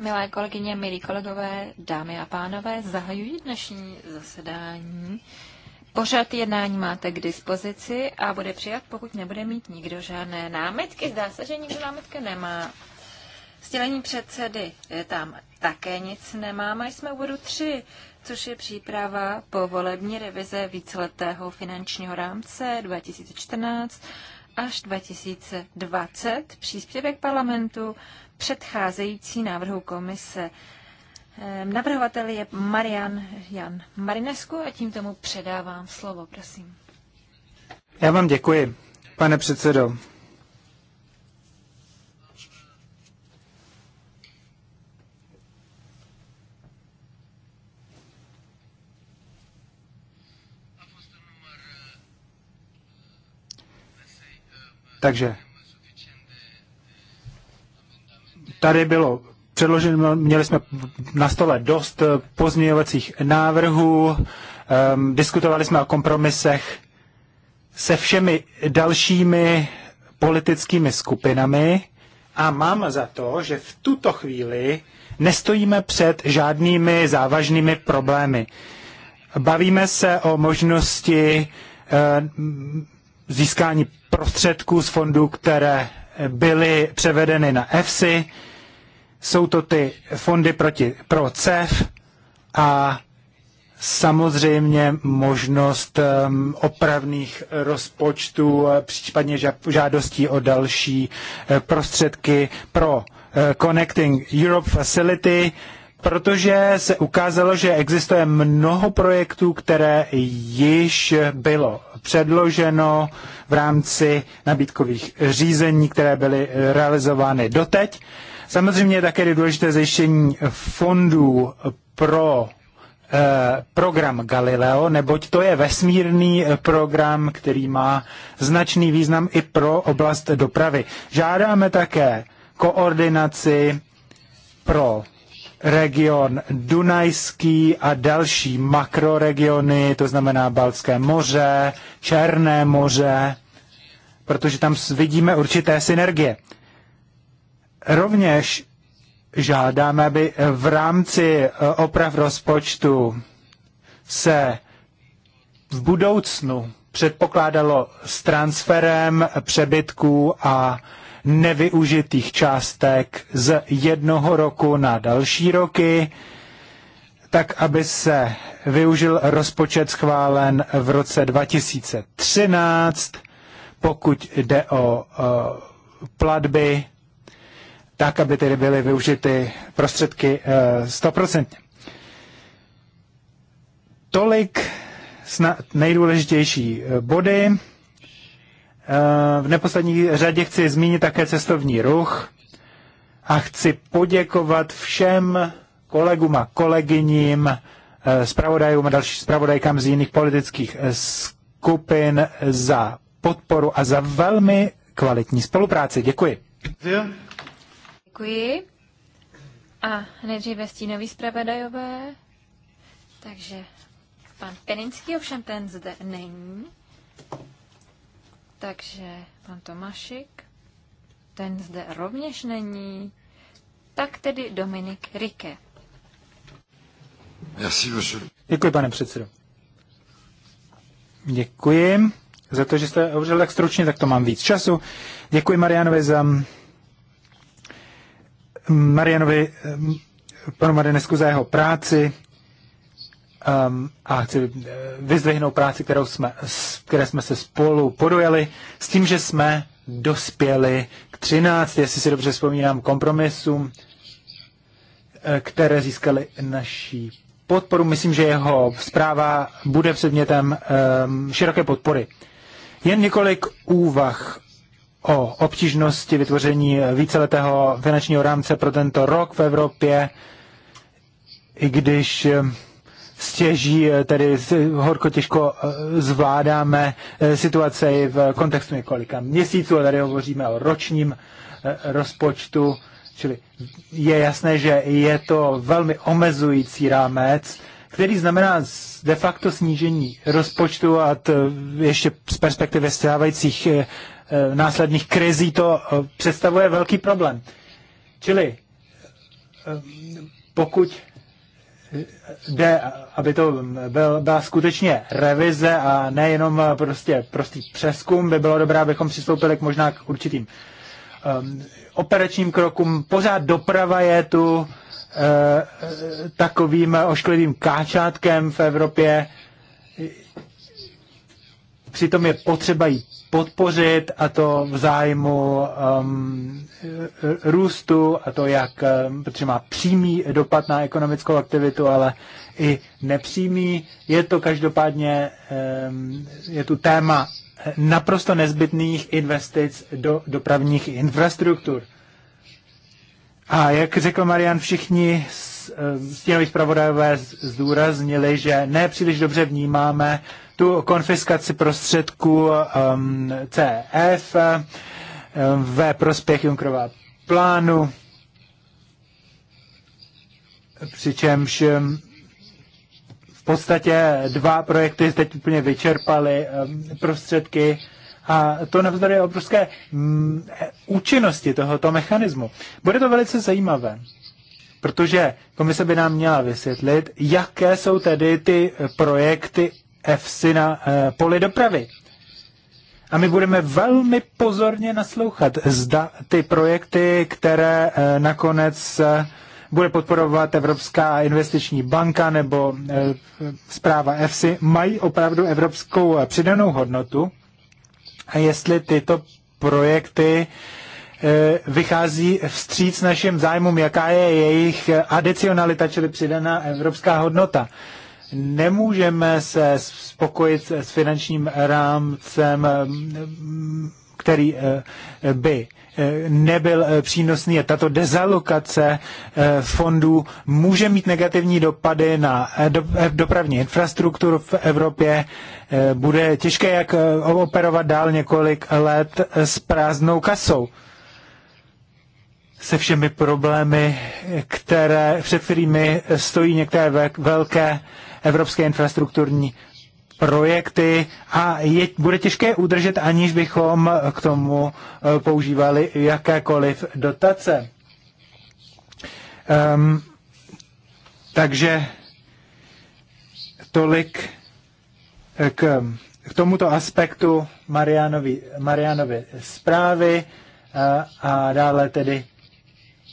Milé kolegyně, milí kolegové, dámy a pánové, zahajuji dnešní zasedání. Pořad jednání máte k dispozici a bude přijat, pokud nebude mít nikdo žádné námitky. Zdá se, že nikdo námitky nemá. Sdělení předsedy tam také nic nemáme. Jsme u bodu 3, což je příprava po volební revize víceletého finančního rámce 2014 až 2020, příspěvek parlamentu předcházející návrhu komise. Ehm, navrhovatel je Marian Jan Marinesku a tím tomu předávám slovo, prosím. Já vám děkuji, pane předsedo. Takže Tady bylo předloženo, měli jsme na stole dost eh, pozměňovacích návrhů, um, diskutovali jsme o kompromisech se všemi dalšími politickými skupinami a mám za to, že v tuto chvíli nestojíme před žádnými závažnými problémy. Bavíme se o možnosti eh, získání prostředků z fondů, které byly převedeny na EFSI, jsou to ty fondy proti, pro CEF a samozřejmě možnost ehm, opravných rozpočtů, eh, případně žádostí o další eh, prostředky pro eh, Connecting Europe Facility, protože se ukázalo, že existuje mnoho projektů, které již bylo předloženo v rámci nabídkových řízení, které byly realizovány doteď Samozřejmě je také důležité zajištění fondů pro eh, program Galileo, neboť to je vesmírný eh, program, který má značný význam i pro oblast dopravy. Žádáme také koordinaci pro region Dunajský a další makroregiony, to znamená Balské moře, Černé moře, protože tam vidíme určité synergie. Rovněž žádáme, aby v rámci eh, oprav rozpočtu se v budoucnu předpokládalo s transferem přebytků a nevyužitých částek z jednoho roku na další roky, tak aby se využil rozpočet schválen v roce 2013, pokud jde o eh, platby tak, aby tedy byly využity prostředky eh, stoprocentně. Tolik snad nejdůležitější eh, body. Eh, v neposlední řadě chci zmínit také cestovní ruch a chci poděkovat všem kolegům a kolegyním, zpravodajům a dalším zpravodajkám z jiných politických skupin za podporu a za velmi kvalitní spolupráci. Děkuji. Děkuji. A nejdříve stínový zpravodajové. Takže pan Peninský, ovšem ten zde není. Takže pan Tomášik ten zde rovněž není. Tak tedy Dominik Rike. Děkuji, pane předsedo. Děkuji za to, že jste hovořil tak stručně, tak to mám víc času. Děkuji Marianovi za Marianovi, ehm, panu Marinesku za jeho práci um, a chci eh, vyzvihnout práci, kterou jsme, které jsme se spolu podojeli, s tím, že jsme dospěli k 13, jestli si dobře vzpomínám, kompromisům, eh, které získaly naší podporu. Myslím, že jeho zpráva bude předmětem um, široké podpory. Jen několik úvah o obtížnosti vytvoření víceletého finančního rámce pro tento rok v Evropě, i když eh, stěží, eh, tedy horko těžko eh, zvládáme situace i v kontextu několika měsíců, a tady hovoříme o ročním rozpočtu, čili je jasné, že je to velmi omezující rámec, který znamená de facto snížení rozpočtu a ještě z perspektivy stávajících Eh, následných krizí to eh, představuje velký problém. Čili eh, pokud jde, aby to byl, byla skutečně revize a nejenom prostě prostý přeskum, by bylo dobré, abychom přistoupili k možná k určitým um, operačním krokům. Pořád doprava je tu uh, takovým ošklivým káčátkem v Evropě. Přitom je potřeba ji podpořit a to v zájmu um, růstu a to jak, um, protože má přímý dopad na ekonomickou aktivitu, ale i nepřímý. Je to každopádně, um, je tu téma naprosto nezbytných investic do dopravních infrastruktur. A jak řekl Marian, všichni um, stínoví zpravodajové zdůraznili, že ne příliš dobře vnímáme tu konfiskaci prostředků um, CF um, ve prospěch Junkrova plánu, přičemž um, v podstatě dva projekty teď úplně vyčerpaly um, prostředky a to navzdory obrovské mm, e, účinnosti tohoto mechanismu. Bude to velice zajímavé, protože komise by nám měla vysvětlit, jaké jsou tedy ty projekty EFSI na eh, poli dopravy. A my budeme velmi pozorně naslouchat, zda ty projekty, které eh, nakonec eh, bude podporovat Evropská investiční banka nebo zpráva EFSI, mají opravdu evropskou přidanou hodnotu a jestli tyto projekty vychází vstříc našim zájmům, jaká je jejich adicionalita, čili přidaná evropská hodnota nemůžeme se spokojit s finančním rámcem, který eh, by eh, nebyl eh, přínosný a tato dezalokace fondů může mít negativní dopady na dopravní infrastrukturu v Evropě. Bude těžké, jak operovat dál několik let s prázdnou kasou se všemi problémy, které, před kterými stojí některé velké evropské infrastrukturní projekty a je, bude těžké udržet, aniž bychom k tomu eh, používali jakékoliv dotace. Um, takže tolik eh, k, k tomuto aspektu Marianovi, Marianovi zprávy a, eh, a dále tedy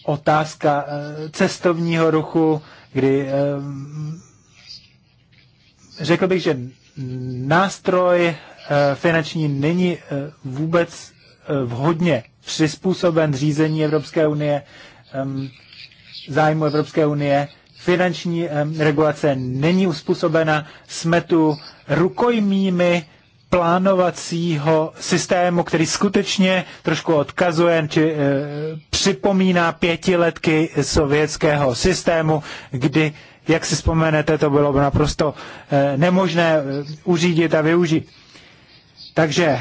otázka cestovního ruchu, kdy um, Řekl bych, že nástroj eh, finanční není eh, vůbec eh, vhodně přizpůsoben řízení Evropské unie, zájmu Evropské unie. Finanční regulace není uspůsobena smetu rukojmími plánovacího systému, který skutečně trošku odkazuje či e, připomíná pětiletky sovětského systému, kdy jak si vzpomenete, to bylo naprosto eh, nemožné eh, uřídit a využít. Takže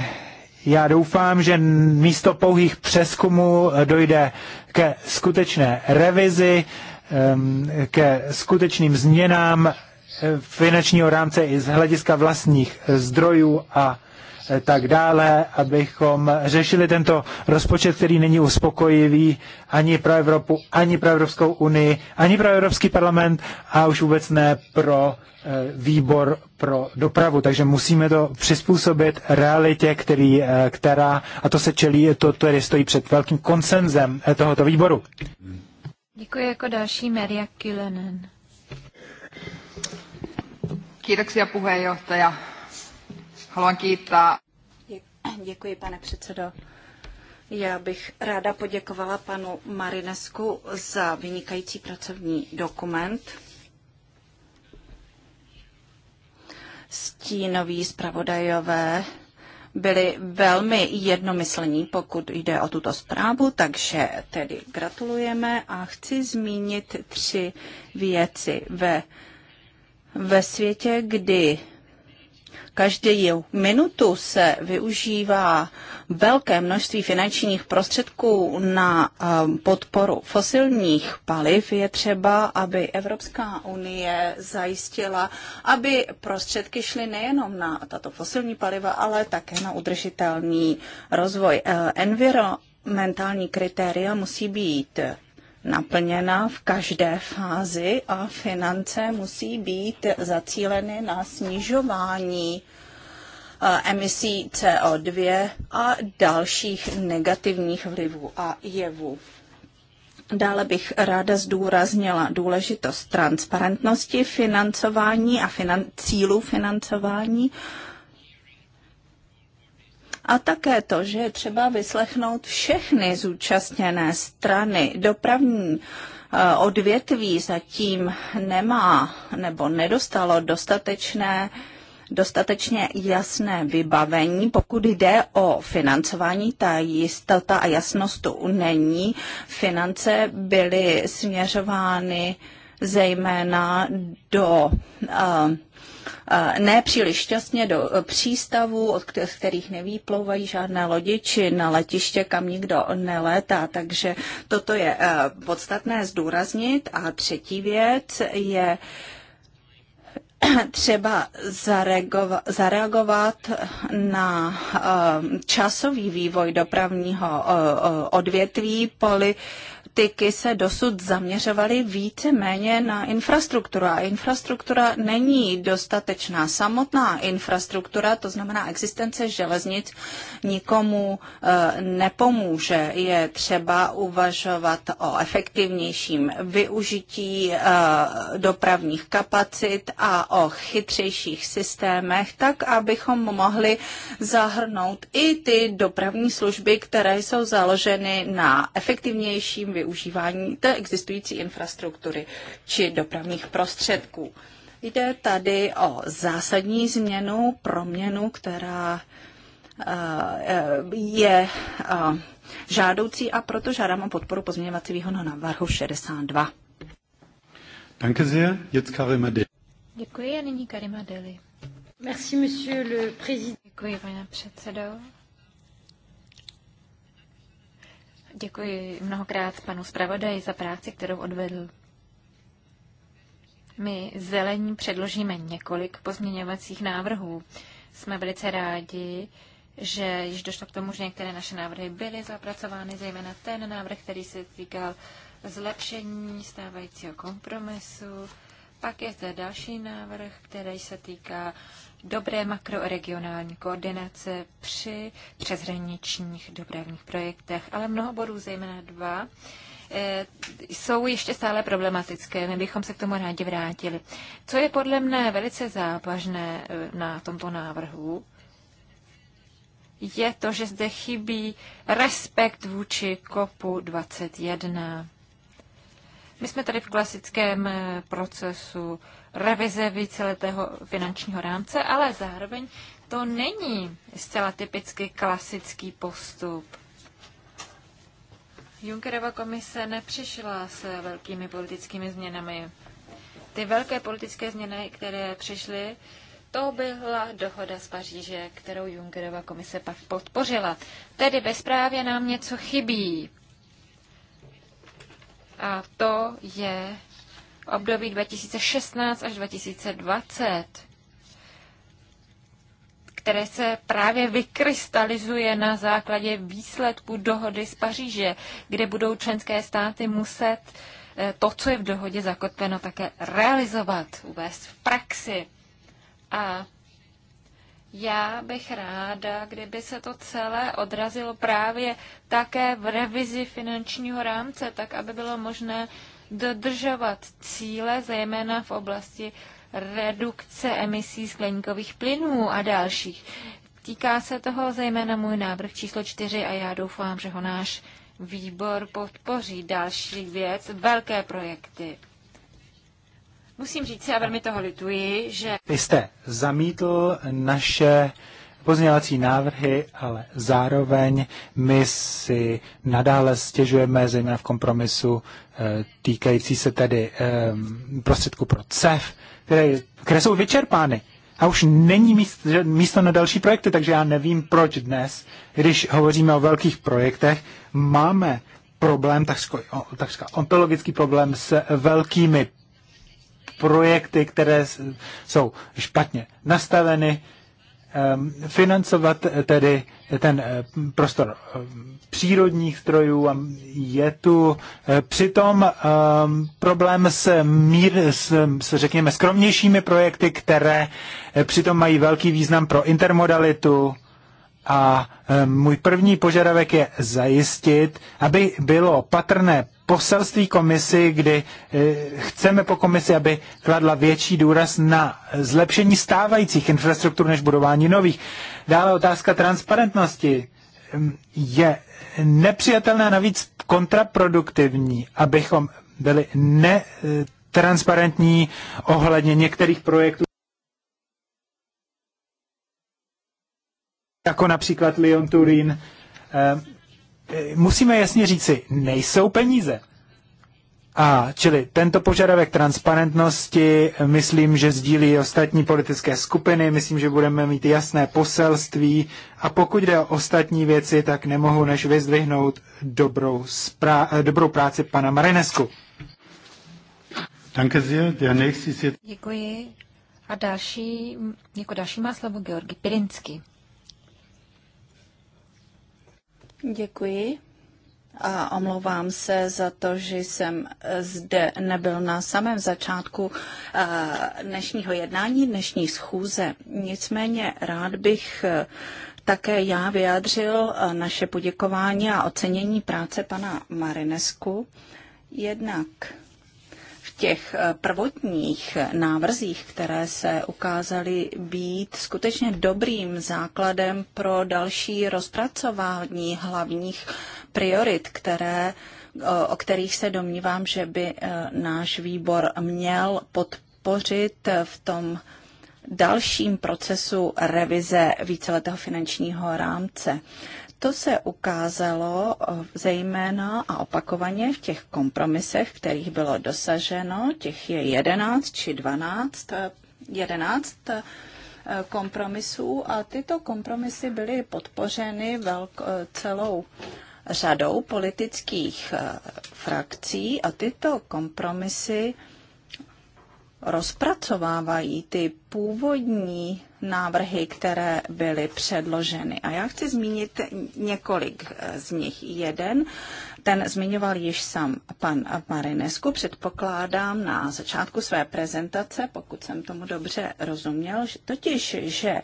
já doufám, že místo pouhých přeskumů eh, dojde ke skutečné revizi, ehm, ke skutečným změnám finančního rámce i z hlediska vlastních zdrojů a tak dále, abychom řešili tento rozpočet, který není uspokojivý ani pro Evropu, ani pro Evropskou unii, ani pro Evropský parlament a už vůbec ne pro eh, výbor pro dopravu. Takže musíme to přizpůsobit realitě, který, eh, která, a to se čelí, to tedy stojí před velkým konsenzem eh, tohoto výboru. Děkuji jako další Maria Kilenen. Kiitoksia puheenjohtaja. Haluan kiittää. Děkuji, pane předsedo. Já bych ráda poděkovala panu Marinesku za vynikající pracovní dokument. Stínoví zpravodajové byli velmi jednomyslní, pokud jde o tuto zprávu, takže tedy gratulujeme a chci zmínit tři věci ve, ve světě, kdy Každý minutu se využívá velké množství finančních prostředků na um, podporu fosilních paliv. Je třeba, aby Evropská unie zajistila, aby prostředky šly nejenom na tato fosilní paliva, ale také na udržitelný rozvoj. Eh, Enviro mentální kritéria musí být naplněna v každé fázi a finance musí být zacíleny na snižování eh, emisí CO2 a dalších negativních vlivů a jevů. Dále bych ráda zdůraznila důležitost transparentnosti financování a finan- cílů financování a také to, že je třeba vyslechnout všechny zúčastněné strany dopravní eh, odvětví zatím nemá nebo nedostalo dostatečné dostatečně jasné vybavení. Pokud jde o financování, ta jistota a jasnost tu není. Finance byly směřovány zejména do uh, nepříliš šťastně do e, přístavů, od kterých nevýplouvají žádné lodi, či na letiště, kam nikdo nelétá. Takže toto je e, podstatné zdůraznit. A třetí věc je, třeba zareagovat na e, časový vývoj dopravního odvětví. Poli, politiky se dosud zaměřovaly více méně na infrastrukturu. A infrastruktura není dostatečná. Samotná infrastruktura, to znamená existence železnic, nikomu e, nepomůže. Je třeba uvažovat o efektivnějším využití e, dopravních kapacit a o chytřejších systémech, tak abychom mohli zahrnout i ty dopravní služby, které jsou založeny na efektivnějším využití využívání té existující infrastruktury či dopravních prostředků. Jde tady o zásadní změnu, proměnu, která eh, eh, je eh, žádoucí a proto žádám o podporu pozměňovacího návrhu 62. Danke sehr. Děkuji a nyní Karima Deli. Merci, monsieur le président. Děkuji, pane předsedo. Děkuji mnohokrát panu zpravodaji za práci, kterou odvedl. My zelení předložíme několik pozměňovacích návrhů. Jsme velice rádi, že již došlo k tomu, že některé naše návrhy byly zapracovány, zejména ten návrh, který se týkal zlepšení stávajícího kompromisu. Pak je zde další návrh, který se týká dobré makroregionální koordinace při přeshraničních dopravních projektech, ale mnoho bodů, zejména dva, eh, jsou ještě stále problematické. My bychom se k tomu rádi vrátili. Co je podle mne velice závažné eh, na tomto návrhu, je to, že zde chybí respekt vůči kopu 21. My jsme tady v klasickém eh, procesu revize víceletého finančního rámce, ale zároveň to není zcela typicky klasický postup. Junckerova komise nepřišla s velkými politickými změnami. Ty velké politické změny, které přišly, to byla dohoda z Paříže, kterou Junckerova komise pak podpořila. Tedy bezprávě nám něco chybí. A to je v období 2016 až 2020, které se právě vykrystalizuje na základě výsledků dohody z Paříže, kde budou členské státy muset eh, to, co je v dohodě zakotveno, také realizovat, uvést v praxi. A já bych ráda, kdyby se to celé odrazilo právě také v revizi finančního rámce, tak aby bylo možné dodržovat cíle, zejména v oblasti redukce emisí skleníkových plynů a dalších. Týká se toho zejména můj návrh číslo čtyři a já doufám, že ho náš výbor podpoří. Další věc, velké projekty. Musím říct, já velmi toho lituji, že... Vy jste zamítl naše pozměňovací návrhy, ale zároveň my si nadále stěžujeme, zejména v kompromisu eh, týkající se tedy ehm, prostředku pro CEF, které, které jsou vyčerpány. A už není míst, místo na další projekty, takže já nevím, proč dnes, když hovoříme o velkých projektech, máme problém, takzka ontologický problém s velkými projekty, které jsou špatně nastaveny, Ehm, financovat eh, tedy eh, ten eh, prostor přírodních strojů a je tu přitom ehm, problém s, mír, s, s řekněme skromnějšími projekty, které přitom mají velký význam pro intermodalitu a ehm, můj první požadavek je zajistit, aby bylo patrné poselství komisi, kdy eh, chceme po komisi, aby kladla větší důraz na zlepšení stávajících infrastruktur než budování nových. Dále otázka transparentnosti ehm, je nepřijatelná navíc kontraproduktivní, abychom byli netransparentní eh, ohledně některých projektů. Jako například Lyon Turín, ehm, Eh, musíme jasně říci, nejsou peníze. A čili tento požadavek transparentnosti, myslím, že sdílí ostatní politické skupiny, myslím, že budeme mít jasné poselství a pokud jde o ostatní věci, tak nemohu než vyzdvihnout dobrou, eh, dobrou práci pana Marinesku. Děkuji. A další, jako další má slovo Georgi Pirinsky. Děkuji a omlouvám se za to, že jsem eh, zde nebyl na samém začátku eh, dnešního jednání, dnešní schůze. Nicméně rád bych eh, také já vyjádřil naše poděkování a ocenění práce pana Marinesku. Jednak těch eh, prvotních návrzích, které se ukázaly být skutečně dobrým základem pro další rozpracování hlavních priorit, které, eh, o kterých se domnívám, že by eh, náš výbor měl podpořit v tom dalším procesu revize víceletého finančního rámce. To se ukázalo eh, zejména a opakovaně v těch kompromisech, kterých bylo dosaženo, těch je 11 či 12, 11 eh, eh, kompromisů a tyto kompromisy byly podpořeny velk, celou řadou politických frakcí a tyto kompromisy rozpracovávají ty původní návrhy, které byly předloženy. A já chci zmínit několik eh, z nich. Jeden, ten zmiňoval již sám pan Marinesku, předpokládám na začátku své prezentace, pokud jsem tomu dobře rozuměl, totiž, že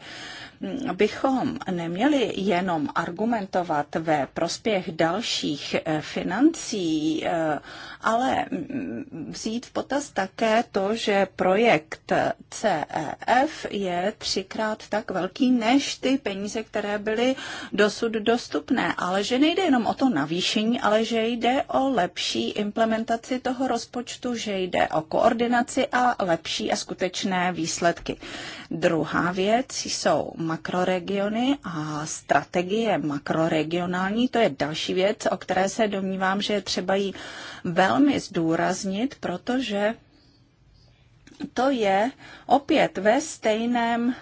bychom neměli jenom argumentovat ve prospěch dalších eh, financí, eh, ale mm, vzít v potaz také to, že projekt CEF je třikrát tak velký než ty peníze, které byly dosud dostupné, ale že nejde jenom o to navýšení, ale že jde o lepší implementaci toho rozpočtu, že jde o koordinaci a lepší a skutečné výsledky. Druhá věc jsou makroregiony a strategie makroregionální, to je další věc, o které se domnívám, že je třeba ji velmi zdůraznit, protože to je opět ve stejném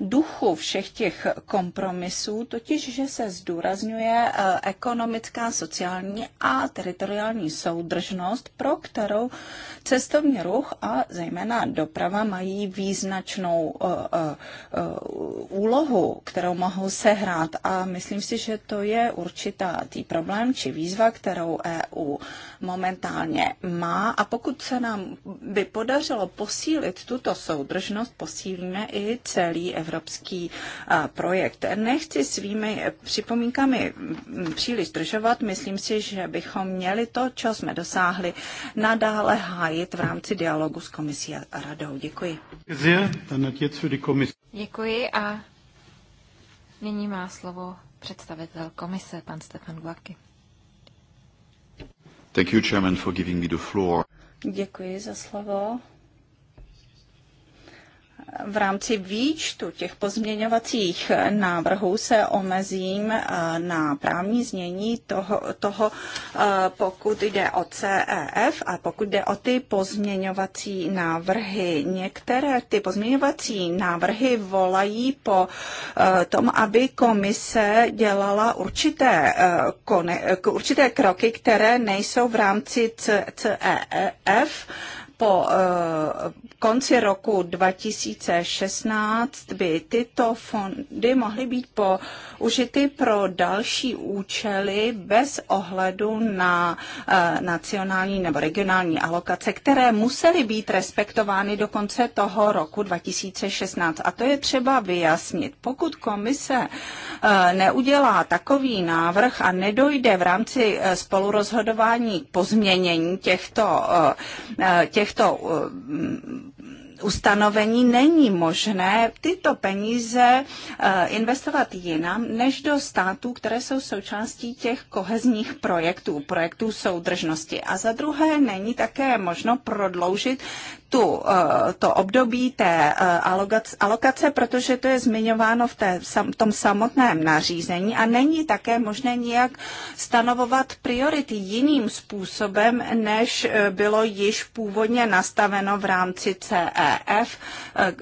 duchu všech těch kompromisů, totiž, že se zdůrazňuje eh, ekonomická, sociální a teritoriální soudržnost, pro kterou cestovní ruch a zejména doprava mají význačnou eh, eh, úlohu, kterou mohou sehrát. A myslím si, že to je určitá tý problém či výzva, kterou EU momentálně má. A pokud se nám by podařilo posílit tuto soudržnost, posílíme i celý evropský projekt. Nechci svými připomínkami příliš držovat. Myslím si, že bychom měli to, co jsme dosáhli, nadále hájit v rámci dialogu s komisí a radou. Děkuji. Děkuji a nyní má slovo představitel komise, pan Stefan Glaky. Thank you, Chairman, for giving me the floor. Děkuji za slovo v rámci výčtu těch pozměňovacích návrhů se omezím eh, na právní znění toho, toho, eh, pokud jde o CEF a pokud jde o ty pozměňovací návrhy. Některé ty pozměňovací návrhy volají po eh, tom, aby komise dělala určité, určité kroky, které nejsou v rámci CEF po eh, konci roku 2016 by tyto fondy mohly být použity pro další účely bez ohledu na eh, nacionální nebo regionální alokace, které musely být respektovány do konce toho roku 2016. A to je třeba vyjasnit. Pokud komise eh, neudělá takový návrh a nedojde v rámci spolurozhodování k pozměnění těchto, těchto těchto eh, ustanovení není možné tyto peníze eh, investovat jinam než do států, které jsou součástí těch kohezních projektů, projektů soudržnosti. A za druhé není také možno prodloužit tu, eh, to období té eh, alokace, protože to je zmiňováno v té, tom samotném nařízení a není také možné nijak stanovovat priority jiným způsobem, než bylo již původně nastaveno v rámci CE. EDF, eh,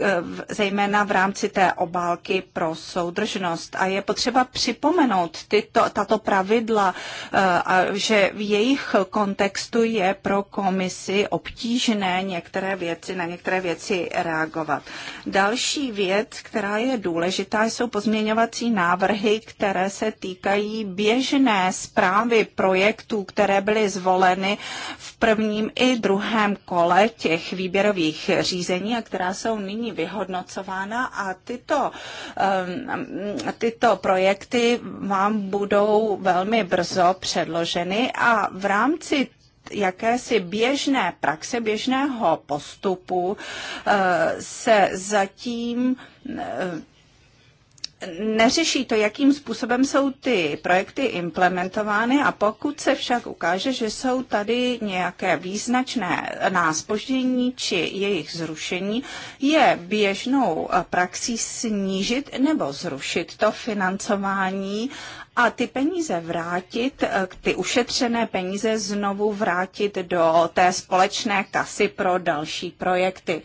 zejména v rámci té obálky pro soudržnost. A je potřeba připomenout tyto, tato pravidla, eh, že v jejich kontextu je pro komisi obtížné některé věci, na některé věci reagovat. Další věc, která je důležitá, jsou pozměňovací návrhy, které se týkají běžné zprávy projektů, které byly zvoleny v prvním i druhém kole těch výběrových řízení řízení a která jsou nyní vyhodnocována a tyto, tyto projekty vám budou velmi brzo předloženy a v rámci jakési běžné praxe, běžného postupu eh, se zatím eh, neřeší to, jakým způsobem jsou ty projekty implementovány a pokud se však ukáže, že jsou tady nějaké význačné náspoždění či jejich zrušení, je běžnou praxí snížit nebo zrušit to financování a ty peníze vrátit, eh, ty ušetřené peníze znovu vrátit do té společné kasy pro další projekty.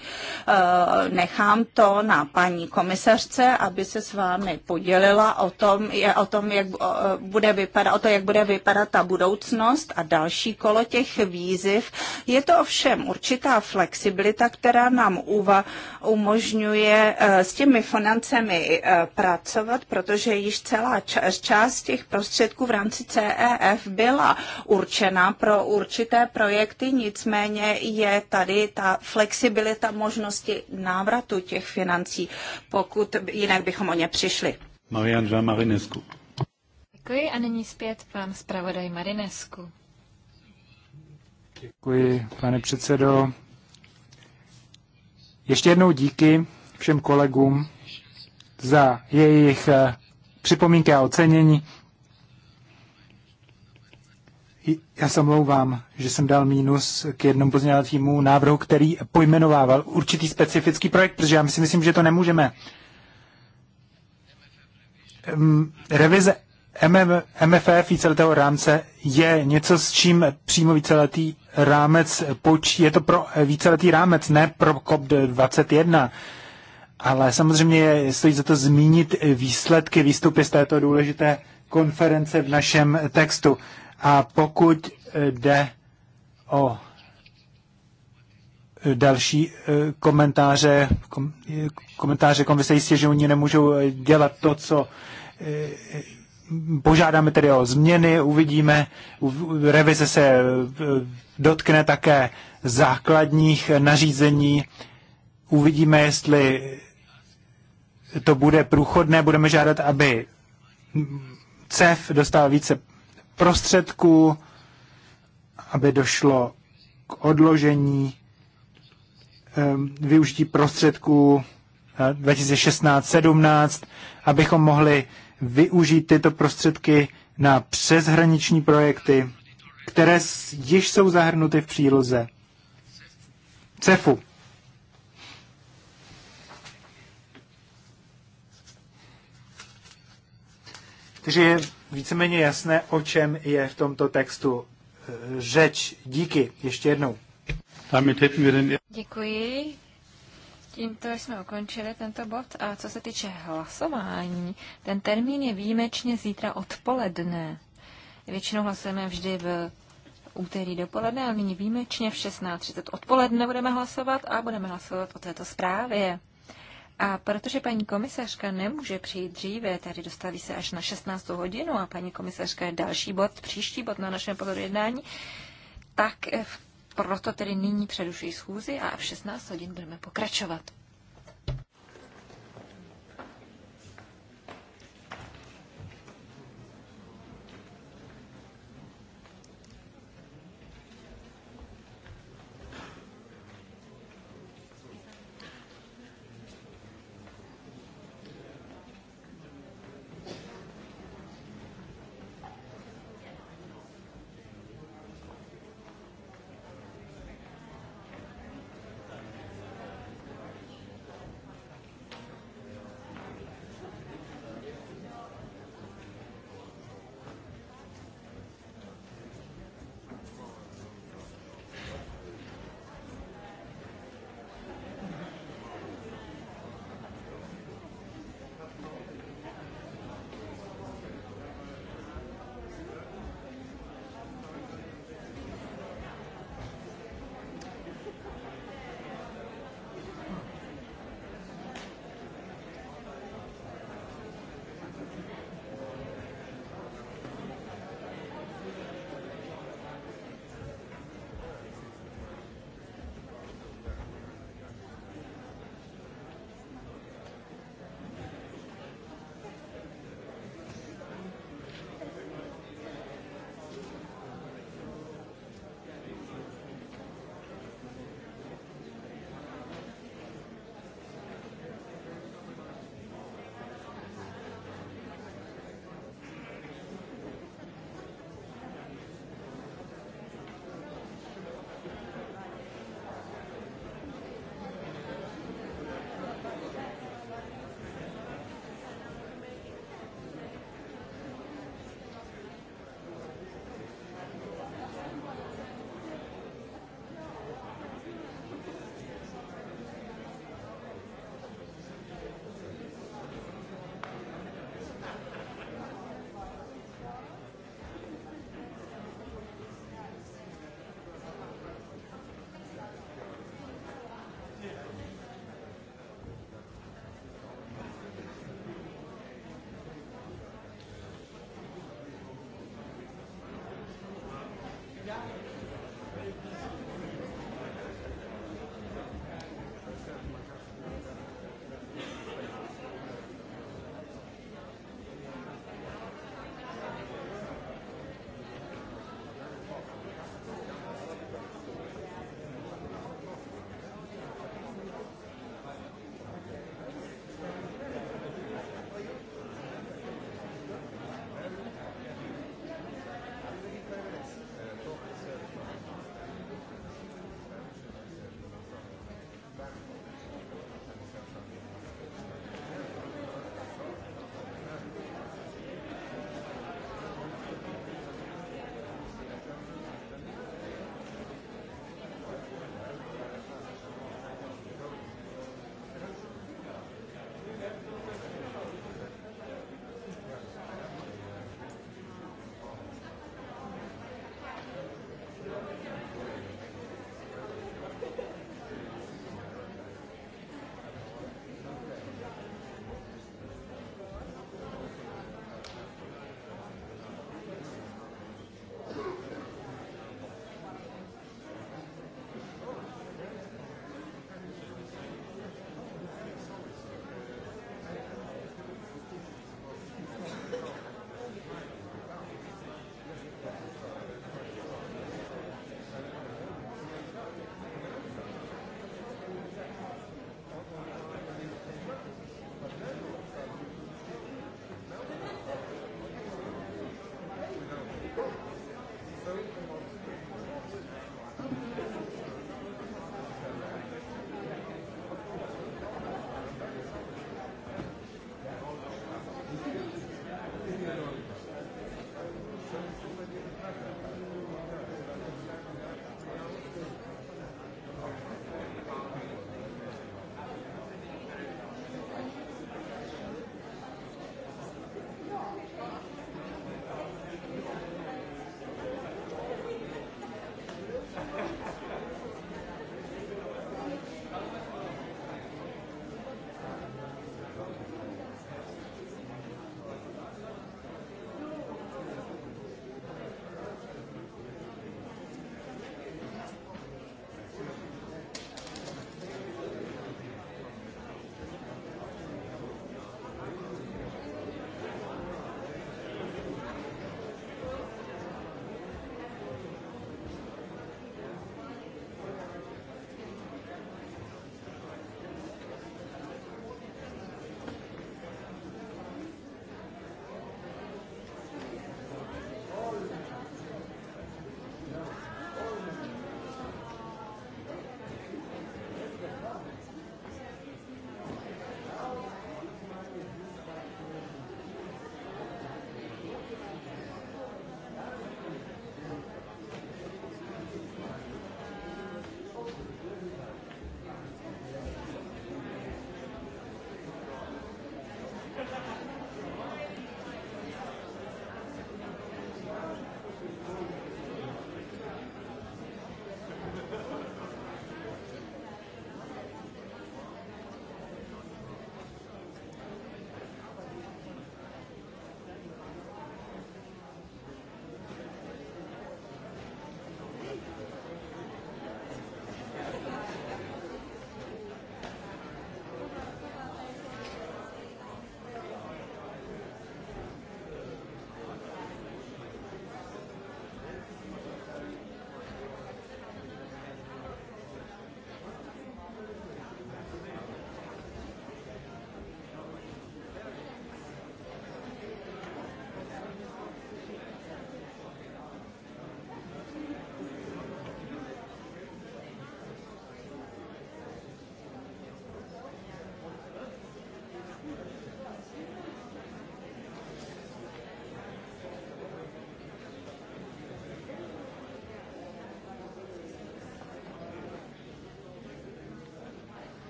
Eh, nechám to na paní komisařce, aby se s vámi podělila o tom, o tom jak eh, bude vypadat, o to, jak bude vypadat ta budoucnost a další kolo těch výziv. Je to ovšem určitá flexibilita, která nám uva, umožňuje s těmi financemi pracovat, protože již celá část část těch prostředků v rámci CEF byla určena pro určité projekty, nicméně je tady ta flexibilita možnosti návratu těch financí, pokud jinak bychom o ně přišli. Marian Marinescu. Děkuji a nyní zpět pan zpravodaj Marinesku. Děkuji, pane předsedo. Ještě jednou díky všem kolegům za jejich připomínky a ocenění. Já se omlouvám, že jsem dal mínus k jednomu pozměňovacímu návrhu, který pojmenovával určitý specifický projekt, protože já si myslím, že to nemůžeme. Revize MFF celého rámce je něco, s čím přímo víceletý rámec počí. Je to pro eh, víceletý rámec, ne pro COP21. Ale samozřejmě stojí za to zmínit výsledky, výstupy z této důležité konference v našem textu. A pokud jde o další eh, komentáře, eh, komentáře komise jistě, že oni nemůžou eh, dělat to, co požádáme tedy o změny, uvidíme, revize se dotkne také základních nařízení, uvidíme, jestli to bude průchodné, budeme žádat, aby CEF dostal více prostředků, aby došlo k odložení ehm, využití prostředků eh, 2016-17, abychom mohli využít tyto prostředky na přeshraniční projekty, které již jsou zahrnuty v příloze CEFu. Takže je víceméně jasné, o čem je v tomto textu e, řeč. Díky ještě jednou. Děkuji. Tímto jsme ukončili tento bod. A co se týče hlasování, ten termín je výjimečně zítra odpoledne. Většinou hlasujeme vždy v úterý dopoledne, ale nyní výjimečně v 16.30 odpoledne budeme hlasovat a budeme hlasovat o této zprávě. A protože paní komisařka nemůže přijít dříve, tady dostaví se až na 16. hodinu a paní komisařka je další bod, příští bod na našem pořadu jednání, tak eh, proto tedy nyní přerušuji schůzi a v 16 hodin budeme pokračovat.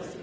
Zase.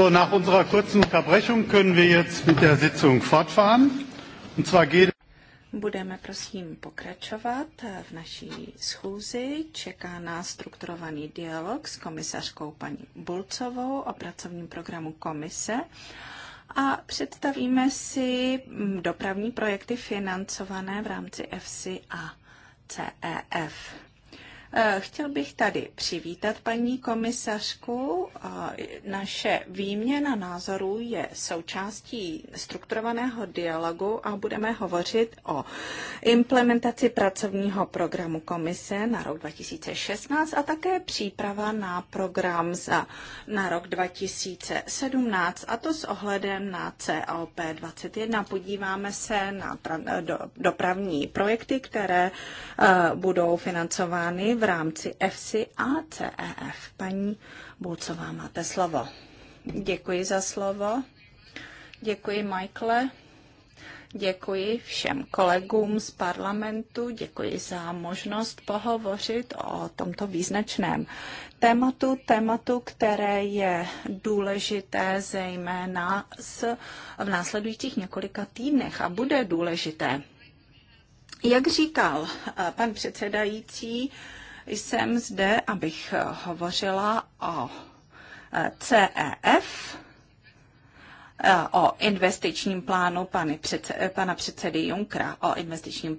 So, nach unserer kurzen Unterbrechung können wir jetzt mit der Sitzung fortfahren. Und zwar geht Budeme prosím pokračovat v naší schůzi. Čeká nás strukturovaný dialog s komisařkou paní Bulcovou o pracovním programu komise a představíme si mm, dopravní projekty financované v rámci EFSI a CEF. Eh, chtěl bych tady přivítat paní komisařku naše výměna názorů je součástí strukturovaného dialogu a budeme hovořit o implementaci pracovního programu komise na rok 2016 a také příprava na program za, na rok 2017 a to s ohledem na COP 21. Podíváme se na do, dopravní projekty, které uh, budou financovány v rámci EFSI a CEF. Paní Bulcová, máte slovo. Děkuji za slovo. Děkuji, Michael. Děkuji všem kolegům z parlamentu, děkuji za možnost pohovořit o tomto význačném tématu, tématu, které je důležité zejména s, v následujících několika týdnech a bude důležité. Jak říkal eh, pan předsedající, jsem zde, abych hovořila o eh, CEF, Eh, o investičním plánu eh, pana předsedy Junkra, o investičním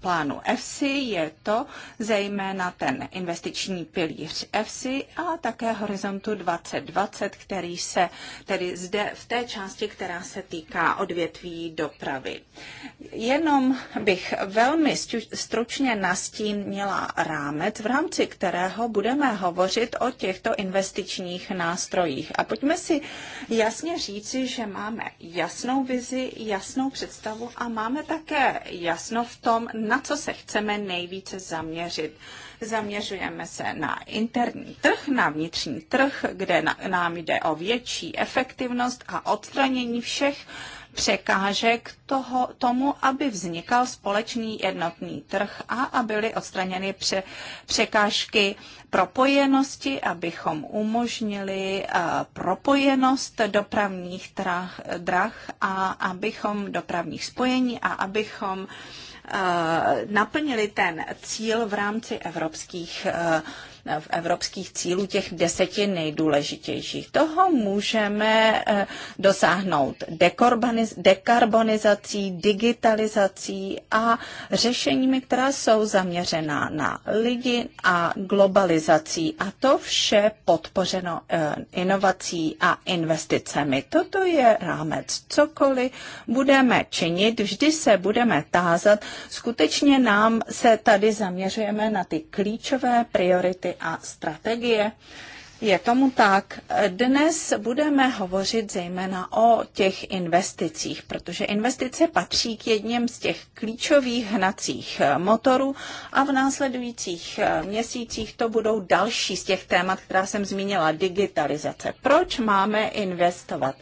plánu EFSI je to zejména ten investiční pilíř EFSI a také horizontu 2020, který se tedy zde v té části, která se týká odvětví dopravy. Jenom bych velmi stručně nastínila rámec, v rámci kterého budeme hovořit o těchto investičních nástrojích. A pojďme si jasně říci, že máme jasnou vizi, jasnou představu a máme také jasno v tom, tom, na co se chceme nejvíce zaměřit. Zaměřujeme se na interní trh, na vnitřní trh, kde nám jde o větší efektivnost a odstranění všech překážek toho, tomu, aby vznikal společný jednotný trh a aby byly odstraněny pře, překážky propojenosti, abychom umožnili uh, propojenost dopravních trah, drah a abychom dopravních spojení a abychom uh, Eh, naplnili ten cíl v rámci evropských eh, v evropských cílů těch deseti nejdůležitějších. Toho můžeme eh, dosáhnout dekarbonizací, digitalizací a řešeními, která jsou zaměřená na lidi a globalizací. A to vše podpořeno eh, inovací a investicemi. Toto je rámec. Cokoliv budeme činit, vždy se budeme tázat. Skutečně nám se tady zaměřujeme na ty klíčové priority a strategie. Je tomu tak. Dnes budeme hovořit zejména o těch investicích, protože investice patří k jedním z těch klíčových hnacích motorů a v následujících eh, měsících to budou další z těch témat, která jsem zmínila, digitalizace. Proč máme investovat?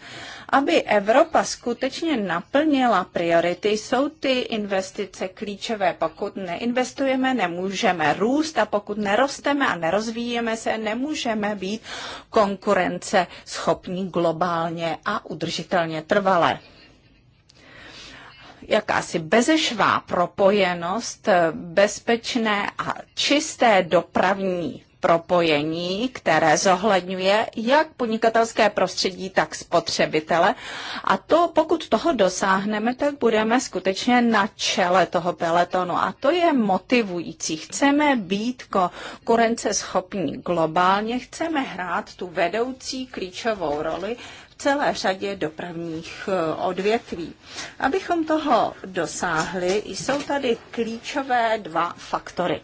Aby Evropa skutečně naplnila priority, jsou ty investice klíčové. Pokud neinvestujeme, nemůžeme růst a pokud nerosteme a nerozvíjeme se, nemůžeme být konkurence schopní globálně a udržitelně trvalé jakási bezešvá propojenost bezpečné a čisté dopravní propojení, které zohledňuje jak podnikatelské prostředí, tak spotřebitele. A to, pokud toho dosáhneme, tak budeme skutečně na čele toho peletonu. A to je motivující. Chceme být konkurenceschopní globálně, chceme hrát tu vedoucí klíčovou roli v celé řadě dopravních eh, odvětví. Abychom toho dosáhli, jsou tady klíčové dva faktory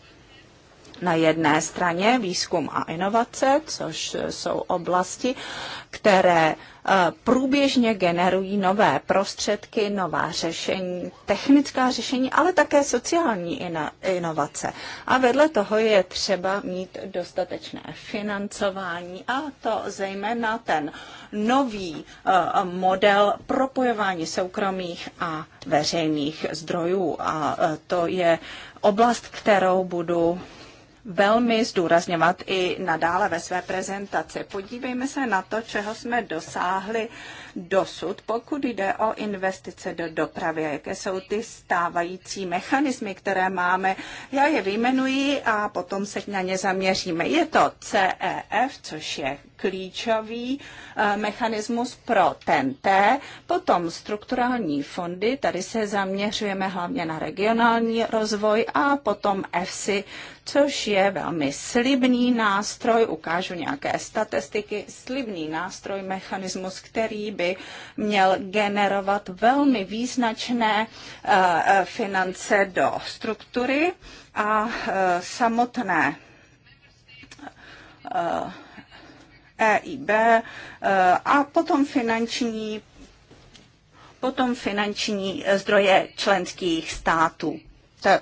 na jedné straně výzkum a inovace, což jsou oblasti, které eh, průběžně generují nové prostředky, nová řešení, technická řešení, ale také sociální inovace. A vedle toho je třeba mít dostatečné financování a to zejména ten nový eh, model propojování soukromých a veřejných zdrojů. A eh, to je oblast, kterou budu velmi zdůrazňovat i nadále ve své prezentaci. Podívejme se na to, čeho jsme dosáhli dosud, pokud jde o investice do dopravy, jaké jsou ty stávající mechanismy, které máme. Já je vyjmenuji a potom se na ně zaměříme. Je to CEF, což je klíčový eh, mechanismus pro TNT, potom strukturální fondy, tady se zaměřujeme hlavně na regionální rozvoj a potom EFSI, což je velmi slibný nástroj, ukážu nějaké statistiky, slibný nástroj, mechanismus, který by měl generovat velmi význačné eh, finance do struktury a eh, samotné EIB eh, e a potom finanční potom finanční zdroje členských států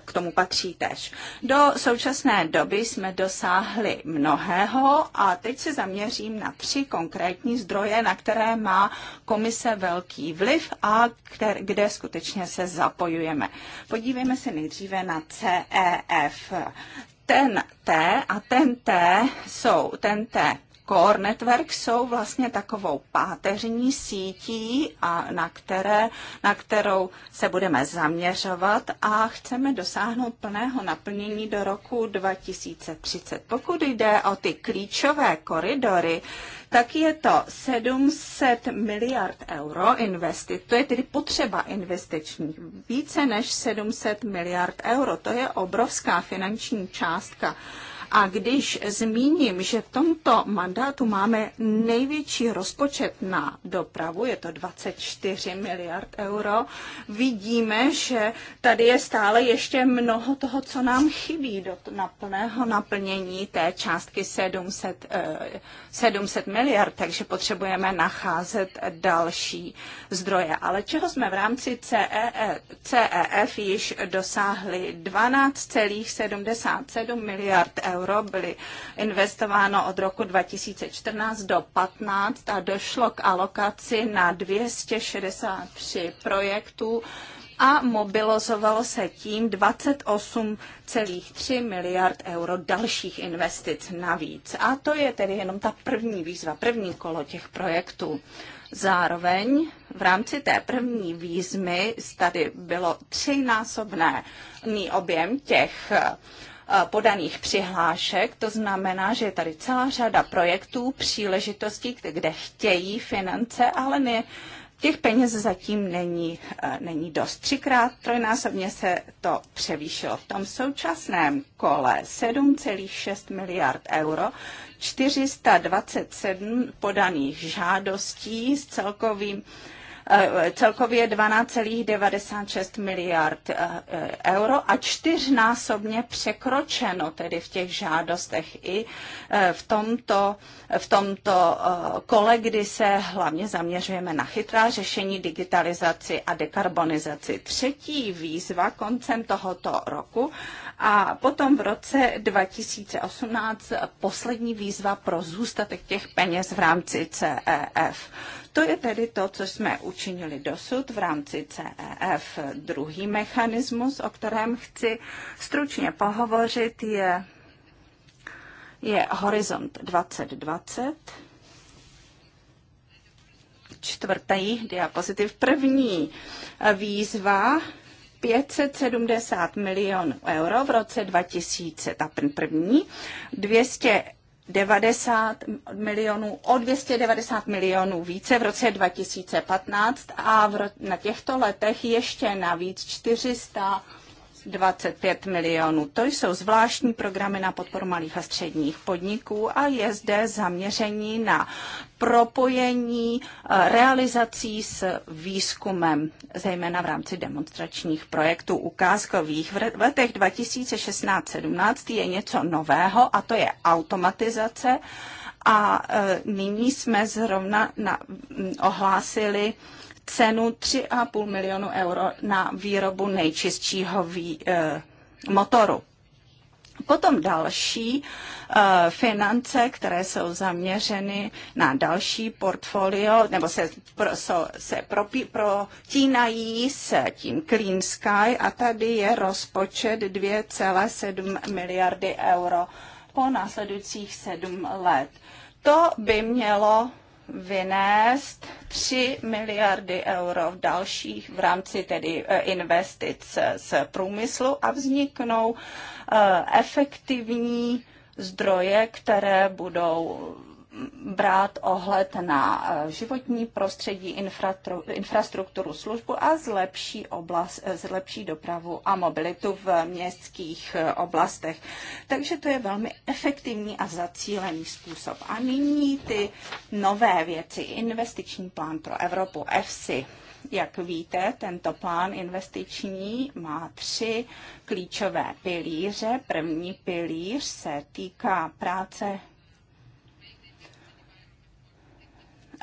k tomu patří tež. Do současné doby jsme dosáhli mnohého a teď se zaměřím na tři konkrétní zdroje, na které má komise velký vliv a kter, kde skutečně se zapojujeme. Podívejme se nejdříve na CEF ten T a ten T jsou ten T Core Network jsou vlastně takovou páteřní sítí, a na, které, na kterou se budeme zaměřovat a chceme dosáhnout plného naplnění do roku 2030. Pokud jde o ty klíčové koridory, tak je to 700 miliard euro investic. To je tedy potřeba investiční. Více než 700 miliard euro. To je obrovská finanční částka. A když zmíním, že v tomto mandátu máme největší rozpočet na dopravu, je to 24 miliard euro, vidíme, že tady je stále ještě mnoho toho, co nám chybí do naplného naplnění té částky 700, 700 eh, miliard, takže potřebujeme nacházet další zdroje. Ale čeho jsme v rámci CEF, e, e CEF již dosáhli? 12,77 miliard euro euro byly investováno od roku 2014 do 15 a došlo k alokaci na 263 projektů a mobilizovalo se tím 28,3 miliard euro dalších investic navíc. A to je tedy jenom ta první výzva, první kolo těch projektů. Zároveň v rámci té první výzmy tady bylo trojnásobný objem těch Eh, podaných přihlášek. To znamená, že je tady celá řada projektů, příležitostí, kde chtějí finance, ale ne, těch peněz zatím není, eh, není dost. Třikrát, trojnásobně se to převýšilo. V tom současném kole 7,6 miliard euro, 427 podaných žádostí s celkovým Eh, celkově 12,96 miliard eh, eh, euro a čtyřnásobně překročeno tedy v těch žádostech i v tomto, v tomto kole, kdy se hlavně zaměřujeme na chytrá řešení, digitalizaci a dekarbonizaci. Třetí výzva koncem tohoto roku a potom v roce 2018 poslední výzva pro zůstatek těch peněz v rámci CEF. To je tedy to, co jsme učinili dosud v rámci CEF. Druhý mechanismus, o kterém chci stručně pohovořit, je, je Horizont 2020 čtvrtý diapozitiv. První výzva 570 milionů euro v roce 2000, ta první, 200 90 milionů, o 290 milionů více v roce 2015 a v, na těchto letech ještě navíc 400 25 milionů. To jsou zvláštní programy na podporu malých a středních podniků a je zde zaměření na propojení eh, realizací s výzkumem, zejména v rámci demonstračních projektů ukázkových. V letech 2016-17 je něco nového a to je automatizace a eh, nyní jsme zrovna na, mm, ohlásili cenu 3,5 milionu euro na výrobu nejčistšího vý, eh, motoru. Potom další e, finance, které jsou zaměřeny na další portfolio, nebo se, pro, so, se propí, protínají s tím Clean Sky a tady je rozpočet 2,7 miliardy euro po následujících sedm let. To by mělo vynést 3 miliardy euro v dalších v rámci tedy eh, investic z průmyslu a vzniknou eh, efektivní zdroje, které budou brát ohled na eh, životní prostředí, infrastrukturu službu a zlepší, oblast, eh, zlepší dopravu a mobilitu v městských eh, oblastech. Takže to je velmi efektivní a zacílený způsob. A nyní ty nové věci. Investiční plán pro Evropu, EFSI. Jak víte, tento plán investiční má tři klíčové pilíře. První pilíř se týká práce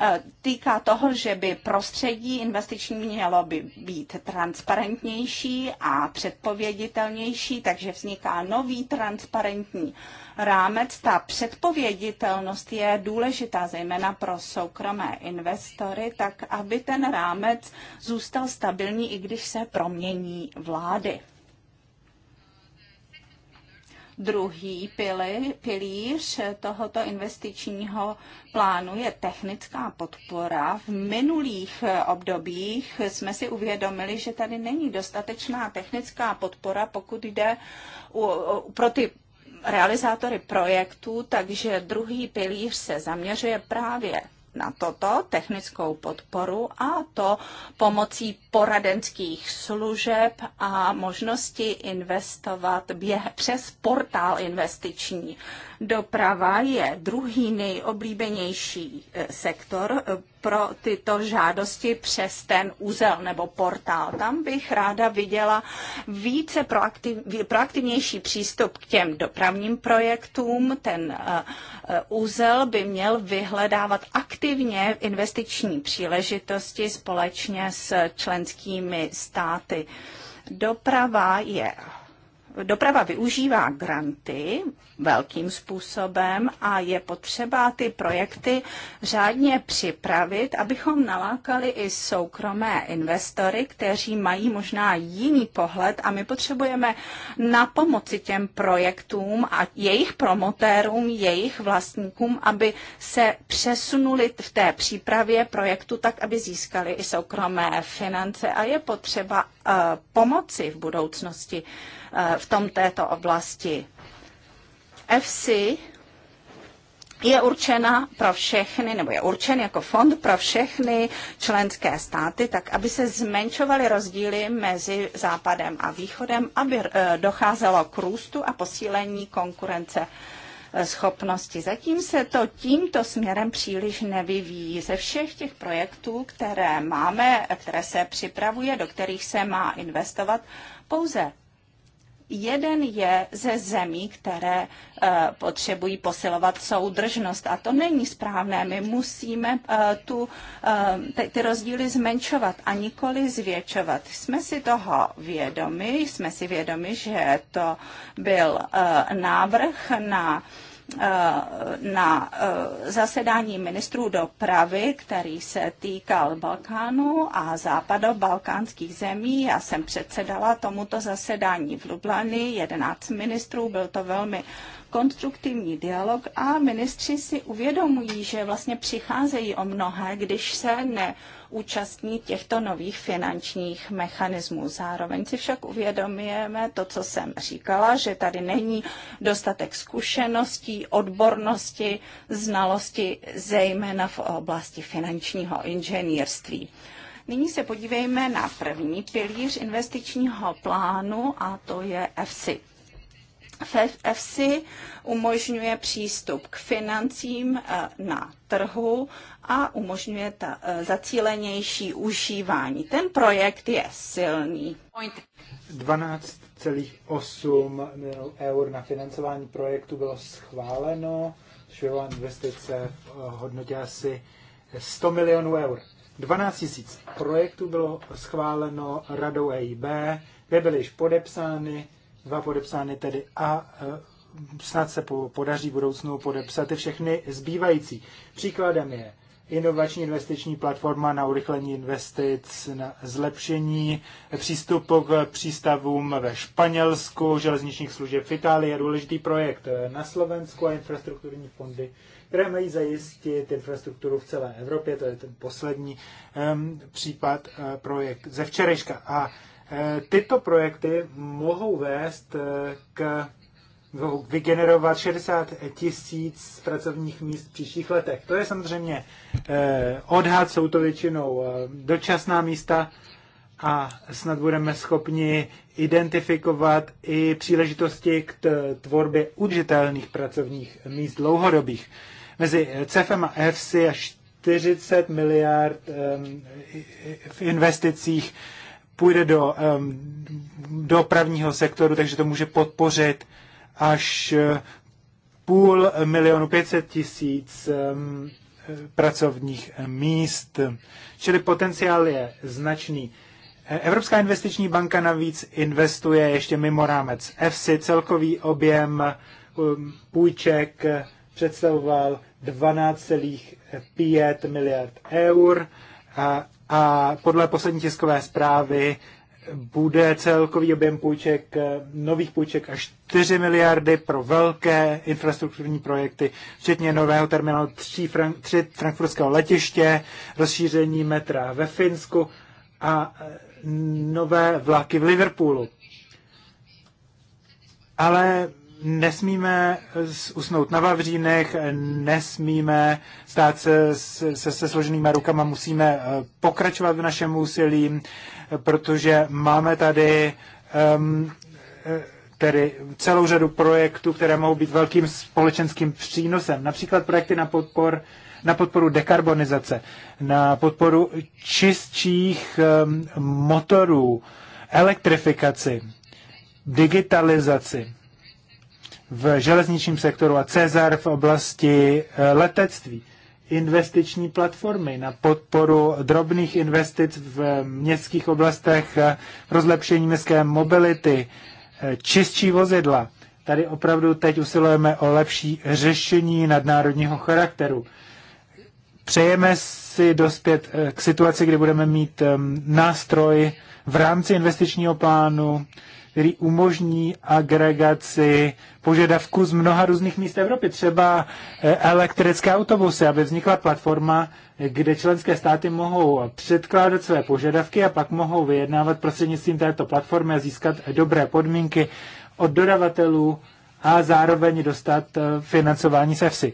Eh, týká toho, že by prostředí investiční mělo by být transparentnější a předpověditelnější, takže vzniká nový transparentní rámec. Ta předpověditelnost je důležitá zejména pro soukromé investory, tak aby ten rámec zůstal stabilní, i když se promění vlády. Druhý pilíř tohoto investičního plánu je technická podpora. V minulých obdobích jsme si uvědomili, že tady není dostatečná technická podpora, pokud jde pro ty realizátory projektů, takže druhý pilíř se zaměřuje právě na toto technickou podporu a to pomocí poradenských služeb a možnosti investovat běh, přes portál investiční. Doprava je druhý nejoblíbenější eh, sektor eh, pro tyto žádosti přes ten úzel nebo portál. Tam bych ráda viděla více proaktiv, proaktivnější přístup k těm dopravním projektům. Ten úzel eh, by měl vyhledávat aktivně investiční příležitosti společně s členskými státy. Doprava je Doprava využívá granty velkým způsobem a je potřeba ty projekty řádně připravit, abychom nalákali i soukromé investory, kteří mají možná jiný pohled a my potřebujeme na pomoci těm projektům a jejich promotérům, jejich vlastníkům, aby se přesunuli v té přípravě projektu tak, aby získali i soukromé finance a je potřeba uh, pomoci v budoucnosti uh, v tom této oblasti. FC je určena pro všechny, nebo je určen jako fond pro všechny členské státy, tak aby se zmenšovaly rozdíly mezi západem a východem, aby eh, docházelo k růstu a posílení konkurence eh, schopnosti. Zatím se to tímto směrem příliš nevyvíjí. Ze všech těch projektů, které máme, eh, které se připravuje, do kterých se má investovat, pouze Jeden je ze zemí, které eh, potřebují posilovat soudržnost a to není správné. My musíme eh, tu, eh, ty rozdíly zmenšovat a nikoli zvětšovat. Jsme si toho vědomi, jsme si vědomi, že to byl návrh na na eh, zasedání ministrů dopravy, který se týkal Balkánu a západobalkánských zemí. Já jsem předsedala tomuto zasedání v Lublani, 11 ministrů, byl to velmi konstruktivní dialog a ministři si uvědomují, že vlastně přicházejí o mnohé, když se ne účastní těchto nových finančních mechanismů. Zároveň si však uvědomujeme to, co jsem říkala, že tady není dostatek zkušeností, odbornosti, znalosti, zejména v oblasti finančního inženýrství. Nyní se podívejme na první pilíř investičního plánu a to je EFSI. FFC umožňuje přístup k financím eh, na trhu a umožňuje ta eh, zacílenější užívání. Ten projekt je silný. 12,8 milionů eur na financování projektu bylo schváleno, což investice v eh, hodnotě asi 100 milionů eur. 12 tisíc projektů bylo schváleno radou EIB, kde byly již podepsány dva podepsány tedy a e, snad se podaří budoucnu podepsat i všechny zbývající. Příkladem je inovační investiční platforma na urychlení investic, na zlepšení přístupu k přístavům ve Španělsku, železničních služeb v Itálii je důležitý projekt na Slovensku a infrastrukturní fondy, které mají zajistit infrastrukturu v celé Evropě. To je ten poslední um, případ, uh, projekt ze včerejška. A Eh, tyto projekty mohou vést eh, k vygenerovat 60 tisíc pracovních míst v příštích letech. To je samozřejmě eh, odhad, jsou to většinou dočasná místa a snad budeme schopni identifikovat i příležitosti k tvorbě udržitelných pracovních míst dlouhodobých. Mezi CEFem a EFSI až 40 miliard v investicích půjde do dopravního sektoru, takže to může podpořit až eh, půl milionu pětset tisíc pracovních míst. Čili potenciál je značný. Eh, Evropská investiční banka navíc investuje ještě mimo rámec EFSI. Celkový objem půjček představoval 12,5 miliard eur a a podle poslední tiskové zprávy bude celkový objem půjček, eh, nových půjček až 4 miliardy pro velké infrastrukturní projekty, včetně nového terminálu 3, Frank- 3 frankfurtského letiště, rozšíření metra ve Finsku a eh, nové vlaky v Liverpoolu. Ale nesmíme usnout na vavřínech, nesmíme stát se, se, se složenýma rukama, musíme eh, pokračovat v našem úsilí, protože máme tady um, tedy celou řadu projektů, které mohou být velkým společenským přínosem. Například projekty na podpor na podporu dekarbonizace, na podporu čistších um, motorů, elektrifikaci, digitalizaci v železničním sektoru a Cezar v oblasti eh, letectví. Investiční platformy na podporu drobných investic v eh, městských oblastech, eh, rozlepšení městské mobility, čistší vozidla. Tady opravdu teď usilujeme o lepší řešení nadnárodního charakteru. Přejeme si dospět k situaci, kdy budeme mít nástroj v rámci investičního plánu, který umožní agregaci požadavků z mnoha různých míst Evropy, třeba eh, elektrické autobusy, aby vznikla platforma, kde členské státy mohou předkládat své požadavky a pak mohou vyjednávat prostřednictvím této platformy a získat dobré podmínky od dodavatelů a zároveň dostat eh, financování z EFSI.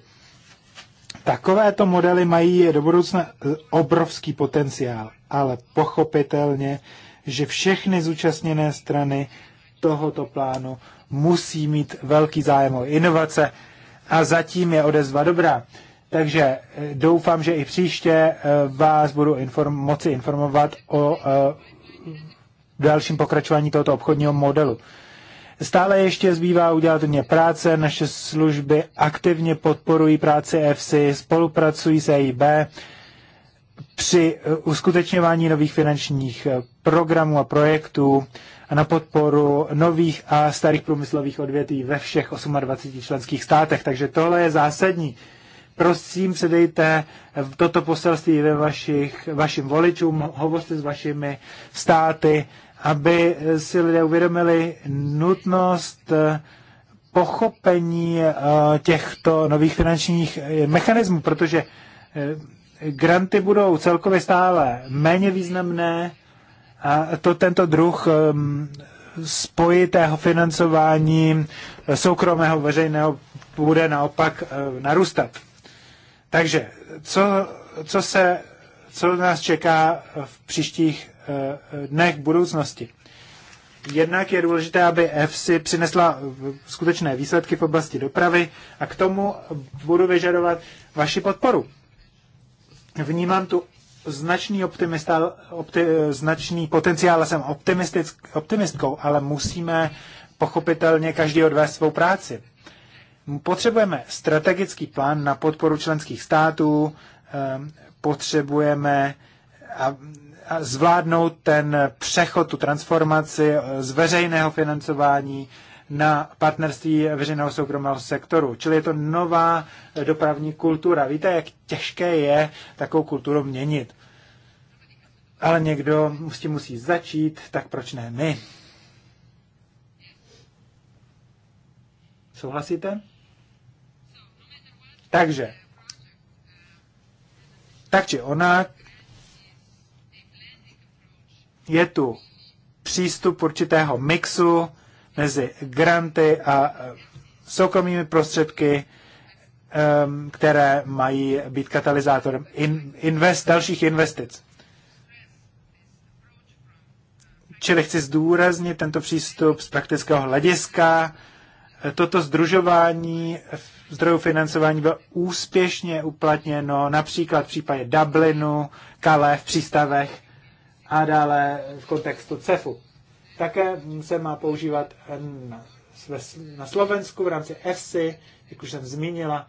Takovéto modely mají do budoucna eh, obrovský potenciál, ale pochopitelně, že všechny zúčastněné strany tohoto plánu musí mít velký zájem o inovace a zatím je odezva dobrá. Takže eh, doufám, že i příště eh, vás budu inform- moci informovat o eh, dalším pokračování tohoto obchodního modelu. Stále ještě zbývá udělat mě práce, naše služby aktivně podporují práci EFSI, spolupracují s EIB při uskutečňování nových finančních programů a projektů a na podporu nových a starých průmyslových odvětví ve všech 28 členských státech. Takže tohle je zásadní. Prosím, předejte toto poselství ve vašich, vašim voličům, hovořte s vašimi státy, aby si lidé uvědomili nutnost eh, pochopení eh, těchto nových finančních eh, mechanismů, protože granty budou celkově stále méně významné a to tento druh spojitého financování soukromého veřejného bude naopak narůstat. Takže co, co, se, co nás čeká v příštích dnech budoucnosti? Jednak je důležité, aby EFSI přinesla skutečné výsledky v oblasti dopravy a k tomu budu vyžadovat vaši podporu. Vnímám tu značný, optimista, opti, značný potenciál, jsem optimistkou, ale musíme pochopitelně každý odvést svou práci. Potřebujeme strategický plán na podporu členských států, ehm, potřebujeme a, a zvládnout ten přechod, tu transformaci eh, z veřejného financování na partnerství veřejného soukromého sektoru. Čili je to nová dopravní kultura. Víte, jak těžké je takovou kulturu měnit. Ale někdo s tím musí začít, tak proč ne my? Souhlasíte? Takže, tak či ona, je tu přístup určitého mixu mezi granty a eh, soukromými prostředky, ehm, které mají být katalyzátorem invest, dalších investic. Čili chci zdůraznit tento přístup z praktického hlediska. Toto združování zdrojů financování bylo úspěšně uplatněno například v případě Dublinu, Calais v přístavech a dále v kontextu CEFu. Také se má používat na, na Slovensku v rámci EFSI, jak už jsem zmínila,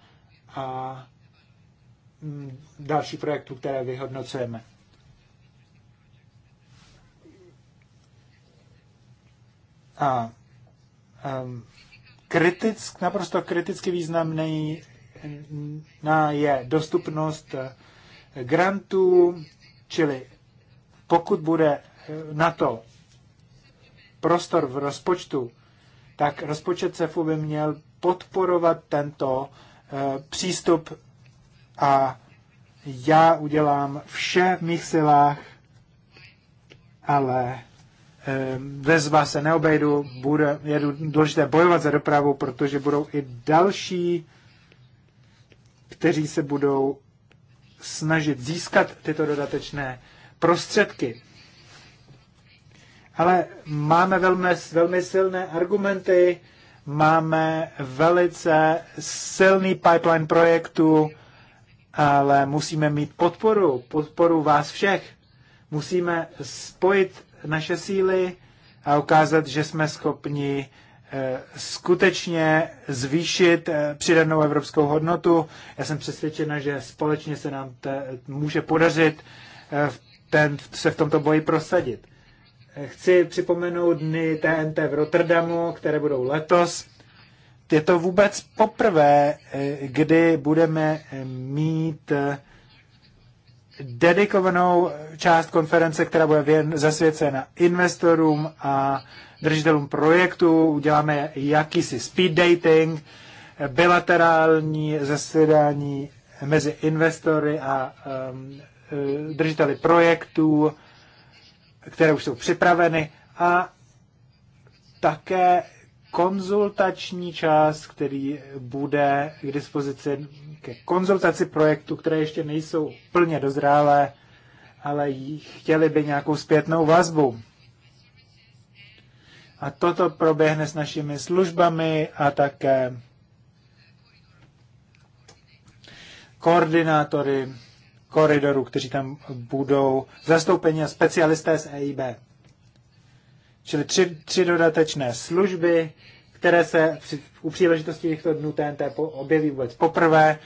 a mm, další projektů, které vyhodnocujeme. A um, kritick, naprosto kriticky významný na je dostupnost eh, grantů, čili pokud bude eh, na to prostor v rozpočtu, tak rozpočet CEFu by měl podporovat tento eh, přístup a já udělám vše v mých silách, ale bez eh, vás se neobejdu, bude, je důležité bojovat za dopravu, protože budou i další, kteří se budou snažit získat tyto dodatečné prostředky. Ale máme velmi, velmi silné argumenty, máme velice silný pipeline projektu, ale musíme mít podporu, podporu vás všech. Musíme spojit naše síly a ukázat, že jsme schopni eh, skutečně zvýšit eh, přidanou evropskou hodnotu. Já jsem přesvědčena, že společně se nám to může podařit eh, ten, se v tomto boji prosadit. Chci připomenout dny TNT v Rotterdamu, které budou letos. Je to vůbec poprvé, eh, kdy budeme eh, mít eh, dedikovanou část konference, která bude zasvěcena investorům a držitelům projektu. Uděláme jakýsi speed dating, bilaterální zasedání mezi investory a um, držiteli projektů, které už jsou připraveny a také konzultační část, který bude k dispozici ke konzultaci projektu, které ještě nejsou plně dozrálé, ale chtěli by nějakou zpětnou vazbu. A toto proběhne s našimi službami a také koordinátory koridoru, kteří tam budou zastoupeni a specialisté z EIB. Čili tři, tři dodatečné služby, které se při, u příležitosti těchto dnů TNT objeví vůbec poprvé.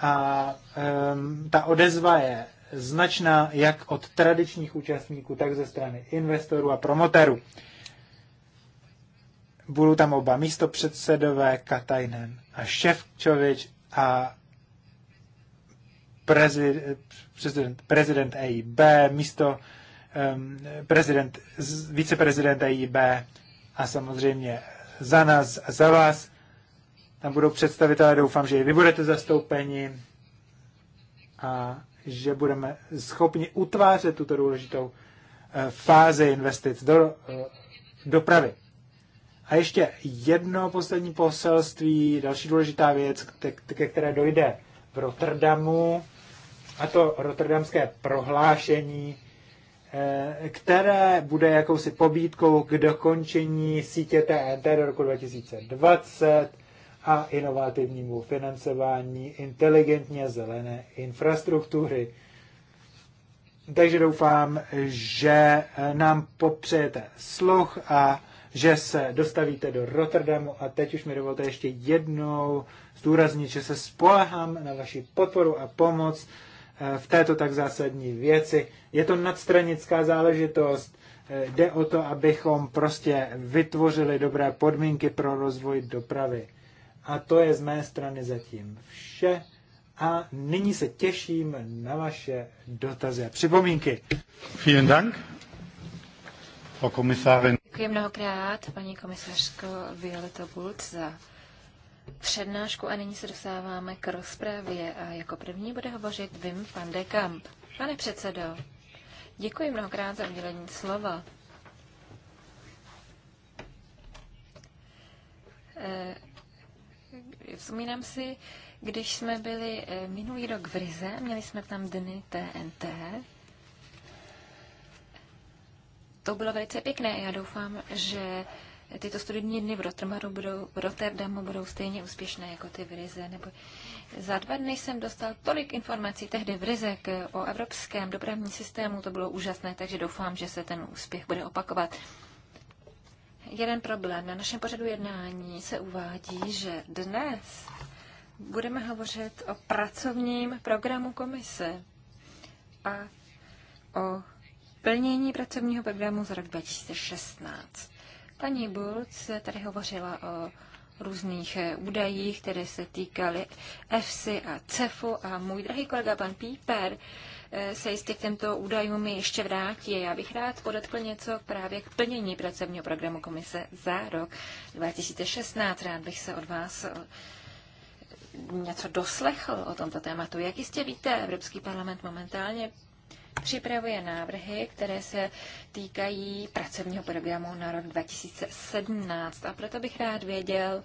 A um, ta odezva je značná jak od tradičních účastníků, tak ze strany investorů a promotérů. Budou tam oba místopředsedové Katajnen a Ševčovič a prezident, prezident, prezident EIB, místo um, prezident, viceprezident EIB a samozřejmě za nás a za vás. Tam budou představitelé, doufám, že i vy budete zastoupeni a že budeme schopni utvářet tuto důležitou eh, fázi investic do eh, dopravy. A ještě jedno poslední poselství, další důležitá věc, ke které dojde v Rotterdamu a to rotterdamské prohlášení, eh, které bude jakousi pobídkou k dokončení sítě TNT do roku 2020 a inovativnímu financování inteligentně zelené infrastruktury. Takže doufám, že eh, nám popřejete sluch a že se dostavíte do Rotterdamu. A teď už mi dovolte ještě jednou zdůraznit, že se spolehám na vaši podporu a pomoc v této tak zásadní věci. Je to nadstranická záležitost. Jde o to, abychom prostě vytvořili dobré podmínky pro rozvoj dopravy. A to je z mé strany zatím vše. A nyní se těším na vaše dotazy a připomínky. Vielen Dank. Frau Kommissarin. Děkuji mnohokrát, paní komisařko Violeta Bult, za přednášku a nyní se dostáváme k rozpravě a jako první bude hovořit Vim van de Kamp. Pane předsedo, děkuji mnohokrát za udělení slova. Eh, vzpomínám si, když jsme byli eh, minulý rok v Rize, měli jsme tam dny TNT. To bylo velice pěkné. Já doufám, že tyto studijní dny v Rotterdamu budou, v Rotterdamu budou stejně úspěšné jako ty v Rize. Nebo za dva dny jsem dostal tolik informací tehdy v Rize o evropském dopravním systému, to bylo úžasné, takže doufám, že se ten úspěch bude opakovat. Jeden problém. Na našem pořadu jednání se uvádí, že dnes budeme hovořit o pracovním programu komise a o plnění pracovního programu z rok 2016. Paní Bulc tady hovořila o různých eh, údajích, které se týkaly EFSI a CEFu a můj drahý kolega pan Píper eh, se jistě k těmto údajům ještě vrátí. Já bych rád podotkl něco právě k plnění pracovního programu komise za rok 2016. Rád bych se od vás eh, něco doslechl o tomto tématu. Jak jistě víte, Evropský parlament momentálně připravuje návrhy, které se týkají pracovního programu na rok 2017. A proto bych rád věděl,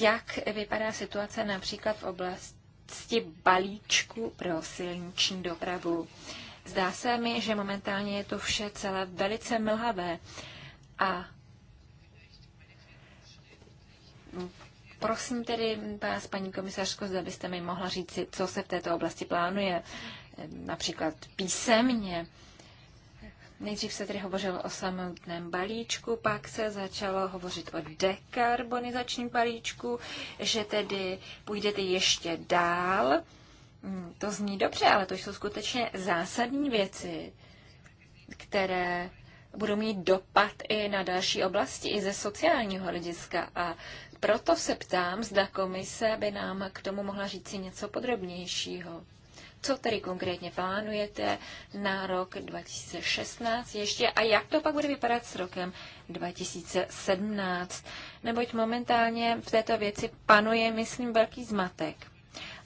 jak vypadá situace například v oblasti balíčku pro silniční dopravu. Zdá se mi, že momentálně je to vše celé velice mlhavé a Prosím tedy vás, paní komisařko, zda byste mi mohla říci, co se v této oblasti plánuje například písemně. Nejdřív se tedy hovořilo o samotném balíčku, pak se začalo hovořit o dekarbonizačním balíčku, že tedy půjdete ještě dál. Hmm, to zní dobře, ale to jsou skutečně zásadní věci, které budou mít dopad i na další oblasti, i ze sociálního hlediska. A proto se ptám, zda komise by nám k tomu mohla říci něco podrobnějšího. Co tedy konkrétně plánujete na rok 2016 ještě a jak to pak bude vypadat s rokem 2017? Neboť momentálně v této věci panuje, myslím, velký zmatek.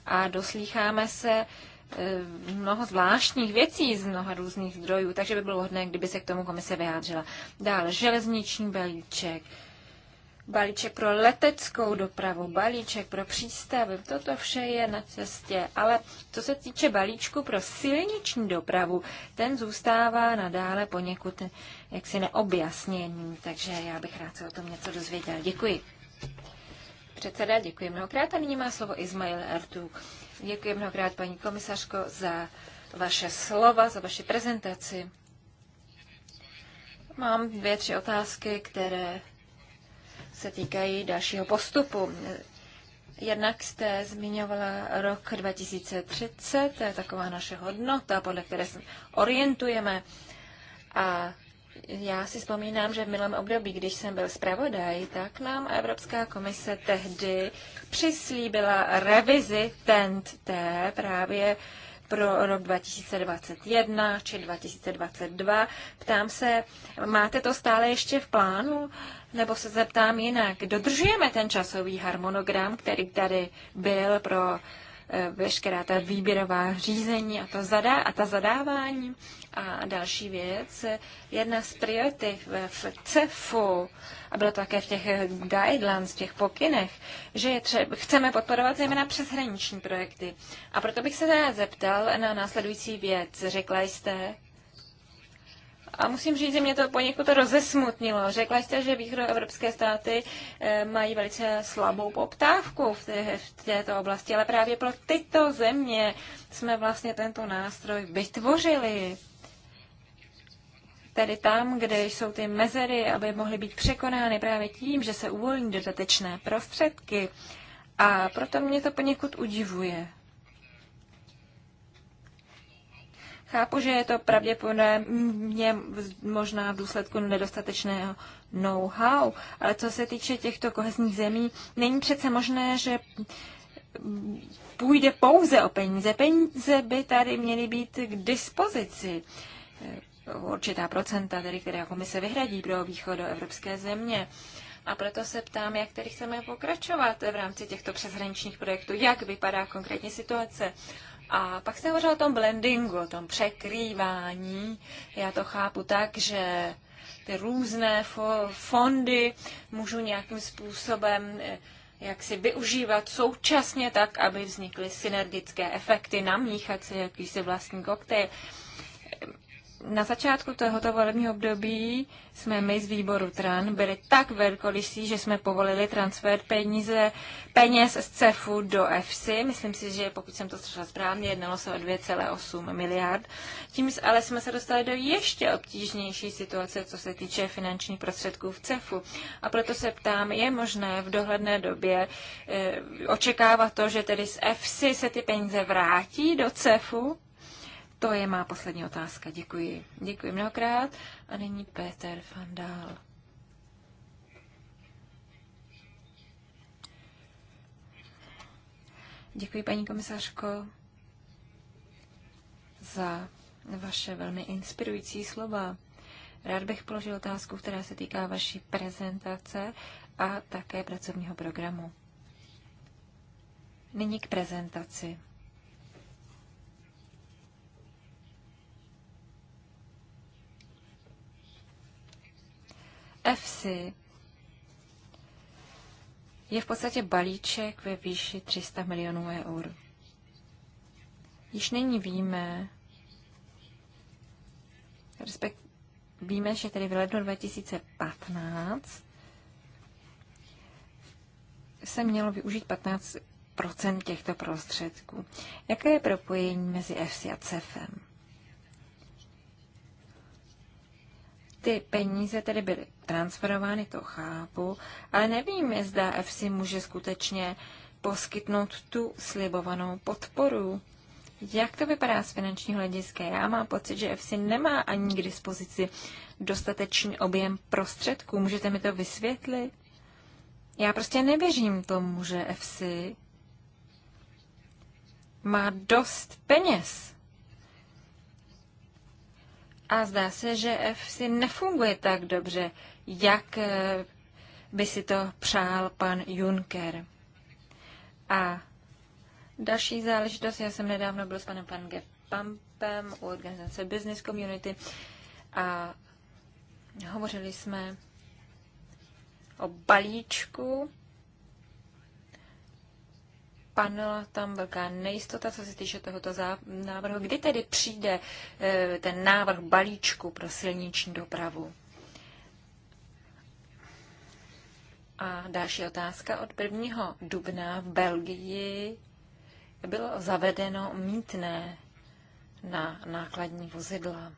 A doslýcháme se e, mnoho zvláštních věcí z mnoha různých zdrojů, takže by bylo hodné, kdyby se k tomu komise vyjádřila. Dále železniční balíček, balíček pro leteckou dopravu, balíček pro přístavy, toto vše je na cestě. Ale co se týče balíčku pro silniční dopravu, ten zůstává nadále poněkud jaksi neobjasněný, takže já bych rád se o tom něco dozvěděl. Děkuji. Předseda, děkuji mnohokrát a nyní má slovo Ismail Ertuk. Děkuji mnohokrát, paní komisařko, za vaše slova, za vaši prezentaci. Mám dvě, tři otázky, které se týkají dalšího postupu. Jednak jste zmiňovala rok 2030, to je taková naše hodnota, podle které se orientujeme. A já si vzpomínám, že v minulém období, když jsem byl zpravodaj, tak nám Evropská komise tehdy přislíbila revizi TENT-T e e právě uh, pro rok 2021 či 2022. Ptám se, máte to stále ještě v plánu? Nebo se zeptám jinak, dodržujeme ten časový harmonogram, který tady byl pro eh, veškerá ta výběrová řízení a, to zadá, a ta zadávání? A další věc, jedna z priority v CEFu, a bylo to také v těch guidelines, v těch pokynech, že je třeba, chceme podporovat zejména přeshraniční projekty. A proto bych se teda zeptal na následující věc. Řekla jste, a musím říct, že mě to poněkud rozesmutnilo. Řekla jste, že východoevropské státy eh, mají velice slabou poptávku v, té, v této oblasti, ale právě pro tyto země jsme vlastně tento nástroj vytvořili tedy tam, kde jsou ty mezery, aby mohly být překonány právě tím, že se uvolní dodatečné prostředky. A proto mě to poněkud udivuje. Chápu, že je to pravděpodobně možná v důsledku nedostatečného know-how, ale co se týče těchto kohezních zemí, není přece možné, že půjde pouze o peníze. Peníze by tady měly být k dispozici určitá procenta, tedy která komise vyhradí pro východoevropské země. A proto se ptám, jak tedy chceme pokračovat v rámci těchto přeshraničních projektů, jak vypadá konkrétně situace. A pak jste hovořil o tom blendingu, o tom překrývání. Já to chápu tak, že ty různé fondy můžu nějakým způsobem eh, jak si využívat současně tak, aby vznikly synergické efekty, namíchat si jakýsi vlastní koktejl na začátku tohoto volebního období jsme my z výboru TRAN byli tak velkolisí, že jsme povolili transfer peníze, peněz z CEFu do EFSI. Myslím si, že pokud jsem to slyšela správně, jednalo se o 2,8 miliard. Tím ale jsme se dostali do ještě obtížnější situace, co se týče finančních prostředků v CEFu. A proto se ptám, je možné v dohledné době e, očekávat to, že tedy z EFSI se ty peníze vrátí do CEFu? To je má poslední otázka. Děkuji. Děkuji mnohokrát. A nyní Peter van Dál. Děkuji, paní komisařko, za vaše velmi inspirující slova. Rád bych položil otázku, která se týká vaší prezentace a také pracovního programu. Nyní k prezentaci. EFSI je v podstatě balíček ve výši 300 milionů eur. Již není víme, respekt, víme, že tedy v lednu 2015 se mělo využít 15 těchto prostředků. Jaké je propojení mezi EFSI a CEFem? Ty peníze tedy byly transferovány, to chápu, ale nevím, zda FC může skutečně poskytnout tu slibovanou podporu. Jak to vypadá z finančního hlediska? Já mám pocit, že FC nemá ani k dispozici dostatečný objem prostředků. Můžete mi to vysvětlit? Já prostě nevěřím tomu, že FC má dost peněz a zdá se, že EFSI nefunguje tak dobře, jak eh, by si to přál pan Juncker. A další záležitost, já jsem nedávno byl s panem pan G. Pampem u organizace Business Community a hovořili jsme o balíčku panela tam velká nejistota, co se týče tohoto návrhu. Kdy tedy přijde eh, ten návrh balíčku pro silniční dopravu? A další otázka. Od 1. dubna v Belgii bylo zavedeno mítné na nákladní vozidla.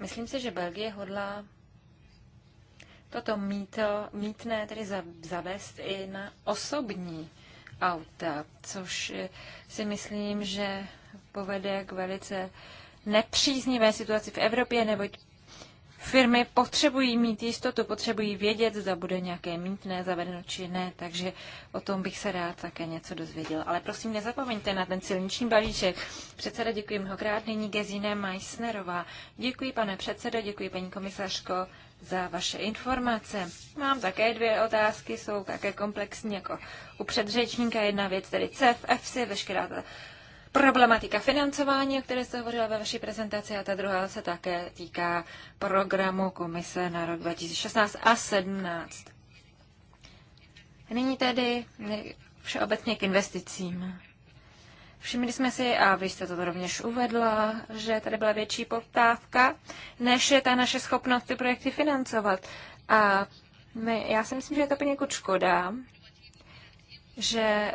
Myslím si, že Belgie hodlá toto mýto, mýtné tedy zavést i na osobní auta, což si myslím, že povede k velice nepříznivé situaci v Evropě, neboť firmy potřebují mít jistotu, potřebují vědět, zda bude nějaké mítné zavedeno či ne, takže o tom bych se rád také něco dozvěděl. Ale prosím, nezapomeňte na ten silniční balíček. Předseda, děkuji mnohokrát, nyní Gezine Meissnerová. Děkuji, pane předsedo, děkuji, paní komisařko za vaše informace. Mám také dvě otázky, jsou také komplexní jako u předřečníka. Jedna věc, tedy CEF, EFSI, veškerá ta problematika financování, o které jste hovořila ve vaší prezentaci, a ta druhá se také týká programu Komise na rok 2016 a 17. Nyní tedy všeobecně k investicím. Všimli jsme si, a vy jste to rovněž uvedla, že tady byla větší poptávka, než je ta naše schopnost ty projekty financovat. A my, já si myslím, že je to poněkud škoda, že e,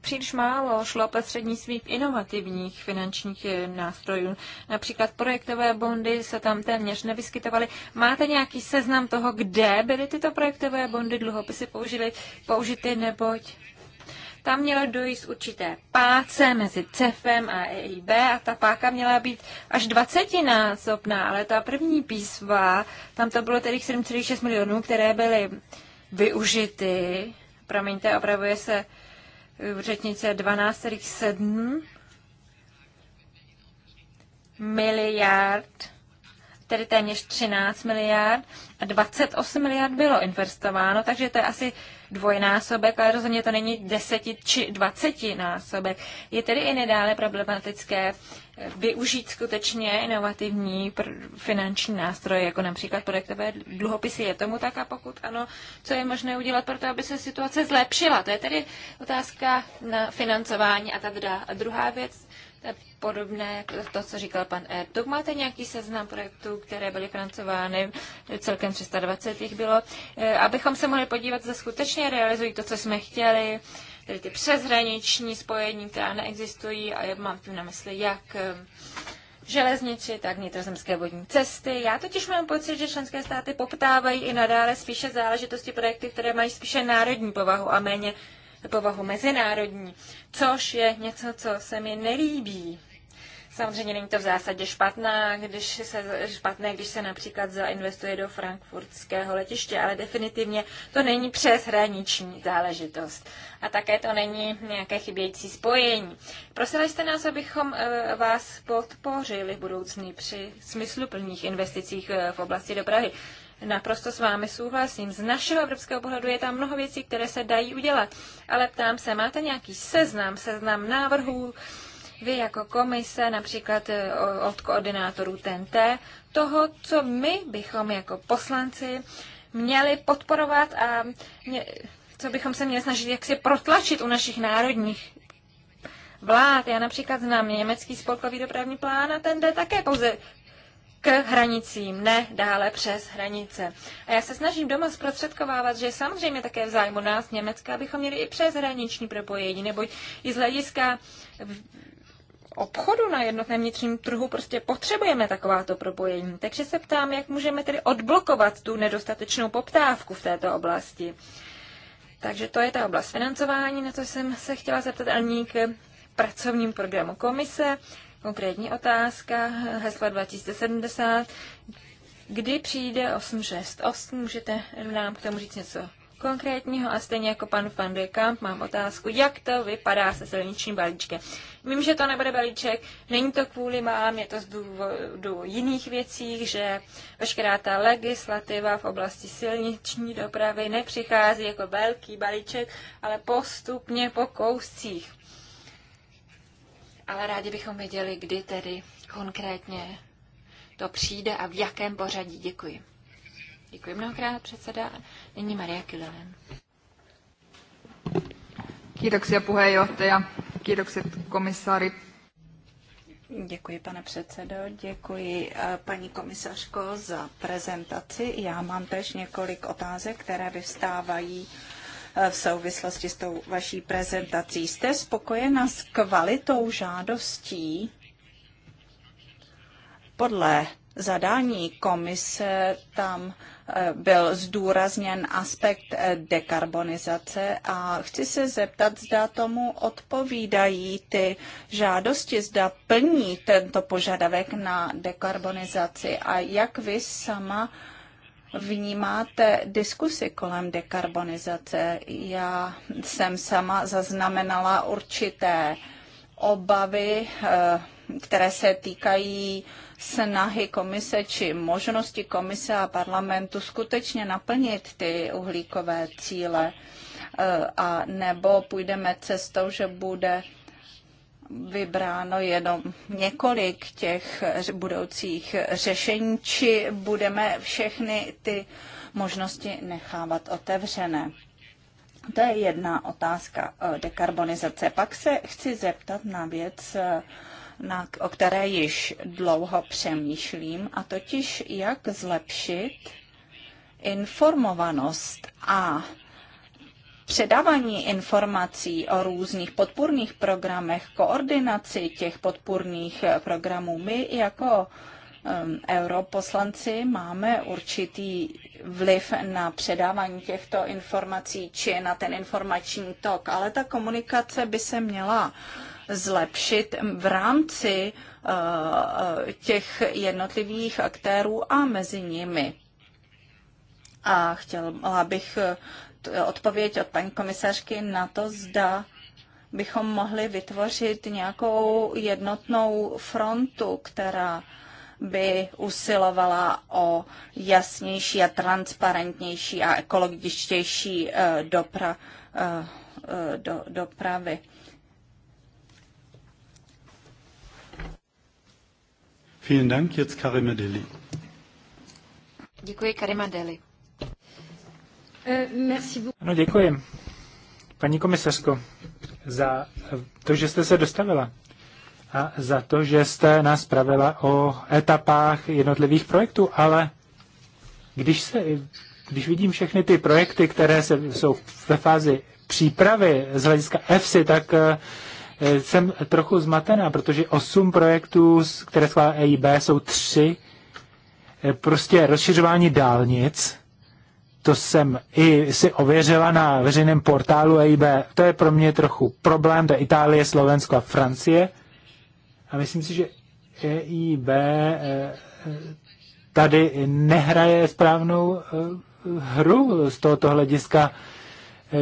příliš málo šlo prostřednictvím inovativních finančních e, nástrojů. Například projektové bondy se tam téměř nevyskytovaly. Máte nějaký seznam toho, kde byly tyto projektové bondy, dluhopisy použili, použity, neboť tam mělo dojít určité páce mezi CEFem a EIB a ta páka měla být až 20násobná, ale ta první písva, tam to bylo tedy 7,6 milionů, které byly využity, promiňte, opravuje se v řečnice 12,7 miliard, tedy téměř 13 miliard a 28 miliard bylo investováno, takže to je asi dvojnásobek, ale rozhodně to není deseti či dvacetinásobek. Je tedy i nedále problematické eh, využít skutečně inovativní finanční nástroje, jako například projektové dluhopisy. Je tomu tak a pokud ano, co je možné udělat pro to, aby se situace zlepšila? To je tedy otázka na financování a ta druhá věc podobné jako to, co říkal pan Ertug. Máte nějaký seznam projektů, které byly financovány, celkem 320 jich bylo, e, abychom se mohli podívat, zda skutečně realizují to, co jsme chtěli, tedy ty přeshraniční spojení, která neexistují, a mám tím na mysli, jak e, železnici, tak vnitrozemské vodní cesty. Já totiž mám pocit, že členské státy poptávají i nadále spíše záležitosti projekty, které mají spíše národní povahu a méně povahu mezinárodní, což je něco, co se mi nelíbí. Samozřejmě není to v zásadě špatná, když se, špatné, když se například zainvestuje do frankfurtského letiště, ale definitivně to není přeshraniční záležitost. A také to není nějaké chybějící spojení. Prosili jste nás, abychom eh, vás podpořili budoucnu při smysluplných investicích eh, v oblasti dopravy naprosto s vámi souhlasím. Z našeho evropského pohledu je tam mnoho věcí, které se dají udělat. Ale ptám se, máte nějaký seznam, seznam návrhů, vy jako komise, například eh, od koordinátorů TNT, toho, co my bychom jako poslanci měli podporovat a mě, co bychom se měli snažit jak protlačit u našich národních vlád. Já například znám německý spolkový dopravní plán a ten jde také pouze k hranicím, ne dále přes hranice. A já se snažím doma zprostředkovávat, že samozřejmě také v zájmu nás, Německa, abychom měli i přeshraniční propojení, neboť i z hlediska obchodu na jednotném vnitřním trhu prostě potřebujeme takováto propojení. Takže se ptám, jak můžeme tedy odblokovat tu nedostatečnou poptávku v této oblasti. Takže to je ta oblast financování, na co jsem se chtěla zeptat Aní k pracovním programu komise. Konkrétní otázka, heslo 2070. Kdy přijde 868? Můžete nám k tomu říct něco konkrétního a stejně jako pan Van de Kamp mám otázku, jak to vypadá se silničním balíčkem. Vím, že to nebude balíček, není to kvůli mám, je to z důvodu jiných věcí, že veškerá ta legislativa v oblasti silniční dopravy nepřichází jako velký balíček, ale postupně po kouscích ale rádi bychom věděli, kdy tedy konkrétně to přijde a v jakém pořadí. Děkuji. Děkuji mnohokrát, předseda. Nyní Maria Kylonen. Kiitoksia puheenjohtaja. Kiitokset komissaari. Děkuji, pane předsedo, děkuji eh, paní komisařko za prezentaci. Já mám tež několik otázek, které vyvstávají Eh, v souvislosti s tou vaší prezentací. Jste spokojena s kvalitou žádostí? Podle zadání komise tam eh, byl zdůrazněn aspekt eh, dekarbonizace a chci se zeptat, zda tomu odpovídají ty žádosti, zda plní tento požadavek na dekarbonizaci a jak vy sama vnímáte diskusy kolem dekarbonizace? Já jsem sama zaznamenala určité obavy, eh, které se týkají snahy komise či možnosti komise a parlamentu skutečně naplnit ty uhlíkové cíle eh, a nebo půjdeme cestou, že bude vybráno jenom několik těch budoucích řešení, či budeme všechny ty možnosti nechávat otevřené. To je jedna otázka eh, dekarbonizace. Pak se chci zeptat na věc, eh, na, o které již dlouho přemýšlím, a totiž jak zlepšit informovanost a předávání informací o různých podpůrných programech, koordinaci těch podpůrných eh, programů. My jako ehm, europoslanci máme určitý vliv na předávání těchto informací či na ten informační tok, ale ta komunikace by se měla zlepšit v rámci eh, eh, těch jednotlivých aktérů a mezi nimi. A chtěla bych odpověď od paní komisařky na to, zda bychom mohli vytvořit nějakou jednotnou frontu, která by usilovala o jasnější a transparentnější a ekologičtější eh, dopra, eh, eh, do, dopravy. Vielen Dank, jetzt Karima Deli. Děkuji, Karima Deli. Eh, ano, děkuji. Paní komisařko, za to, že jste se dostavila a za to, že jste nás pravila o etapách jednotlivých projektů, ale když, se, když vidím všechny ty projekty, které se, jsou ve fázi přípravy z hlediska EFSI, tak eh, jsem trochu zmatená, protože osm projektů, které schválila EIB, jsou tři eh, prostě rozšiřování dálnic, to jsem i si ověřila na veřejném portálu EIB. To je pro mě trochu problém, to je Itálie, Slovensko a Francie. A myslím si, že EIB eh, eh, tady nehraje správnou eh, hru z tohoto hlediska,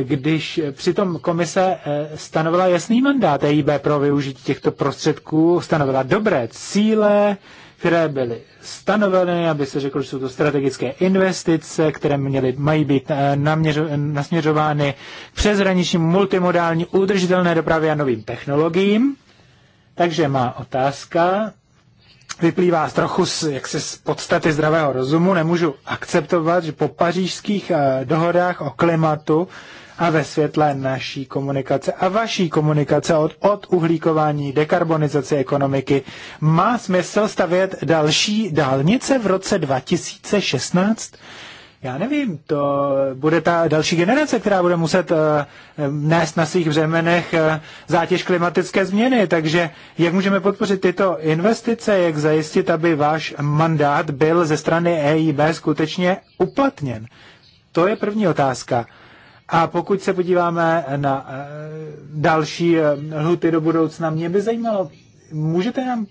když přitom komise stanovila jasný mandát EIB pro využití těchto prostředků, stanovila dobré cíle, které byly stanoveny, aby se řeklo, že jsou to strategické investice, které měly, mají být eh, naměřo, nasměřovány přeshraniční multimodální udržitelné dopravě a novým technologiím. Takže má otázka, vyplývá z trochu z, se z podstaty zdravého rozumu. Nemůžu akceptovat, že po pařížských eh, dohodách o klimatu a ve světle naší komunikace a vaší komunikace od, od uhlíkování, dekarbonizace ekonomiky má smysl stavět další dálnice v roce 2016? Já nevím, to bude ta další generace, která bude muset uh, nést na svých břemenech uh, zátěž klimatické změny. Takže jak můžeme podpořit tyto investice, jak zajistit, aby váš mandát byl ze strany EIB skutečně uplatněn? To je první otázka. A pokud se podíváme na eh, další eh, lhuty do budoucna, mě by zajímalo, můžete nám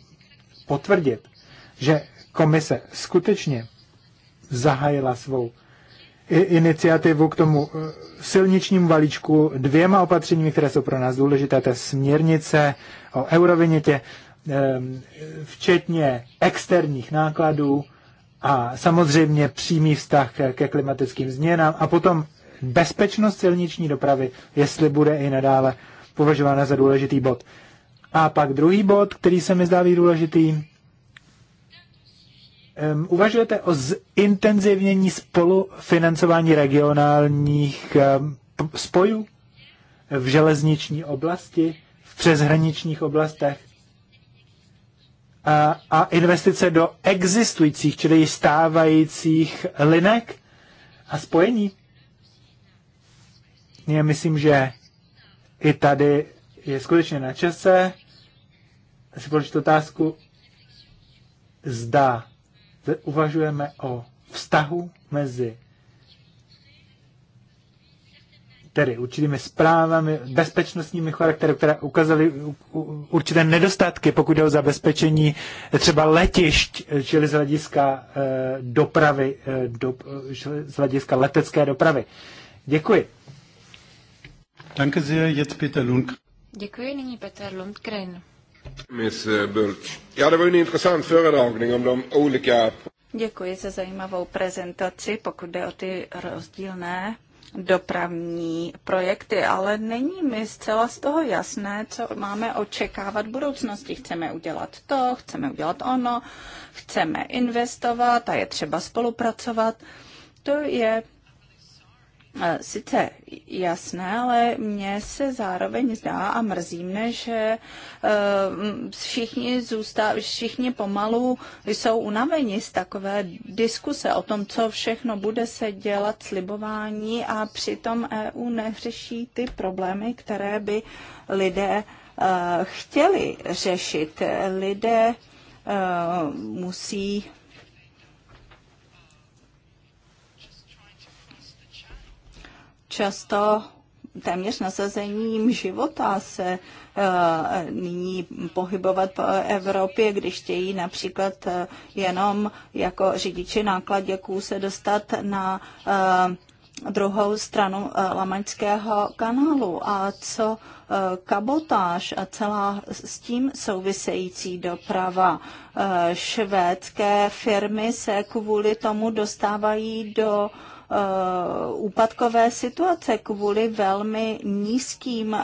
potvrdit, že komise skutečně zahájila svou iniciativu k tomu eh, silničnímu valíčku dvěma opatřeními, které jsou pro nás důležité, to je směrnice o eurovinětě, včetně externích nákladů a samozřejmě přímý vztah ke klimatickým změnám a potom bezpečnost silniční dopravy, jestli bude i nadále považována za důležitý bod. A pak druhý bod, který se mi zdá být důležitý, um, uvažujete o zintenzivnění spolufinancování regionálních um, spojů v železniční oblasti, v přeshraničních oblastech a, a investice do existujících, čili stávajících linek a spojení. Já vlastně myslím, že i tady je skutečně na čase si položit otázku, zda uvažujeme o vztahu mezi tedy určitými zprávami, bezpečnostními charaktery, které ukázaly určité nedostatky, pokud jde o zabezpečení třeba letišť, čili z hlediska eh, dopravy, eh, do, eh, z hlediska letecké dopravy. Děkuji. Danke sehr, jetzt Peter Lundgren. Děkuji, nyní Peter Lundgren. Miss eh, Bulch. Ja, det var föredragning om de olika... Děkuji za zajímavou prezentaci, pokud jde o ty rozdílné dopravní projekty, ale není mi zcela z toho jasné, co máme očekávat v budoucnosti. Chceme udělat to, chceme udělat ono, chceme investovat a je třeba spolupracovat. To je sice jasné, ale mně se zároveň zdá a mrzí mne, že eh, všichni, zůstav, všichni pomalu jsou unaveni z takové diskuse o tom, co všechno bude se dělat slibování a přitom EU neřeší ty problémy, které by lidé eh, chtěli řešit. Lidé eh, musí často téměř nasazením života se eh, nyní pohybovat po Evropě, když chtějí například eh, jenom jako řidiči nákladěků se dostat na eh, druhou stranu Lamaňského kanálu a co kabotáž a celá s tím související doprava. Švédské firmy se kvůli tomu dostávají do Uh, úpadkové situace kvůli velmi nízkým uh,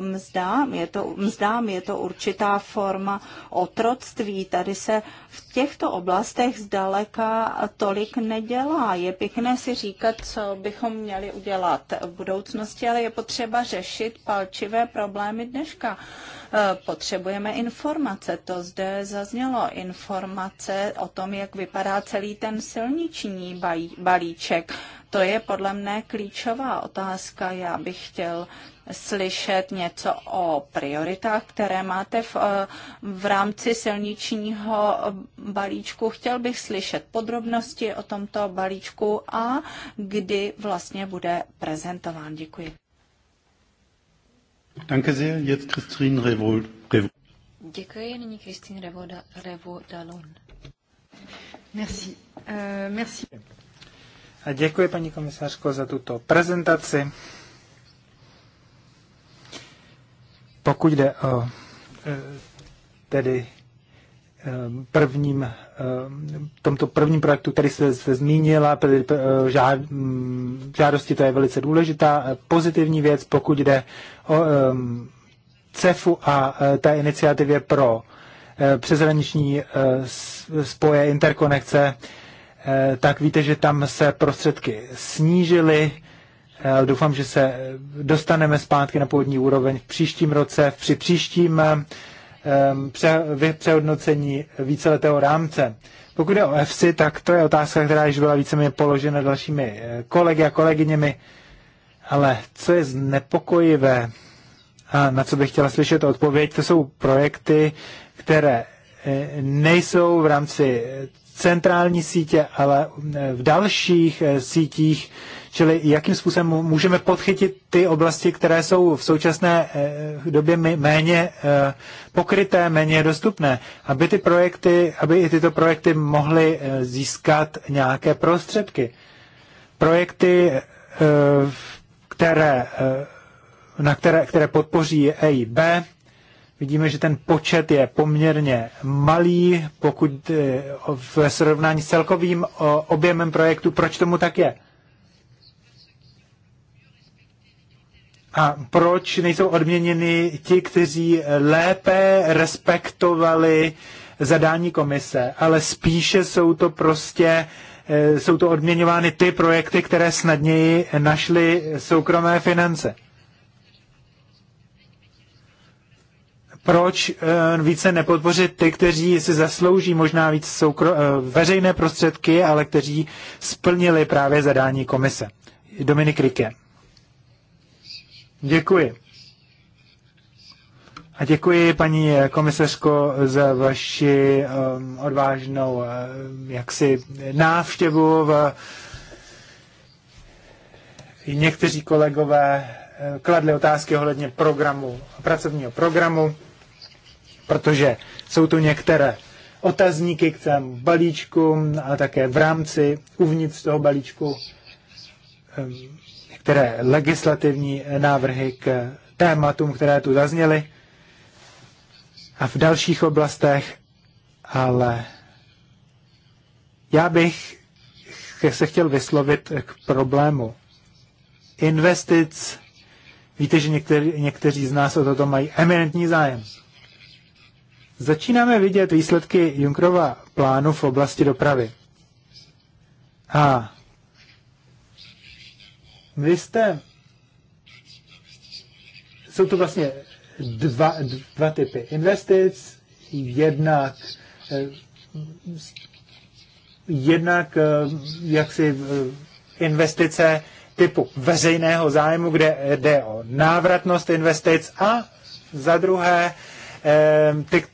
mzdám. Je to, mzdám je to určitá forma otroctví. Tady se v těchto oblastech zdaleka tolik nedělá. Je pěkné si říkat, co bychom měli udělat v budoucnosti, ale je potřeba řešit palčivé problémy dneška Eh, potřebujeme informace. To zde zaznělo informace o tom, jak vypadá celý ten silniční balíček. To je podle mne klíčová otázka. Já bych chtěl slyšet něco o prioritách, které máte v, eh, v rámci silničního balíčku. Chtěl bych slyšet podrobnosti o tomto balíčku a kdy vlastně bude prezentován. Děkuji. Danke sehr. Jetzt Christine Děkuji, nyní Kristýn Revodalon. Merci. Uh, merci. A děkuji, paní komisařko, za tuto prezentaci. Pokud jde o e, tedy Eh, prvním, eh, tomto prvním projektu, který se se zmínila, eh, mm, žádosti, to je velice důležitá pozitivní věc, pokud jde o CEFu a té iniciativě pro přezraniční spoje interkonekce, tak víte, že tam se prostředky snížily. Doufám, že se dostaneme zpátky na původní úroveň v příštím roce, při příštím Ehm, pře, přehodnocení víceletého rámce. Pokud je o EFSI, tak to je otázka, která již byla víceméně položena dalšími eh, kolegy a kolegyněmi. Ale co je znepokojivé a na co bych chtěla slyšet odpověď, to jsou projekty, které eh, nejsou v rámci centrální sítě, ale eh, v dalších eh, sítích, čili jakým způsobem můžeme podchytit ty oblasti, které jsou v současné eh, době méně pokryté, méně dostupné, aby ty projekty, aby i tyto projekty mohly získat nějaké prostředky. Projekty, které, na které, které podpoří EIB, Vidíme, že ten počet je poměrně malý, pokud eh, v srovnání s celkovým objemem projektu. Proč tomu tak je? A proč nejsou odměněni ti, kteří lépe respektovali zadání komise, ale spíše jsou to prostě eh, jsou to odměňovány ty projekty, které snadněji našly soukromé finance. proč eh, více nepodpořit ty, kteří si zaslouží možná víc soukro- eh, veřejné prostředky, ale kteří splnili právě zadání komise. Dominik Rike. Děkuji. A děkuji, paní eh, komisařko, za vaši um, odvážnou uh, jaksi návštěvu. V... Někteří kolegové kladli otázky ohledně programu, pracovního programu protože jsou tu některé otazníky k tomu balíčku, ale také v rámci, uvnitř toho balíčku, ehm, některé legislativní návrhy k tématům, které tu zazněly a v dalších oblastech, ale já bych se chtěl vyslovit k problému investic. Víte, že některý, někteří z nás o toto mají eminentní zájem začínáme vidět výsledky Junkrova plánu v oblasti dopravy. A vy jste... Jsou to vlastně dva, dva typy investic. Jednak, eh, jednak eh, jaksi eh, investice typu veřejného zájmu, kde jde o návratnost investic a za druhé Ehm, ty,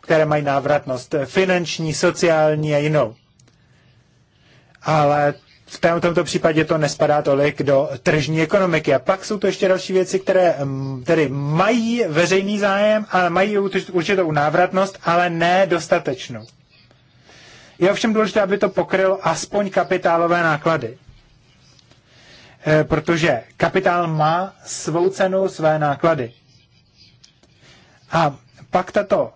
které mají návratnost eh, finanční, sociální a jinou. Ale v tomto případě to nespadá tolik do tržní ekonomiky. A pak jsou to ještě další věci, které mm, tedy mají veřejný zájem, ale mají určitou návratnost, ale ne dostatečnou. Je ovšem důležité, aby to pokrylo aspoň kapitálové náklady. Eh, protože kapitál má svou cenu, své náklady. A pak tato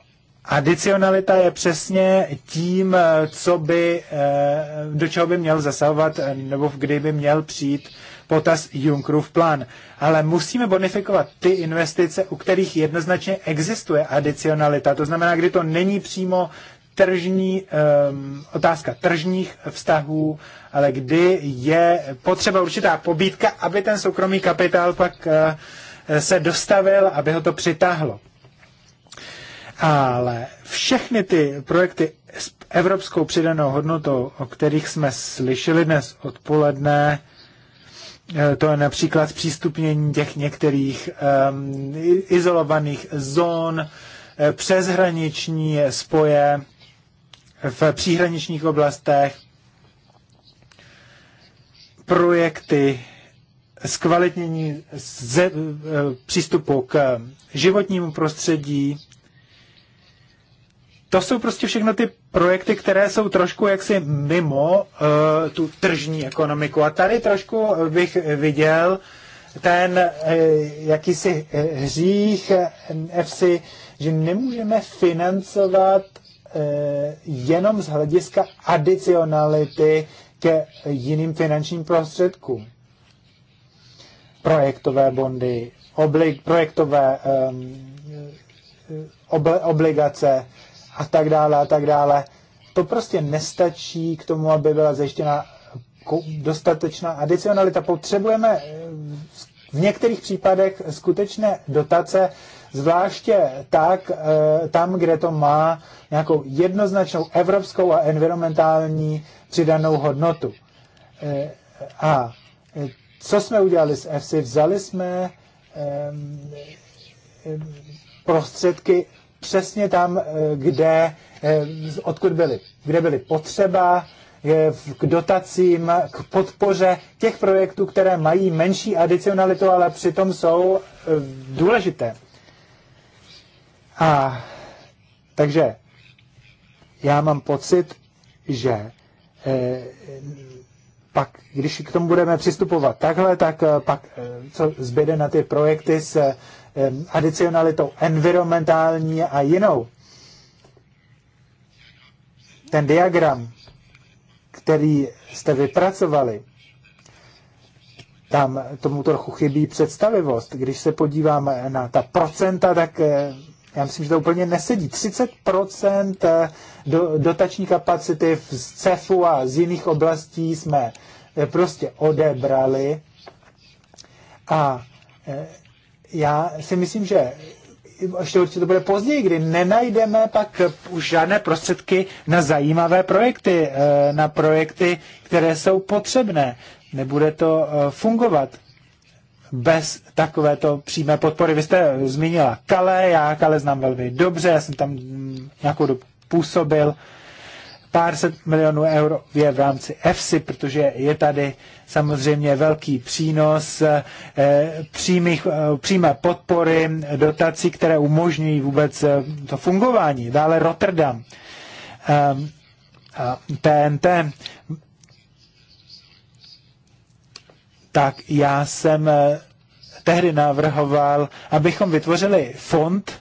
adicionalita je přesně tím, eh, co by, eh, do čeho by měl zasahovat, eh, nebo kdy by měl přijít potaz Junckerův plán. Ale musíme bonifikovat ty investice, u kterých jednoznačně existuje adicionalita. To znamená, kdy to není přímo tržní, um, otázka tržních vztahů, ale kdy je potřeba určitá pobídka, aby ten soukromý kapitál pak uh, se dostavil, aby ho to přitáhlo. Ale všechny ty projekty s evropskou přidanou hodnotou, o kterých jsme slyšeli dnes odpoledne, eh, to je například přístupnění těch některých um, izolovaných zón, eh, přeshraniční spoje v příhraničních oblastech, projekty zkvalitnění ze, eh, přístupu k životnímu prostředí, to jsou prostě všechno ty projekty, které jsou trošku jaksi mimo uh, tu tržní ekonomiku. A tady trošku bych viděl ten uh, jakýsi eh, hřích FC, že nemůžeme financovat uh, jenom z hlediska adicionality ke jiným finančním prostředkům. Projektové bondy, obli- projektové um, ehm, ob- obligace, a tak dále a tak dále. To prostě nestačí k tomu, aby byla zajištěna dostatečná adicionalita. Potřebujeme eh, v některých případech skutečné dotace, zvláště tak, eh, tam, kde to má nějakou jednoznačnou evropskou a environmentální přidanou hodnotu. Eh, a co jsme udělali s EFSI? Vzali jsme prostředky přesně tam, eh, kde, eh, odkud byly, kde byly potřeba, k dotacím, k podpoře těch projektů, které mají menší adicionalitu, ale přitom jsou eh, důležité. A takže já mám pocit, že e, pak, když k tomu budeme přistupovat takhle, tak pak co zbyde na ty projekty s adicionalitou environmentální a jinou. Ten diagram, který jste vypracovali, tam tomu trochu chybí představivost. Když se podívám na ta procenta, tak eh, já myslím, že to úplně nesedí. 30% eh, do, dotační kapacity z CEFu a z jiných oblastí jsme eh, prostě odebrali a já si myslím, že ještě určitě to bude později, kdy nenajdeme pak už žádné prostředky na zajímavé projekty, eh, na projekty, které jsou potřebné. Nebude to eh, fungovat bez takovéto přímé podpory. Vy jste zmínila Kale, já Kale znám velmi dobře, já jsem tam nějakou dobu působil pár set milionů eur je v rámci EFSI, protože je tady samozřejmě velký přínos eh, přímých, eh, přímé podpory, dotací, které umožňují vůbec eh, to fungování. Dále Rotterdam, TNT. Ehm, tak já jsem tehdy navrhoval, abychom vytvořili fond,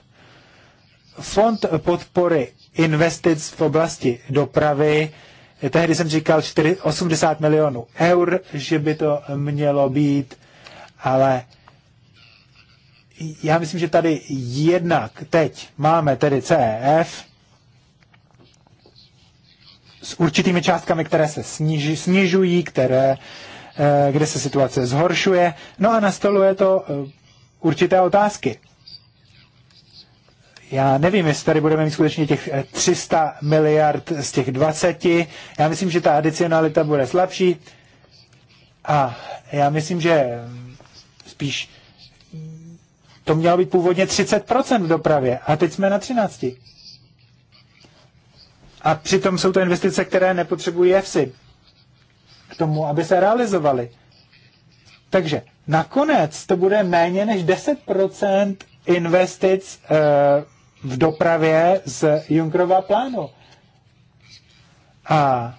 fond podpory investic v oblasti dopravy. Tehdy jsem říkal 80 milionů eur, že by to mělo být, ale já myslím, že tady jednak teď máme tedy CEF s určitými částkami, které se sniž, snižují, které, eh, kde se situace zhoršuje. No a nastoluje to eh, určité otázky já nevím, jestli tady budeme mít skutečně těch 300 eh, miliard z těch 20. Já myslím, že ta adicionalita bude slabší a já myslím, že mm, spíš to mělo být původně 30% v dopravě a teď jsme na 13. A přitom jsou to investice, které nepotřebují EFSI k tomu, aby se realizovaly. Takže nakonec to bude méně než 10% investic eh, v dopravě z Junkrova plánu. A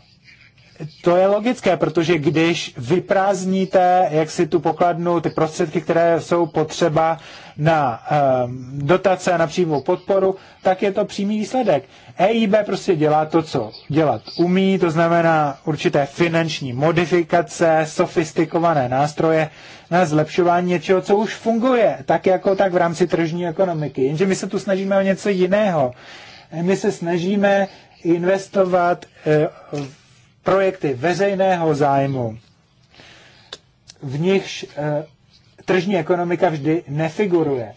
to je logické, protože když vyprázdníte, jak si tu pokladnu, ty prostředky, které jsou potřeba na um, dotace a na přímou podporu, tak je to přímý výsledek. EIB prostě dělá to, co dělat umí, to znamená určité finanční modifikace, sofistikované nástroje na zlepšování něčeho, co už funguje, tak jako tak v rámci tržní ekonomiky. Jenže my se tu snažíme o něco jiného. My se snažíme investovat uh, projekty veřejného zájmu, v nichž e, tržní ekonomika vždy nefiguruje.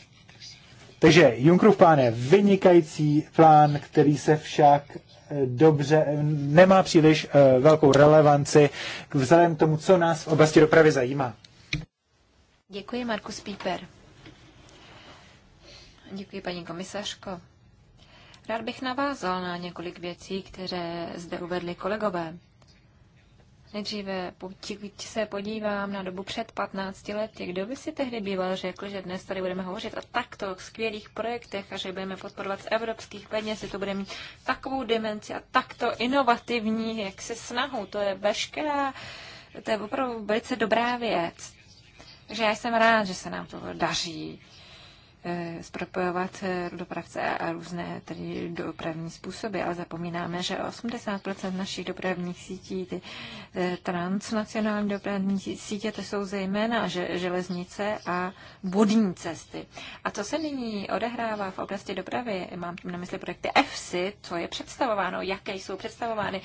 Takže Junckerův plán je vynikající plán, který se však eh, dobře, nemá příliš e, velkou relevanci vzhledem tomu, co nás v oblasti dopravy zajímá. Děkuji, Markus Píper. Děkuji, paní komisařko. Rád bych navázal na několik věcí, které zde uvedli kolegové. Nejdříve se podívám na dobu před 15 lety. Kdo by si tehdy býval řekl, že dnes tady budeme hovořit o takto skvělých projektech a že budeme podporovat z evropských peněz, že to bude mít takovou dimenzi a takto inovativní, jak se snahu. To je veškerá, to je opravdu velice dobrá věc. Takže já jsem rád, že se nám to daří zpropojovat eh, eh, dopravce a různé tedy dopravní způsoby, ale zapomínáme, že 80% našich dopravních sítí, ty eh, transnacionální dopravní sítě, to jsou zejména železnice a vodní cesty. A co se nyní odehrává v oblasti dopravy, mám tím na mysli projekty EFSI, co je představováno, jaké jsou představovány,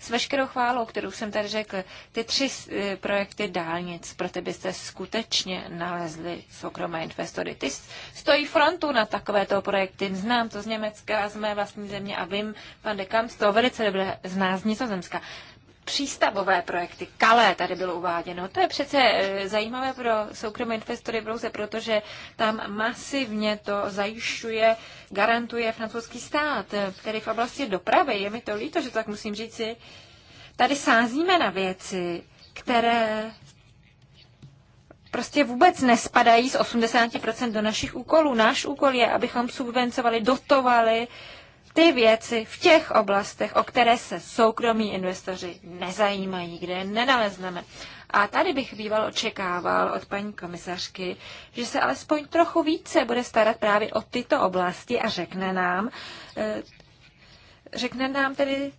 s veškerou chválou, kterou jsem tady řekl, ty tři eh, projekty dálnic, pro ty byste skutečně nalezli soukromé investory. Ty stojí frontu na takovéto projekty. Znám to z Německa, z mé vlastní země a vím, pan Dekam, to velice dobře zná z Nizozemska přístavové projekty. Kalé tady bylo uváděno. To je přece eh, zajímavé pro soukromé investory v proto, protože tam masivně to zajišťuje, garantuje francouzský stát, eh, který v oblasti dopravy, je mi to líto, že to tak musím říci, tady sázíme na věci, které prostě vůbec nespadají z 80% do našich úkolů. Náš úkol je, abychom subvencovali, dotovali ty věci v těch oblastech, o které se soukromí investoři nezajímají, kde je nenalezneme. A tady bych býval očekával od paní komisařky, že se alespoň trochu více bude starat právě o tyto oblasti a řekne nám, eh, řekne nám tedy,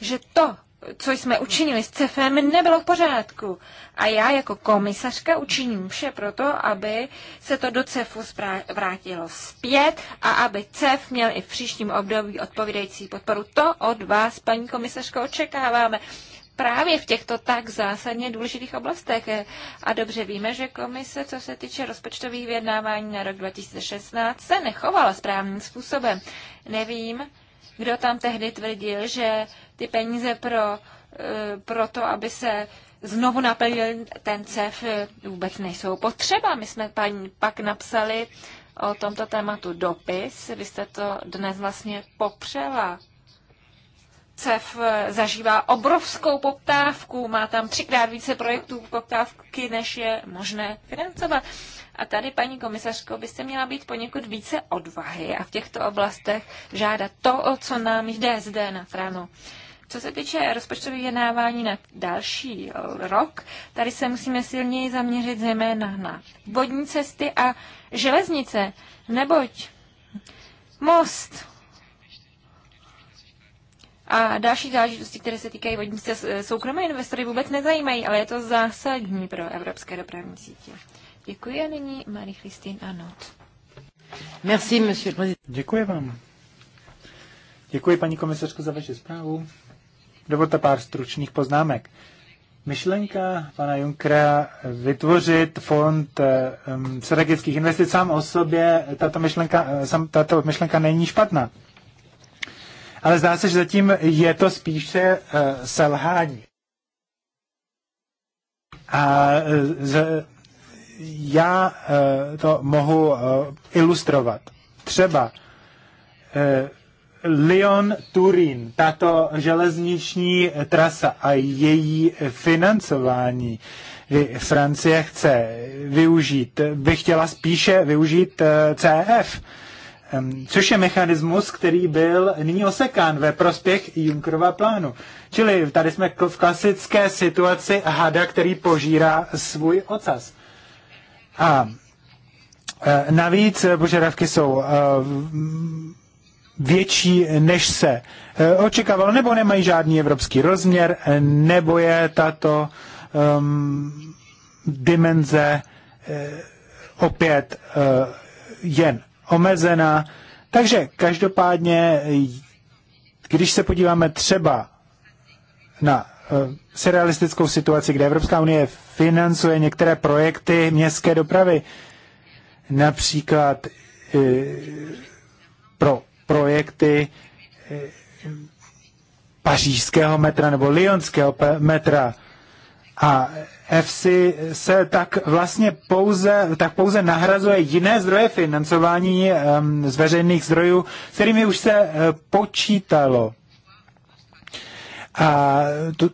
že to, co jsme učinili s CEFem, nebylo v pořádku. A já jako komisařka učiním vše proto, aby se to do CEFu vrátilo zpět a aby CEF měl i v příštím období odpovídající podporu. To od vás, paní komisařko, očekáváme právě v těchto tak zásadně důležitých oblastech. A dobře víme, že komise, co se týče rozpočtových vyjednávání na rok 2016, se nechovala správným způsobem. Nevím, kdo tam tehdy tvrdil, že ty peníze pro, eh, pro to, aby se znovu naplnil ten CEF, eh, vůbec nejsou potřeba. My jsme paní pak napsali o tomto tématu dopis. Vy jste to dnes vlastně popřela. CEF eh, zažívá obrovskou poptávku, má tam třikrát více projektů poptávky, než je možné financovat. A tady, paní komisařko, byste měla být poněkud více odvahy a v těchto oblastech žádat to, o co nám jde zde na Franu. Co se týče rozpočtových vyjednávání na další rok, tady se musíme silněji zaměřit zejména na vodní cesty a železnice, neboť most a další záležitosti, které se týkají vodní cest, soukromé investory vůbec nezajímají, ale je to zásadní pro evropské dopravní sítě. Děkuji a nyní Marie-Christine Anot. Merci, monsieur le Děkuji vám. Děkuji, paní komisařko, za vaši zprávu. Dovolte pár stručných poznámek. Myšlenka pana Junkera vytvořit fond um, strategických investic sám o sobě, tato myšlenka, eh, sam, tato myšlenka není špatná. Ale zdá se, že zatím je to spíše uh, selhání. A z, já eh, to mohu eh, ilustrovat. Třeba eh, Lyon-Turín, tato železniční trasa a její financování. Francie chce využít, by chtěla spíše využít CF, což je mechanismus, který byl nyní osekán ve prospěch Junckerova plánu. Čili tady jsme v klasické situaci hada, který požírá svůj ocas. A e, navíc e, požadavky jsou e, větší, než se očekávalo, nebo nemají žádný evropský rozměr, nebo je tato e, dimenze opět jen omezená. Takže každopádně, když se podíváme třeba na Eh, surrealistickou situaci, kde Evropská unie financuje některé projekty městské dopravy, například eh, pro projekty eh, pařížského metra nebo lionského metra. A EFSI se tak vlastně pouze, tak pouze nahrazuje jiné zdroje financování ehm, z veřejných zdrojů, s kterými už se počítalo. A to,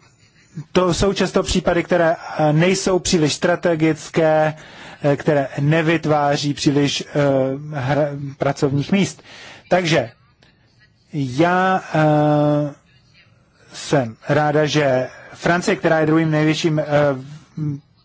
to jsou často případy, které eh, nejsou příliš strategické, eh, které nevytváří příliš uh, hra, pracovních míst. Takže já uh, jsem ráda, že Francie, která je druhým největším uh,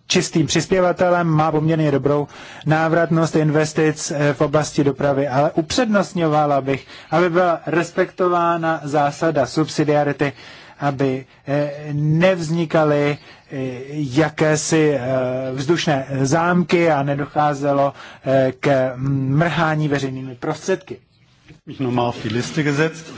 čistým přispěvatelem, má poměrně dobrou návratnost investic v oblasti dopravy, ale upřednostňovala bych, aby byla respektována zásada subsidiarity aby eh, nevznikaly eh, jakési eh, vzdušné zámky a nedocházelo k mrhání veřejnými prostředky. Ich nochmal auf die Liste gesetzt.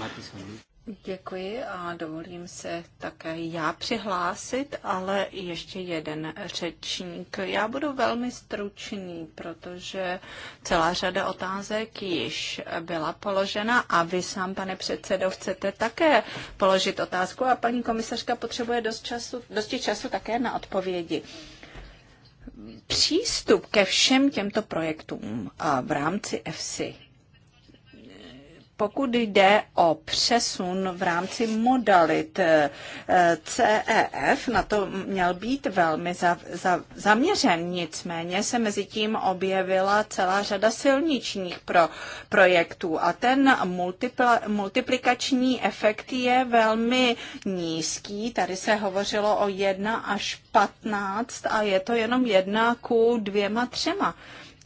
Děkuji a dovolím se také já přihlásit, ale ještě jeden řečník. Já budu velmi stručný, protože celá řada otázek již byla položena a vy sám, pane předsedo, chcete také položit otázku a paní komisařka potřebuje dost času, dosti času také na odpovědi přístup ke všem těmto projektům v rámci EFSI pokud jde o přesun v rámci modalit eh, CEF, na to měl být velmi za, za, zaměřen, nicméně se mezi tím objevila celá řada silničních pro, projektů a ten multipla, multiplikační efekt je velmi nízký. Tady se hovořilo o 1 až 15 a je to jenom 1 ku dvěma třema.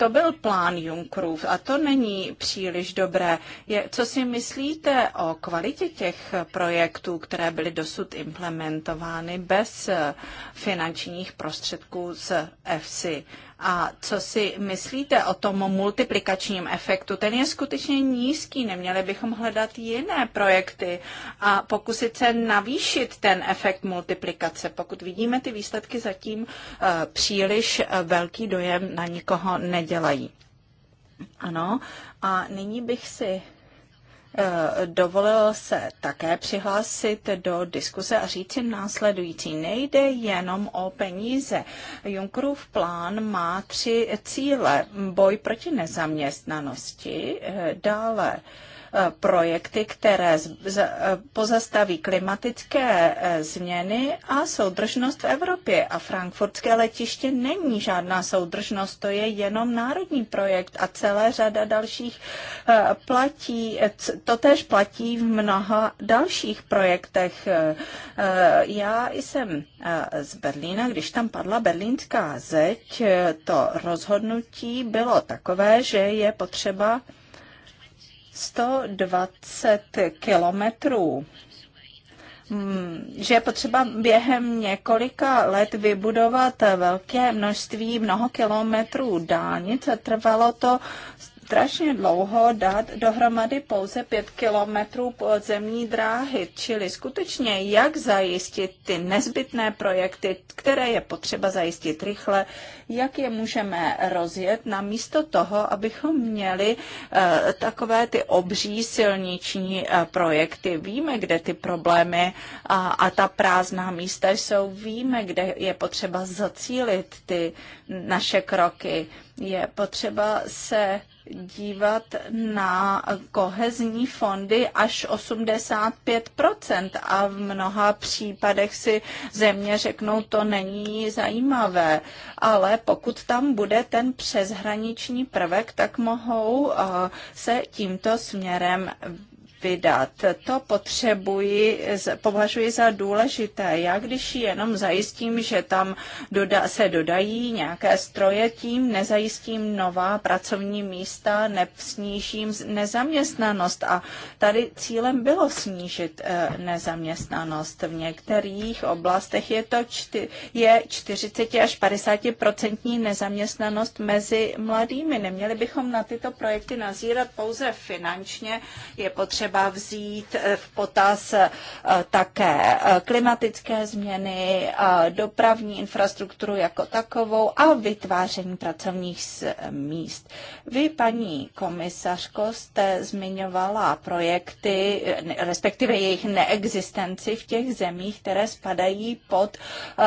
To byl plán Junkrův a to není příliš dobré. Je, co si myslíte o kvalitě těch projektů, které byly dosud implementovány bez eh, finančních prostředků z EFSI? A co si myslíte o tom multiplikačním efektu? Ten je skutečně nízký, neměli bychom hledat jiné projekty a pokusit se navýšit ten efekt multiplikace. Pokud vidíme ty výsledky zatím eh, příliš eh, velký dojem na nikoho nedělají. Ano, a nyní bych si Eh, dovolil se také přihlásit do diskuse a říct následující. Nejde jenom o peníze. Junckerův plán má tři cíle. Boj proti nezaměstnanosti, eh, dále Eh, projekty, které eh, pozastaví klimatické eh, změny a soudržnost v Evropě. A frankfurtské letiště není žádná soudržnost, to je jenom národní projekt a celé řada dalších platí, to tež platí v mnoha dalších projektech. Já jsem z Berlína, když tam padla berlínská zeď, to rozhodnutí bylo takové, že je potřeba 120 kilometrů hmm, že je potřeba během několika let vybudovat velké množství mnoho kilometrů dálnic trvalo to strašně dlouho dát dohromady pouze pět kilometrů podzemní dráhy, čili skutečně jak zajistit ty nezbytné projekty, které je potřeba zajistit rychle, jak je můžeme rozjet, namísto toho, abychom měli eh, takové ty obří silniční eh, projekty. Víme, kde ty problémy a, a ta prázdná místa jsou, víme, kde je potřeba zacílit ty naše kroky je potřeba se dívat na kohezní fondy až 85% a v mnoha případech si země řeknou, to není zajímavé, ale pokud tam bude ten přeshraniční prvek, tak mohou eh, se tímto směrem vydat. To potřebuji, považuji za důležité. Já když jenom zajistím, že tam doda, se dodají nějaké stroje, tím nezajistím nová pracovní místa, nesnížím nezaměstnanost. A tady cílem bylo snížit eh, nezaměstnanost. V některých oblastech je to čty, je 40 až 50 procentní nezaměstnanost mezi mladými. Neměli bychom na tyto projekty nazírat pouze finančně. Je potřeba třeba vzít e, v potaz e, také e, klimatické změny, dopravní infrastrukturu jako takovou a vytváření pracovních míst. Vy, paní komisařko, jste zmiňovala projekty, respektive jejich neexistenci v těch zemích, které spadají pod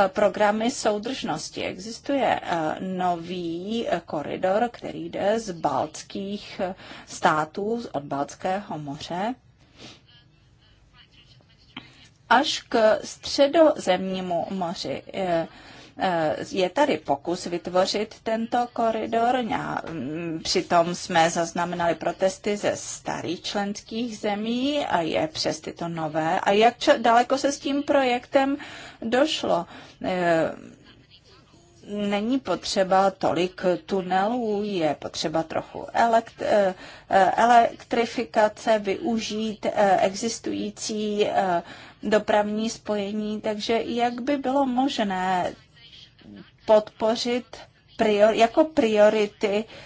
programy soudržnosti. Existuje nový koridor, který jde z baltských států, od Baltského moře až k středozemnímu moři eh, je tady pokus vytvořit tento koridor. Mm, přitom jsme zaznamenali protesty ze starých členských zemí a je přes tyto nové. A jak daleko se s tím projektem došlo? Eh, není potřeba tolik tunelů, je potřeba trochu elekt, eh, elektrifikace, využít existující dopravní spojení, takže jak by bylo možné podpořit prior, jako priority uh,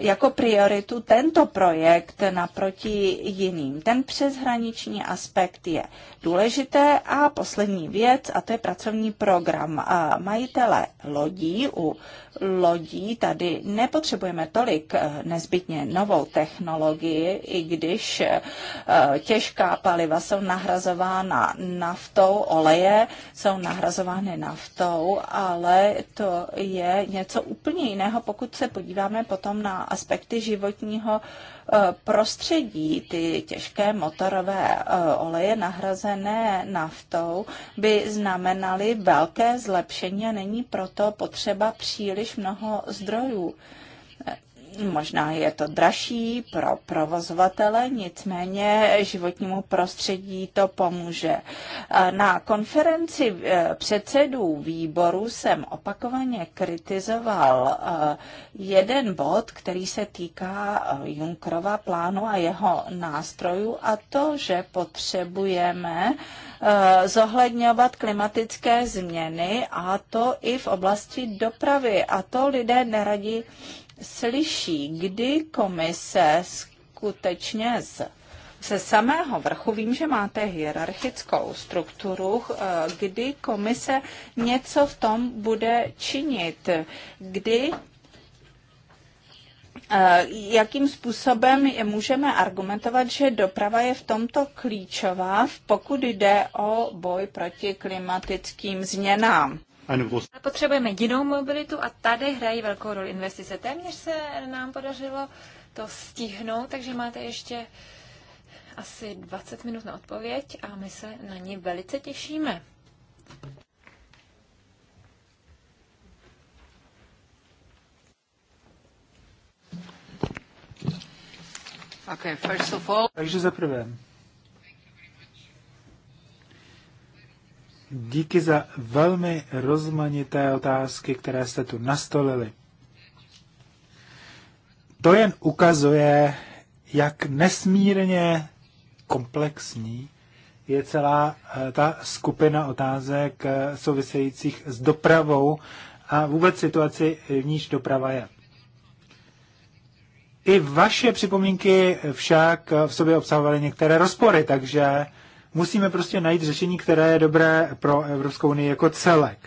jako prioritu tento projekt naproti jiným. Ten přeshraniční aspekt je důležité a poslední věc, a to je pracovní program majitele lodí. U lodí tady nepotřebujeme tolik eh, nezbytně novou technologii, i když eh, těžká paliva jsou nahrazována naftou, oleje jsou nahrazovány naftou, ale to je něco úplně jiného, pokud se podíváme potom na na aspekty životního eh, prostředí, ty těžké motorové eh, oleje nahrazené naftou, by znamenaly velké zlepšení a není proto potřeba příliš mnoho zdrojů. Možná je to dražší pro provozovatele, nicméně životnímu prostředí to pomůže. Na konferenci eh, předsedů výboru jsem opakovaně kritizoval eh, jeden bod, který se týká eh, Junkrova plánu a jeho nástrojů a to, že potřebujeme zohledňovat klimatické změny a to i v oblasti dopravy. A to lidé neradí slyší, kdy komise skutečně z ze samého vrchu vím, že máte hierarchickou strukturu, eh, kdy komise něco v tom bude činit, kdy eh, jakým způsobem je můžeme argumentovat, že doprava je v tomto klíčová, pokud jde o boj proti klimatickým změnám. Potřebujeme jinou mobilitu a tady hrají velkou roli investice. Téměř se nám podařilo to stihnout, takže máte ještě asi 20 minut na odpověď a my se na ní velice těšíme. Okay, first of all... Takže za prvé, díky za velmi rozmanité otázky, které jste tu nastolili. To jen ukazuje, jak nesmírně komplexní je celá eh, ta skupina otázek eh, souvisejících s dopravou a vůbec situaci, eh, v níž doprava je. I vaše připomínky však v sobě obsahovaly některé rozpory, takže Musíme prostě najít řešení, které je dobré pro Evropskou unii jako celek.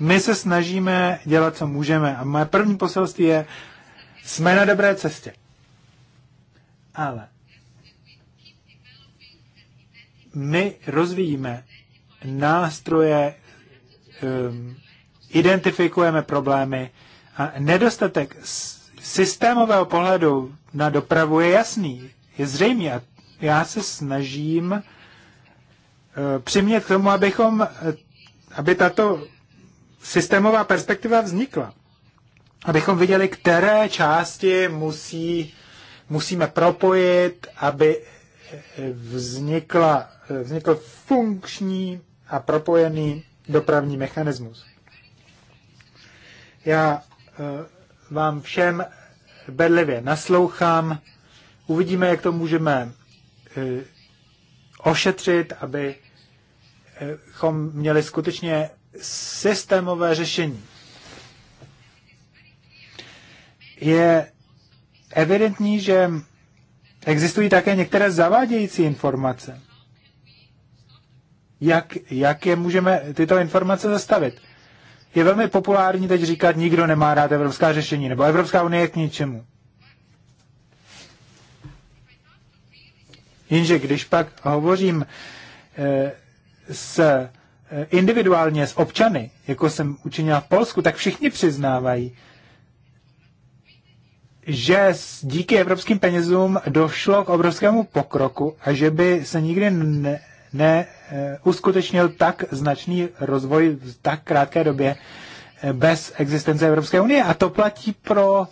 My se snažíme dělat, co můžeme. A moje první poselství je, jsme na dobré cestě. Ale my rozvíjíme nástroje, um, identifikujeme problémy a nedostatek systémového pohledu na dopravu je jasný, je zřejmý a já se snažím Eh, přimět k tomu, abychom, eh, aby tato systémová perspektiva vznikla. Abychom viděli, které části musí, musíme propojit, aby eh, vznikla, vznikl funkční a propojený dopravní mechanismus. Já vám všem bedlivě naslouchám. Uvidíme, jak to můžeme ošetřit, abychom měli skutečně systémové řešení. Je evidentní, že existují také některé zavádějící informace. Jak, jak je můžeme tyto informace zastavit? Je velmi populární teď říkat, nikdo nemá rád evropská řešení, nebo Evropská unie je k ničemu. Jenže když pak hovořím eh, s eh, individuálně s občany, jako jsem učinila v Polsku, tak všichni přiznávají, že díky evropským penězům došlo k obrovskému pokroku a že by se nikdy neuskutečnil ne, eh, tak značný rozvoj v tak krátké době bez existence Evropské unie. A to platí pro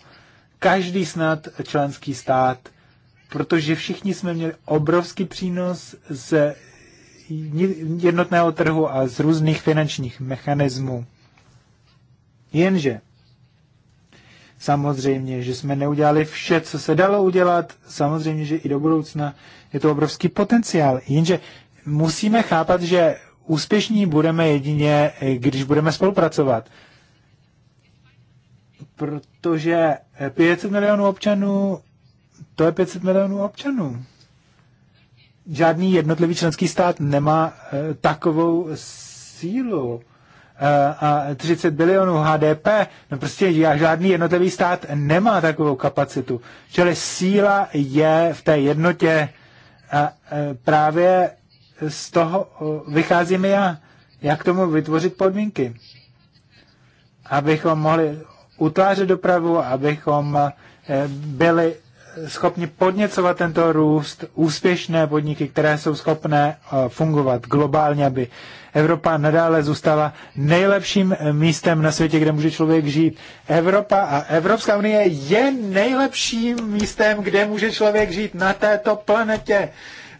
každý snad členský stát protože všichni jsme měli obrovský přínos z jednotného trhu a z různých finančních mechanismů. Jenže samozřejmě, že jsme neudělali vše, co se dalo udělat, samozřejmě, že i do budoucna je to obrovský potenciál. Jenže musíme chápat, že úspěšní budeme jedině, když budeme spolupracovat. Protože 500 milionů občanů to je 500 milionů občanů. Žádný jednotlivý členský stát nemá e, takovou sílu. E, a 30 bilionů HDP, no prostě žádný jednotlivý stát nemá takovou kapacitu. Čili síla je v té jednotě a e, právě z toho vycházíme já, jak tomu vytvořit podmínky. Abychom mohli utvářet dopravu, abychom byli schopni podněcovat tento růst, úspěšné podniky, které jsou schopné eh, fungovat globálně, aby Evropa nadále zůstala nejlepším eh, místem na světě, kde může člověk žít. Evropa a Evropská unie je nejlepším místem, kde může člověk žít na této planetě.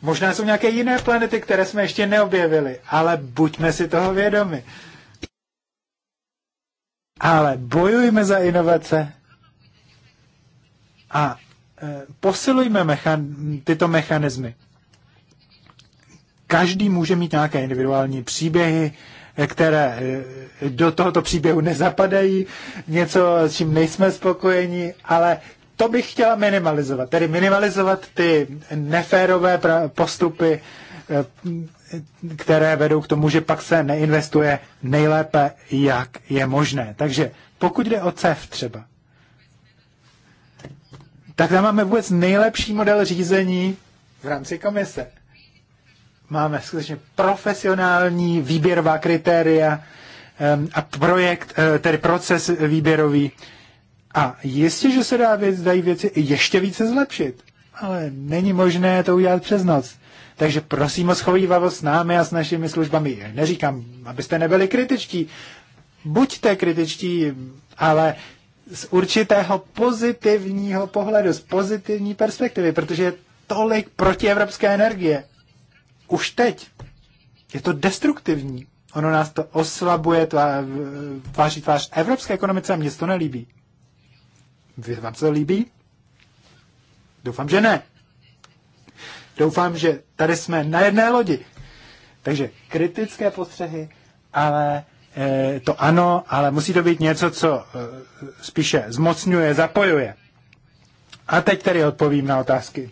Možná jsou nějaké jiné planety, které jsme ještě neobjevili, ale buďme si toho vědomi. Ale bojujme za inovace a posilujme mechan- tyto mechanismy. Každý může mít nějaké individuální příběhy, které eh, do tohoto příběhu nezapadají, něco, s čím nejsme spokojeni, ale to bych chtěla minimalizovat. Tedy minimalizovat ty neférové postupy, eh, které vedou k tomu, že pak se neinvestuje nejlépe, jak je možné. Takže pokud jde o CEF třeba, tak tam máme vůbec nejlepší model řízení v rámci komise. Máme skutečně profesionální výběrová kritéria a projekt, eh, tedy proces výběrový. A jistě, že se dá věc, dají věci ještě více zlepšit, ale není možné to udělat přes noc. Takže prosím o schovývavost s námi a s našimi službami. Neříkám, abyste nebyli kritičtí. Buďte kritičtí, ale z určitého pozitivního pohledu, z pozitivní perspektivy, protože je tolik protievropské energie. Už teď. Je to destruktivní. Ono nás to oslabuje tvá, tváří tvář evropské ekonomice a mně to nelíbí. Vy vám se to líbí? Doufám, že ne. Doufám, že tady jsme na jedné lodi. Takže kritické postřehy, ale Eh, to ano, ale musí to být něco, co eh, spíše zmocňuje, zapojuje. A teď tedy odpovím na otázky.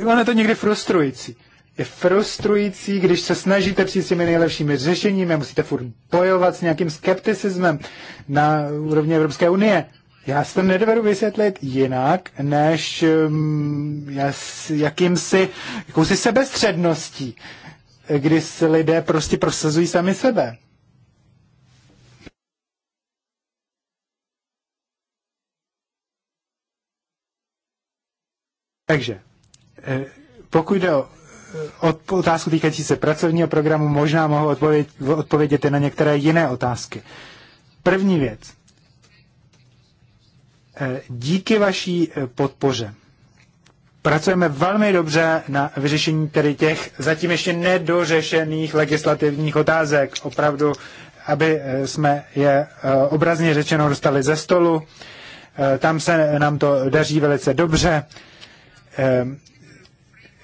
Ono je to někdy frustrující. Je frustrující, když se snažíte přijít s těmi nejlepšími řešeními, musíte furt bojovat s nějakým skepticismem na úrovni Evropské unie. Já si to nedovedu vysvětlit jinak, než um, jakýmsi, jakousi sebestředností. Uh, kdy si lidé prostě prosazují sami sebe. Takže, eh, pokud jde o eh, otázku týkající se pracovního programu, možná mohu odpovědět, odpovědět i na některé jiné otázky. První věc. Eh, díky vaší podpoře pracujeme velmi dobře na vyřešení tedy těch zatím ještě nedořešených legislativních otázek. Opravdu, aby eh, jsme je eh, obrazně řečeno dostali ze stolu. Eh, tam se nám to daří velice dobře.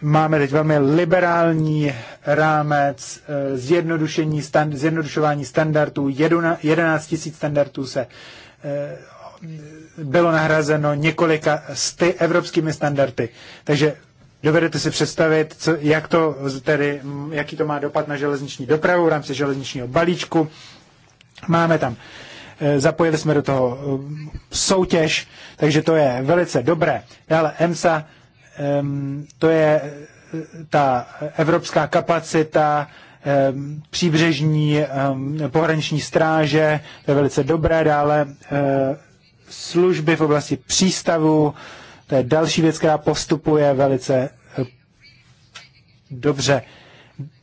Máme teď velmi liberální rámec, zjednodušení stand, zjednodušování standardů, 11 000 standardů se bylo nahrazeno několika sty evropskými standardy. Takže dovedete si představit, co, jak to tedy, jaký to má dopad na železniční dopravu v rámci železničního balíčku. Máme tam, e, zapojili jsme do toho e, soutěž, takže to je velice dobré. Dále EMSA, to je e, ta evropská kapacita, příbřežní pohraniční stráže, to je velice dobré, dále služby v oblasti přístavu. To je další věc, která postupuje velice eh, dobře.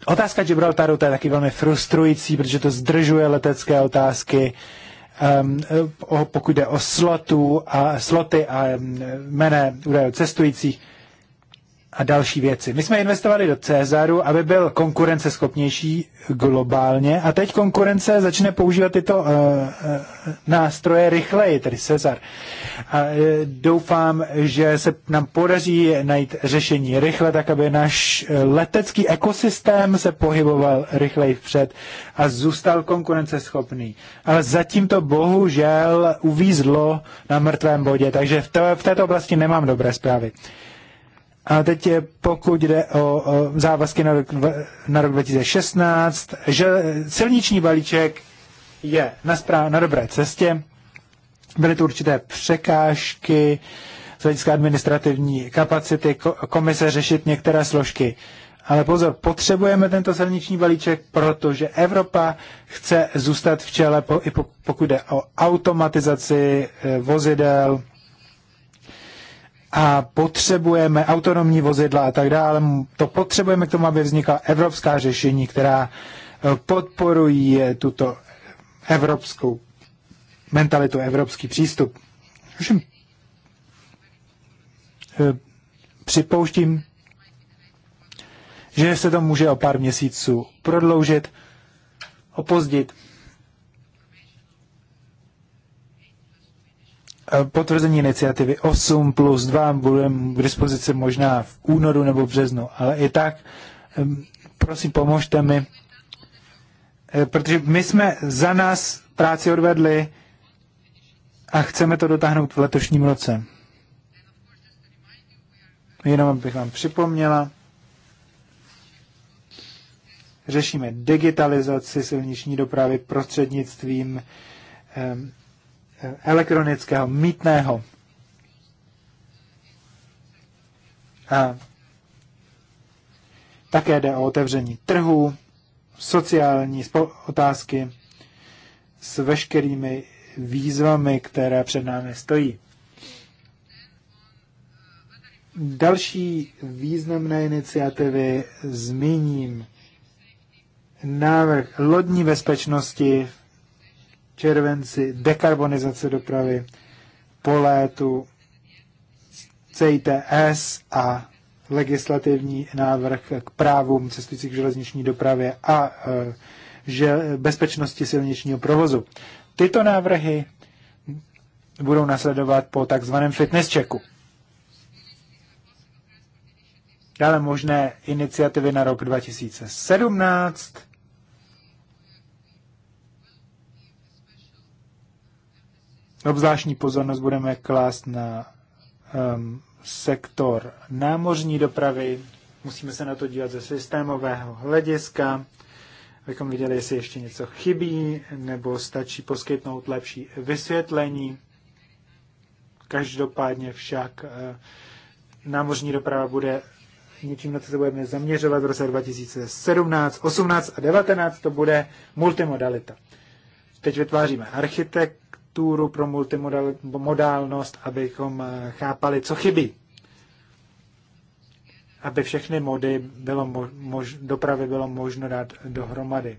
Otázka Gibraltaru to je taky velmi frustrující, protože to zdržuje letecké otázky, um, pokud jde o slotu a, sloty a mm, eh, jmené údaje o cestujících a další věci. My jsme investovali do Cezaru, aby byl konkurenceschopnější globálně a teď konkurence začne používat tyto uh, nástroje rychleji, tedy Cezar. A uh, doufám, že se nám podaří najít řešení rychle, tak aby náš letecký ekosystém se pohyboval rychleji vpřed a zůstal konkurenceschopný. Ale zatím to bohužel uvízlo na mrtvém bodě, takže v, to, v této oblasti nemám dobré zprávy. Uh, a teď je, pokud jde o, o závazky na rok, na rok 2016, že silniční balíček je na, správ, na dobré cestě. Byly tu určité překážky z hlediska administrativní kapacity komise řešit některé složky. Ale pozor, potřebujeme tento silniční balíček, protože Evropa chce zůstat v čele, po, i po, pokud jde o automatizaci eh, vozidel, a potřebujeme autonomní vozidla a tak dále. To potřebujeme k tomu, aby vznikla evropská řešení, která eh, podporují eh, tuto evropskou mentalitu, evropský přístup. Eh, připouštím, že se to může o pár měsíců prodloužit, opozdit. potvrzení iniciativy 8 plus 2 budeme k dispozici možná v únoru nebo v březnu, ale i tak prosím pomožte mi, eh, protože my jsme za nás práci odvedli a chceme to dotáhnout v letošním roce. Jenom bych vám připomněla, řešíme digitalizaci silniční dopravy prostřednictvím elektronického mítného. A také jde o otevření trhu, sociální otázky s veškerými výzvami, které před námi stojí. Další významné iniciativy zmíním návrh lodní bezpečnosti červenci, dekarbonizace dopravy, po létu CITS a legislativní návrh k právům cestujících v železniční dopravě a eh, že bezpečnosti silničního provozu. Tyto návrhy budou nasledovat po takzvaném fitness checku. Dále možné iniciativy na rok 2017 Obzvláštní pozornost budeme klást na um, sektor námořní dopravy. Musíme se na to dívat ze systémového hlediska, abychom viděli, jestli ještě něco chybí, nebo stačí poskytnout lepší vysvětlení. Každopádně však eh, námořní doprava bude něčím, na co se budeme zaměřovat v roce 2017, 18 a 19, to bude multimodalita. Teď vytváříme architek, agenturu pro multimodálnost, abychom eh, chápali, co chybí. Aby všechny mody bylo mož, dopravy bylo možno dát dohromady.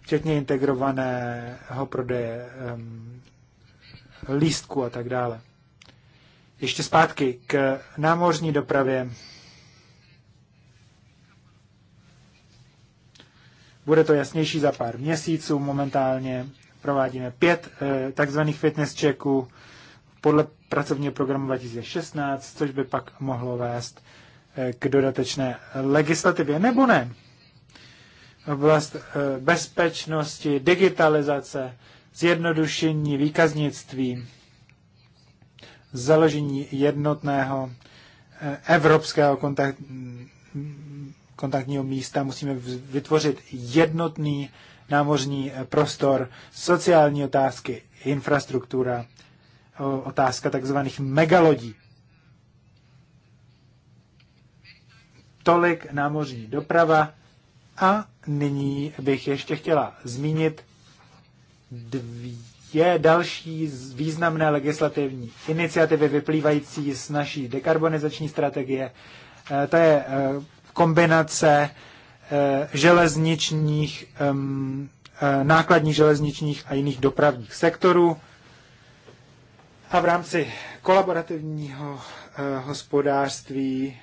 Včetně integrovaného prodeje um, ehm, lístku a tak dále. Ještě zpátky k námořní dopravě. Bude to jasnější za pár měsíců momentálně provádíme pět eh, takzvaných fitness checků podle pracovního programu 2016, což by pak mohlo vést eh, k dodatečné legislativě, nebo ne? Oblast eh, bezpečnosti, digitalizace, zjednodušení výkaznictví, založení jednotného evropského kontakt, kontaktního místa, musíme vytvořit jednotný námořní eh, prostor, sociální otázky, infrastruktura, otázka takzvaných megalodí. Tolik námořní doprava a nyní bych ještě chtěla zmínit dvě další významné legislativní iniciativy vyplývající z naší dekarbonizační strategie. Eh, to je eh, kombinace Eh, železničních, eh, nákladních železničních a jiných dopravních sektorů. A v rámci kolaborativního eh, hospodářství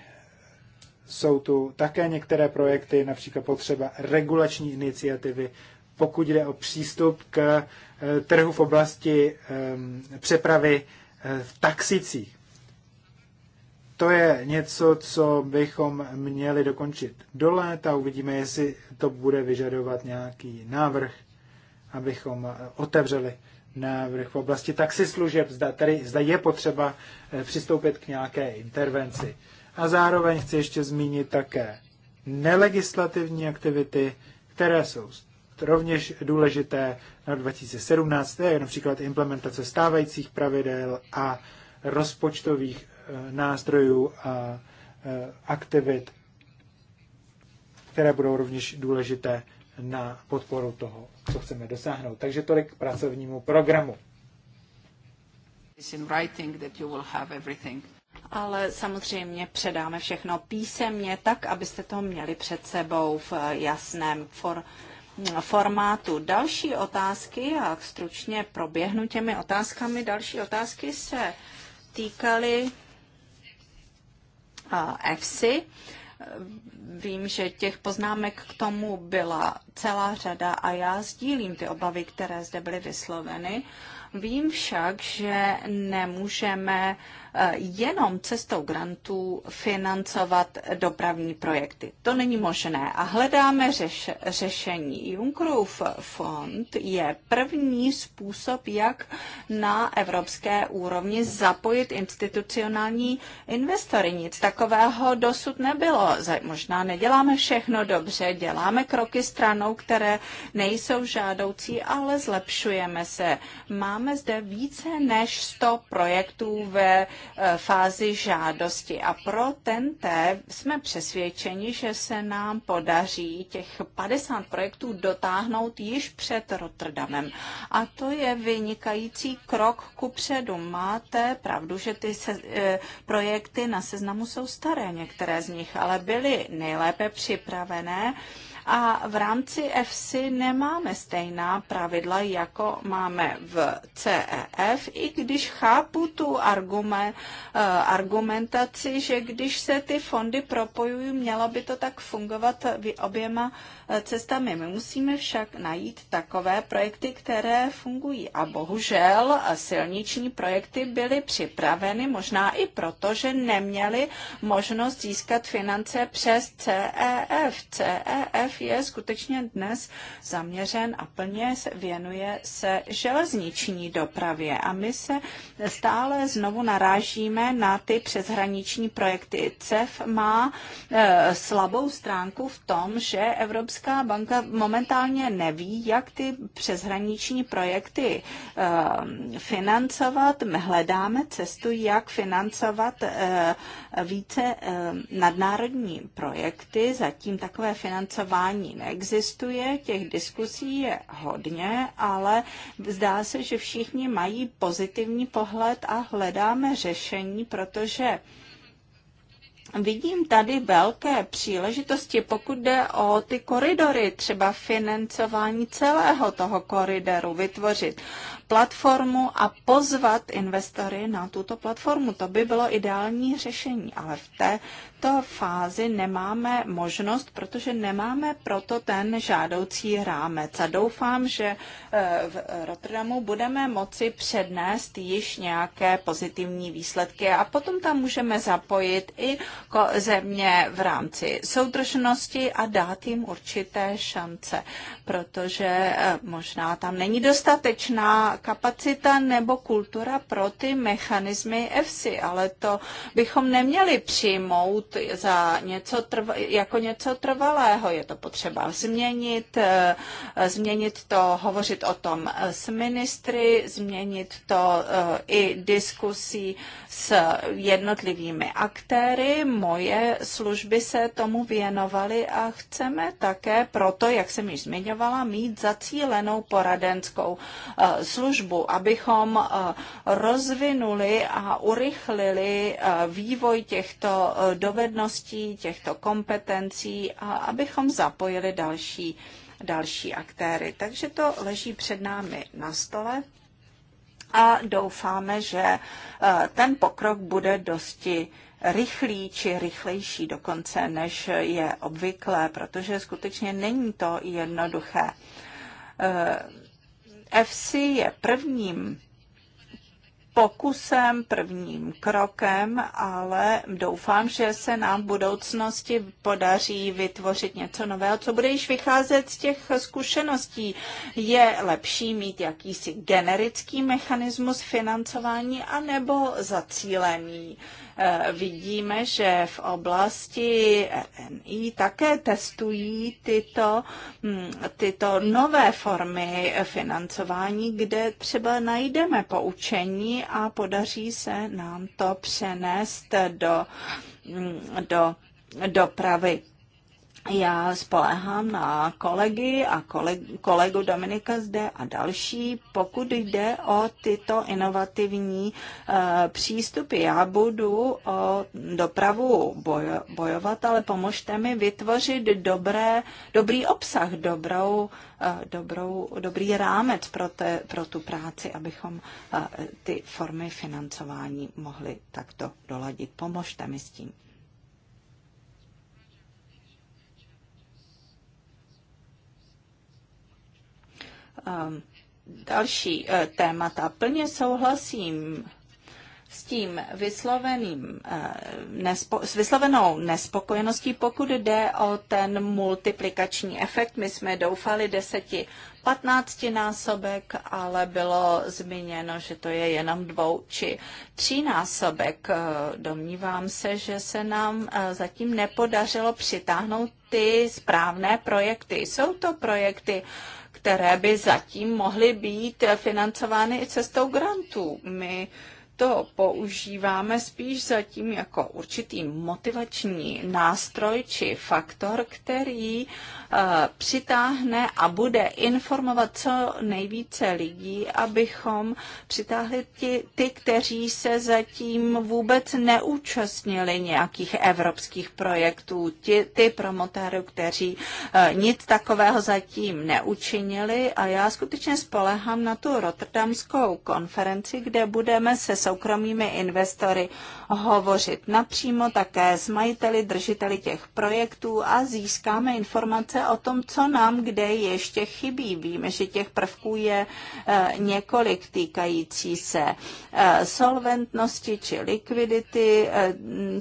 jsou tu také některé projekty, například potřeba regulační iniciativy, pokud jde o přístup k trhu v oblasti přepravy v taxicích to je něco, co bychom měli dokončit do léta. Uvidíme, jestli to bude vyžadovat nějaký návrh, abychom otevřeli návrh v oblasti taxislužeb. Zda, tady, zda je potřeba eh, přistoupit k nějaké intervenci. A zároveň chci ještě zmínit také nelegislativní aktivity, které jsou rovněž důležité na 2017, to je například implementace stávajících pravidel a rozpočtových Eh, nástrojů a eh, aktivit, které budou rovněž důležité na podporu toho, co chceme dosáhnout. Takže tolik k pracovnímu programu. Ale samozřejmě předáme všechno písemně tak, abyste to měli před sebou v eh, jasném for, mm, formátu. Další otázky, a stručně proběhnu těmi otázkami, další otázky se týkaly EFSI. Vím, že těch poznámek k tomu byla celá řada a já sdílím ty obavy, které zde byly vysloveny. Vím však, že nemůžeme jenom cestou grantů financovat dopravní projekty. To není možné a hledáme řeš, řešení. Junckerův fond je první způsob, jak na evropské úrovni zapojit institucionální investory. Nic takového dosud nebylo. Možná neděláme všechno dobře, děláme kroky stranou, které nejsou žádoucí, ale zlepšujeme se. Máme zde více než 100 projektů ve Eh, fázi žádosti. A pro tenté jsme přesvědčeni, že se nám podaří těch 50 projektů dotáhnout již před Rotterdamem. A to je vynikající krok ku předu. Máte pravdu, že ty se, e, projekty na seznamu jsou staré, některé z nich ale byly nejlépe připravené. E, a v rámci EFSI nemáme stejná pravidla, jako máme v CEF, i když chápu tu argument, eh, argumentaci, že když se ty fondy propojují, mělo by to tak fungovat oběma eh, cestami. My musíme však najít takové projekty, které fungují. A bohužel eh, silniční projekty byly připraveny možná i proto, že neměly možnost získat finance přes CEF. CEF je skutečně dnes zaměřen a plně věnuje se železniční dopravě. A my se stále znovu narážíme na ty přeshraniční projekty. CEF má e, slabou stránku v tom, že Evropská banka momentálně neví, jak ty přeshraniční projekty e, financovat. My hledáme cestu, jak financovat e, více nadnárodní projekty. Zatím takové financování selhání neexistuje, těch diskusí je hodně, ale zdá se, že všichni mají pozitivní pohled a hledáme řešení, protože Vidím tady velké příležitosti, pokud jde o ty koridory, třeba financování celého toho koridoru vytvořit platformu a pozvat investory na tuto platformu. To by bylo ideální řešení, ale v této fázi nemáme možnost, protože nemáme proto ten žádoucí rámec. A doufám, že eh, v Rotterdamu budeme moci přednést již nějaké pozitivní výsledky a potom tam můžeme zapojit i země v rámci soudržnosti a dát jim určité šance, protože eh, možná tam není dostatečná kapacita nebo kultura pro ty mechanismy EFSI, ale to bychom neměli přijmout za něco trv, jako něco trvalého. Je to potřeba změnit, eh, změnit to, hovořit o tom s ministry, změnit to eh, i diskusí s jednotlivými aktéry. Moje služby se tomu věnovaly a chceme také proto, jak jsem již zmiňovala, mít zacílenou poradenskou službu eh, službu, abychom eh, rozvinuli a urychlili eh, vývoj těchto eh, dovedností, těchto kompetencí a abychom zapojili další, další aktéry. Takže to leží před námi na stole a doufáme, že ten pokrok bude dosti rychlý či rychlejší dokonce, než je obvyklé, protože skutečně není to jednoduché FC je prvním pokusem, prvním krokem, ale doufám, že se nám v budoucnosti podaří vytvořit něco nového, co bude již vycházet z těch zkušeností. Je lepší mít jakýsi generický mechanismus financování anebo zacílený Eh, vidíme, že v oblasti RNI e také testují tyto, hm, tyto nové formy financování, kde třeba najdeme poučení a podaří se nám to přenést do, hm, do dopravy já spolehám na kolegy a kolegu Dominika zde a další, pokud jde o tyto inovativní eh, přístupy. Já budu o dopravu bojovat, ale pomožte mi vytvořit dobré, dobrý obsah, dobrou, eh, dobrou, dobrý rámec pro, te, pro tu práci, abychom eh, ty formy financování mohli takto doladit. Pomožte mi s tím. Ehm, další eh, témata. Plně souhlasím s tím vysloveným, eh, nespo, s vyslovenou nespokojeností, pokud jde o ten multiplikační efekt. My jsme doufali deseti patnácti násobek, ale bylo zmíněno, že to je jenom dvou či tří násobek. Eh, domnívám se, že se nám zatím nepodařilo přitáhnout ty správné projekty. Jsou to projekty, které by zatím mohly být financovány i cestou grantů. My to používáme spíš zatím jako určitý motivační nástroj či faktor, který Eh, přitáhne a bude informovat co nejvíce lidí, abychom přitáhli ti, ty, kteří se zatím vůbec neúčastnili nějakých evropských projektů, ti, ty promotéry, kteří eh, nic takového zatím neučinili a já skutečně spolehám na tu Rotterdamskou konferenci, kde budeme se soukromými investory hovořit napřímo také s majiteli, držiteli těch projektů a získáme informace o tom, co nám kde ještě chybí. Víme, že těch prvků je eh, několik týkající se eh, solventnosti či likvidity, eh,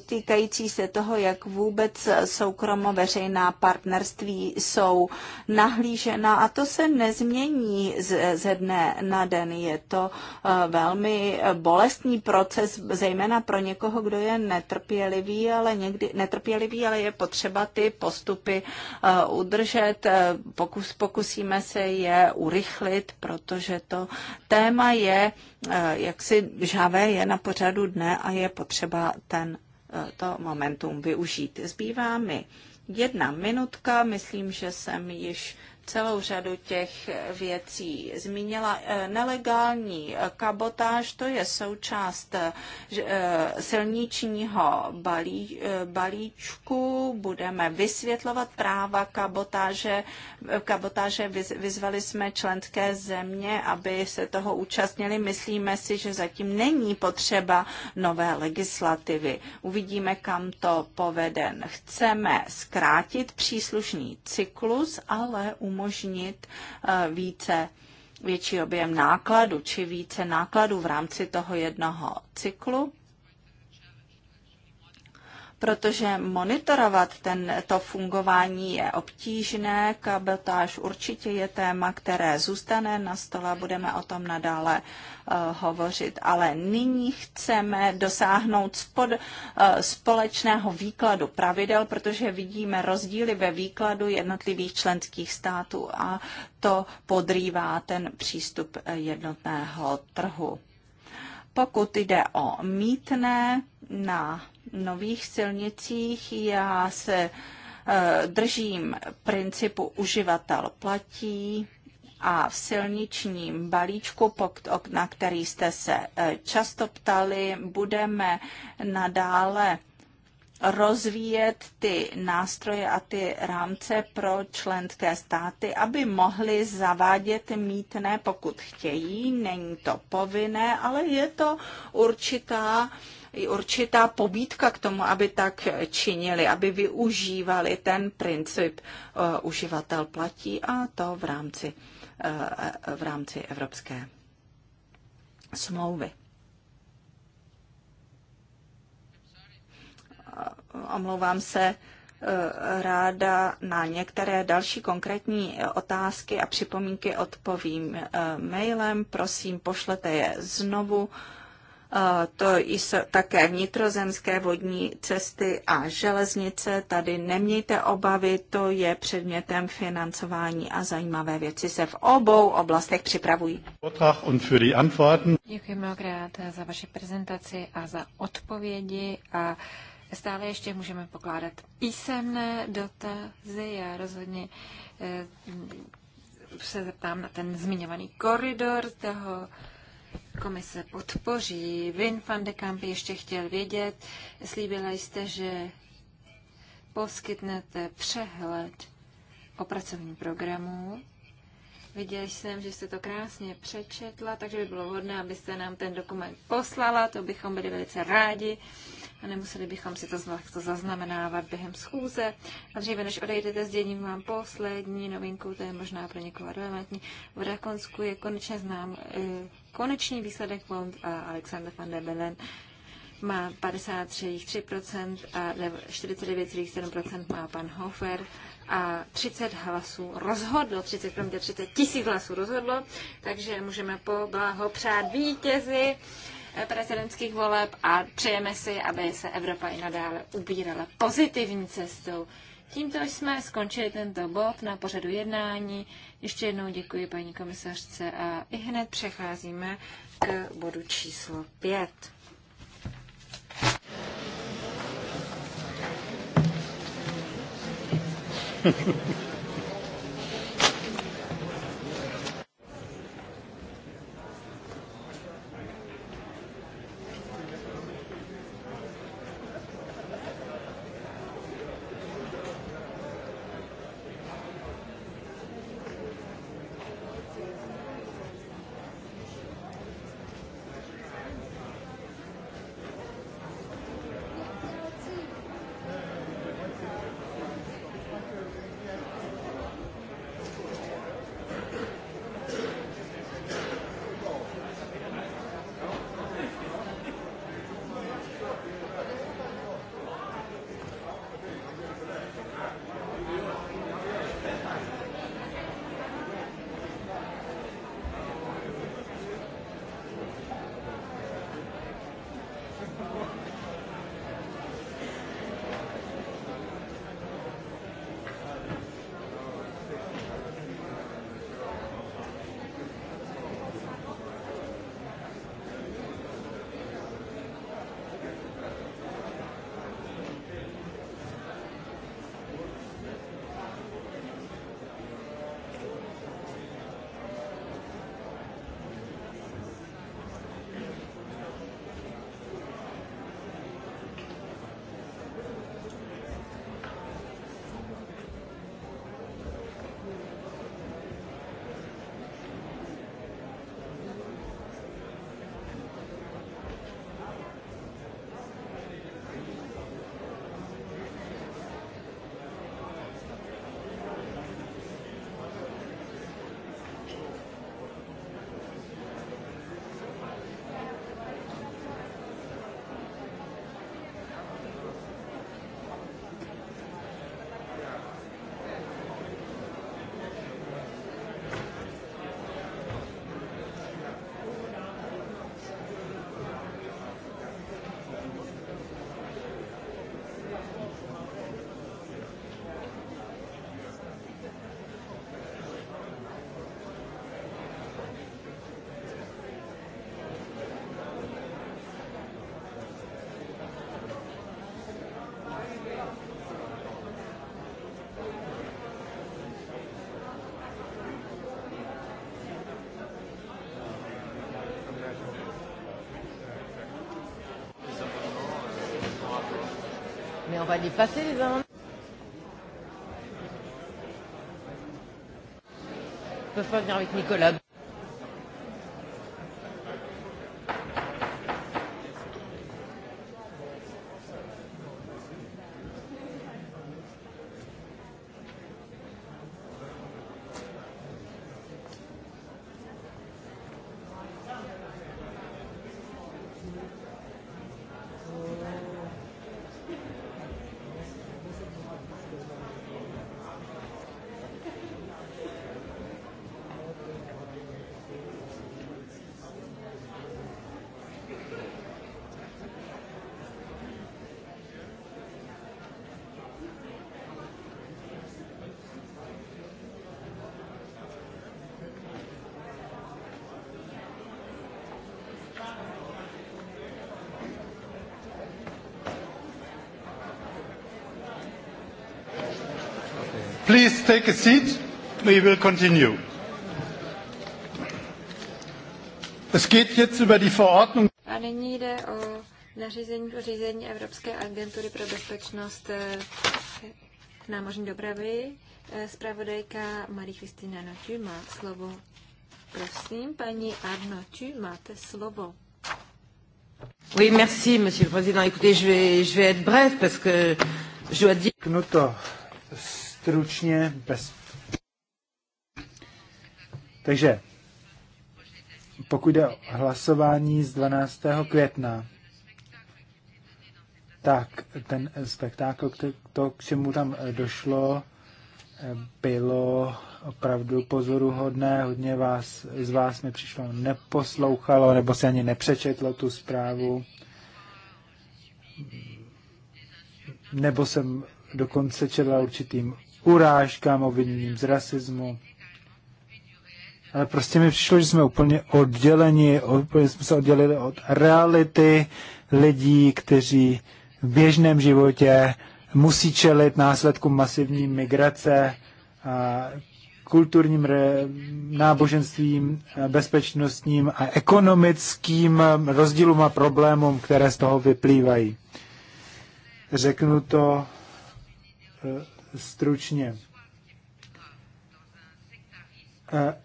týkající se toho, jak vůbec soukromo-veřejná partnerství jsou nahlížena a to se nezmění ze dne na den. Je to velmi bolestný proces, zejména pro někoho, někoho, kdo je netrpělivý, ale někdy netrpělivý, ale je potřeba ty postupy eh, udržet. Eh, pokus, pokusíme se je urychlit, protože to téma je eh, jak si žávé je na pořadu dne a je potřeba ten to momentum využít. Zbývá mi jedna minutka, myslím, že jsem již celou řadu těch věcí. Zmínila eh, nelegální kabotáž, to je součást eh, silničního balí, eh, balíčku. Budeme vysvětlovat práva kabotáže. Kabotáže vyzvali jsme členské země, aby se toho účastnili. Myslíme si, že zatím není potřeba nové legislativy. Uvidíme, kam to poveden Chceme zkrátit příslušný cyklus, ale umožnit umožnit eh, více větší objem nákladu či více nákladu v rámci toho jednoho cyklu protože monitorovat ten, to fungování je obtížné. Kabotáž určitě je téma, které zůstane na stole, budeme o tom nadále uh, hovořit, ale nyní chceme dosáhnout spod, uh, společného výkladu pravidel, protože vidíme rozdíly ve výkladu jednotlivých členských států a to podrývá ten přístup eh, jednotného trhu. Pokud jde o mítné na nových silnicích. Já se eh, držím principu uživatel platí a v silničním balíčku, na který jste se eh, často ptali, budeme nadále rozvíjet ty nástroje a ty rámce pro členské státy, aby mohly zavádět mítné, pokud chtějí. Není to povinné, ale je to určitá uh, i určitá pobídka k tomu, aby tak činili, aby využívali ten princip eh, uživatel platí a to v rámci, eh, v rámci Evropské smlouvy. Eh, omlouvám se, ráda na některé další konkrétní otázky a připomínky odpovím mailem. Prosím, pošlete je znovu to jsou také vnitrozemské vodní cesty a železnice. Tady nemějte obavy, to je předmětem financování a zajímavé věci se v obou oblastech připravují. Děkuji mnohokrát za vaši prezentaci a za odpovědi a Stále ještě můžeme pokládat písemné dotazy. Já rozhodně eh, se zeptám na ten zmiňovaný koridor toho komise podpoří. Vin van de Kamp ještě chtěl vědět, slíbila jste, že poskytnete přehled o pracovním programu. Viděl jsem, že jste to krásně přečetla, takže by bylo vhodné, abyste nám ten dokument poslala, to bychom byli velice rádi a nemuseli bychom si to takto zaznamenávat během schůze. A dříve, než odejdete, sdělím vám poslední novinku, to je možná pro někoho relevantní. V Rakonsku je konečně znám eh, konečný výsledek Bond a Alexander van der Bellen má 53,3% a 49,7% má pan Hofer a 30 hlasů rozhodlo, 30, kromě 30 tisíc hlasů rozhodlo, takže můžeme poblahopřát vítězi prezidentských voleb a přejeme si, aby se Evropa i nadále ubírala pozitivní cestou. Tímto jsme skončili tento bod na pořadu jednání. Ještě jednou děkuji paní komisařce a i hned přecházíme k bodu číslo 5. Thank you. va les passer les amendements. Ils peuvent pas venir avec Nicolas. Please take a seat. We will continue. Es geht jetzt über die Verordnung. A nyní jde o nařízení o řízení Evropské agentury pro bezpečnost eh, námořní dopravy. Spravodajka eh, Marie-Christina Notu má slovo. Prosím, paní Arnotu, máte slovo. Oui, merci, monsieur le président. Écoutez, je vais, je vais être bref parce que je dois dire... Knuto, stručně, bez... Takže, pokud jde o hlasování z 12. května, tak ten spektákl, to, k čemu tam eh, došlo, eh, bylo opravdu pozoruhodné. Hodně vás, z vás mi přišlo neposlouchalo, nebo si ani nepřečetlo tu zprávu. Nebo jsem dokonce četla určitým urážkám, obviněním z rasismu. Ale prostě mi přišlo, že jsme úplně odděleni, úplně jsme se oddělili od reality lidí, kteří v běžném životě musí čelit následkům masivní migrace, a kulturním re, náboženstvím, bezpečnostním a ekonomickým rozdílům a problémům, které z toho vyplývají. Řeknu to eh, stručně.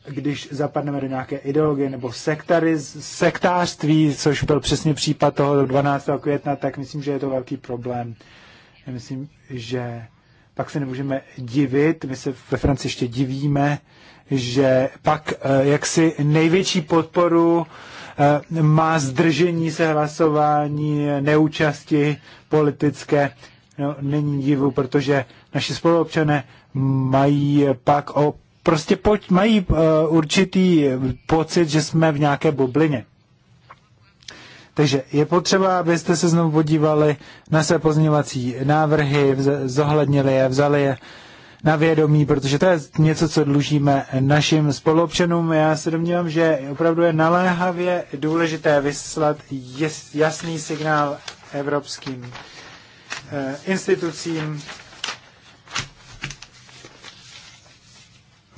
Když zapadneme do nějaké ideologie nebo sektariz, sektářství, což byl přesně případ toho 12. května, tak myslím, že je to velký problém. Já myslím, že pak se nemůžeme divit, my se ve Francii ještě divíme, že pak eh, jaksi největší podporu eh, má zdržení se hlasování, neúčasti politické no, není divu, protože naši spoluobčané mají pak o prostě pojď, mají uh, určitý pocit, že jsme v nějaké bublině. Takže je potřeba, abyste se znovu podívali na své pozměňovací návrhy, zohlednili je, vzali je na vědomí, protože to je něco, co dlužíme našim spoluobčanům. Já se domnívám, že opravdu je naléhavě důležité vyslat jasný signál evropským Eh, institucím,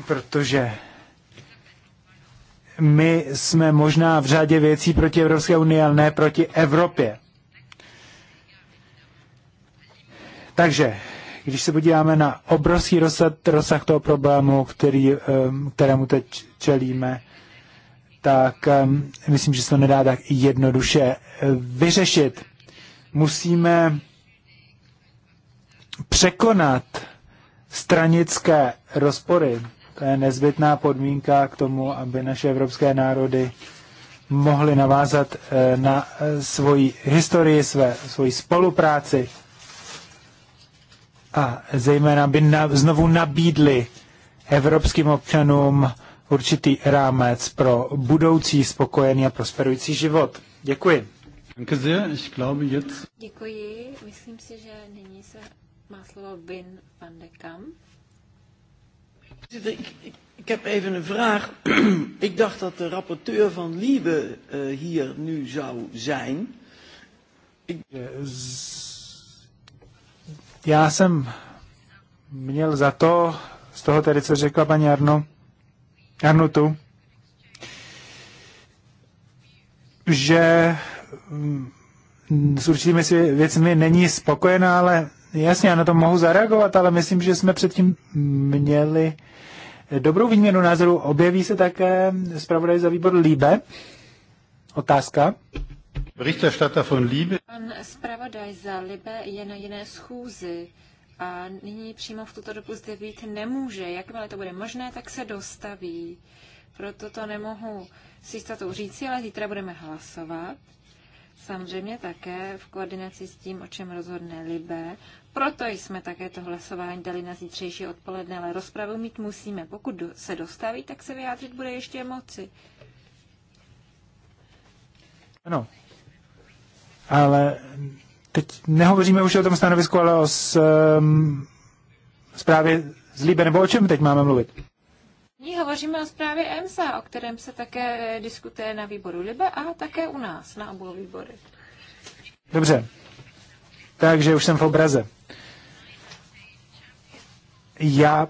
protože my jsme možná v řadě věcí proti Evropské unii, ale ne proti Evropě. Takže, když se podíváme na obrovský rozsah, rozsah toho problému, který, eh, kterému teď čelíme, tak eh, myslím, že se to nedá tak jednoduše vyřešit. Musíme překonat stranické rozpory. To je nezbytná podmínka k tomu, aby naše evropské národy mohly navázat eh, na eh, svoji historii, své, svoji spolupráci a zejména by na, znovu nabídli evropským občanům určitý rámec pro budoucí spokojený a prosperující život. Děkuji. Děkuji. Myslím si, že nyní se má slovo Win van de Kamp. Ik heb even een vraag. Ik dacht dat de rapporteur van Liebe uh, hier nu zou zijn. Ik... Eh, já jsem měl za to, z toho tedy, co řekla paní Arno, Arnutu, že mm, s určitými věcmi není spokojená, ale Jasně, já na to mohu zareagovat, ale myslím, že jsme předtím měli dobrou výměnu názoru. Objeví se také zpravodaj za výbor Líbe. Otázka. Berichterstatter von Liebe. Pan zpravodaj za Libe je na jiné schůzi a nyní přímo v tuto dobu zde být nemůže. Jakmile to bude možné, tak se dostaví. Proto to nemohu s jistotou říci, ale zítra budeme hlasovat. Samozřejmě také v koordinaci s tím, o čem rozhodne Libe. Proto jsme také to hlasování dali na zítřejší odpoledne, ale rozpravu mít musíme. Pokud se dostaví, tak se vyjádřit bude ještě moci. Ano. Ale teď nehovoříme už o tom stanovisku, ale o s, um, zprávě z Líbe, nebo o čem teď máme mluvit? Ní hovoříme o zprávě EMSA, o kterém se také eh, diskutuje na výboru Libe a také u nás, na obou výbory. Dobře, takže už jsem v obraze. Já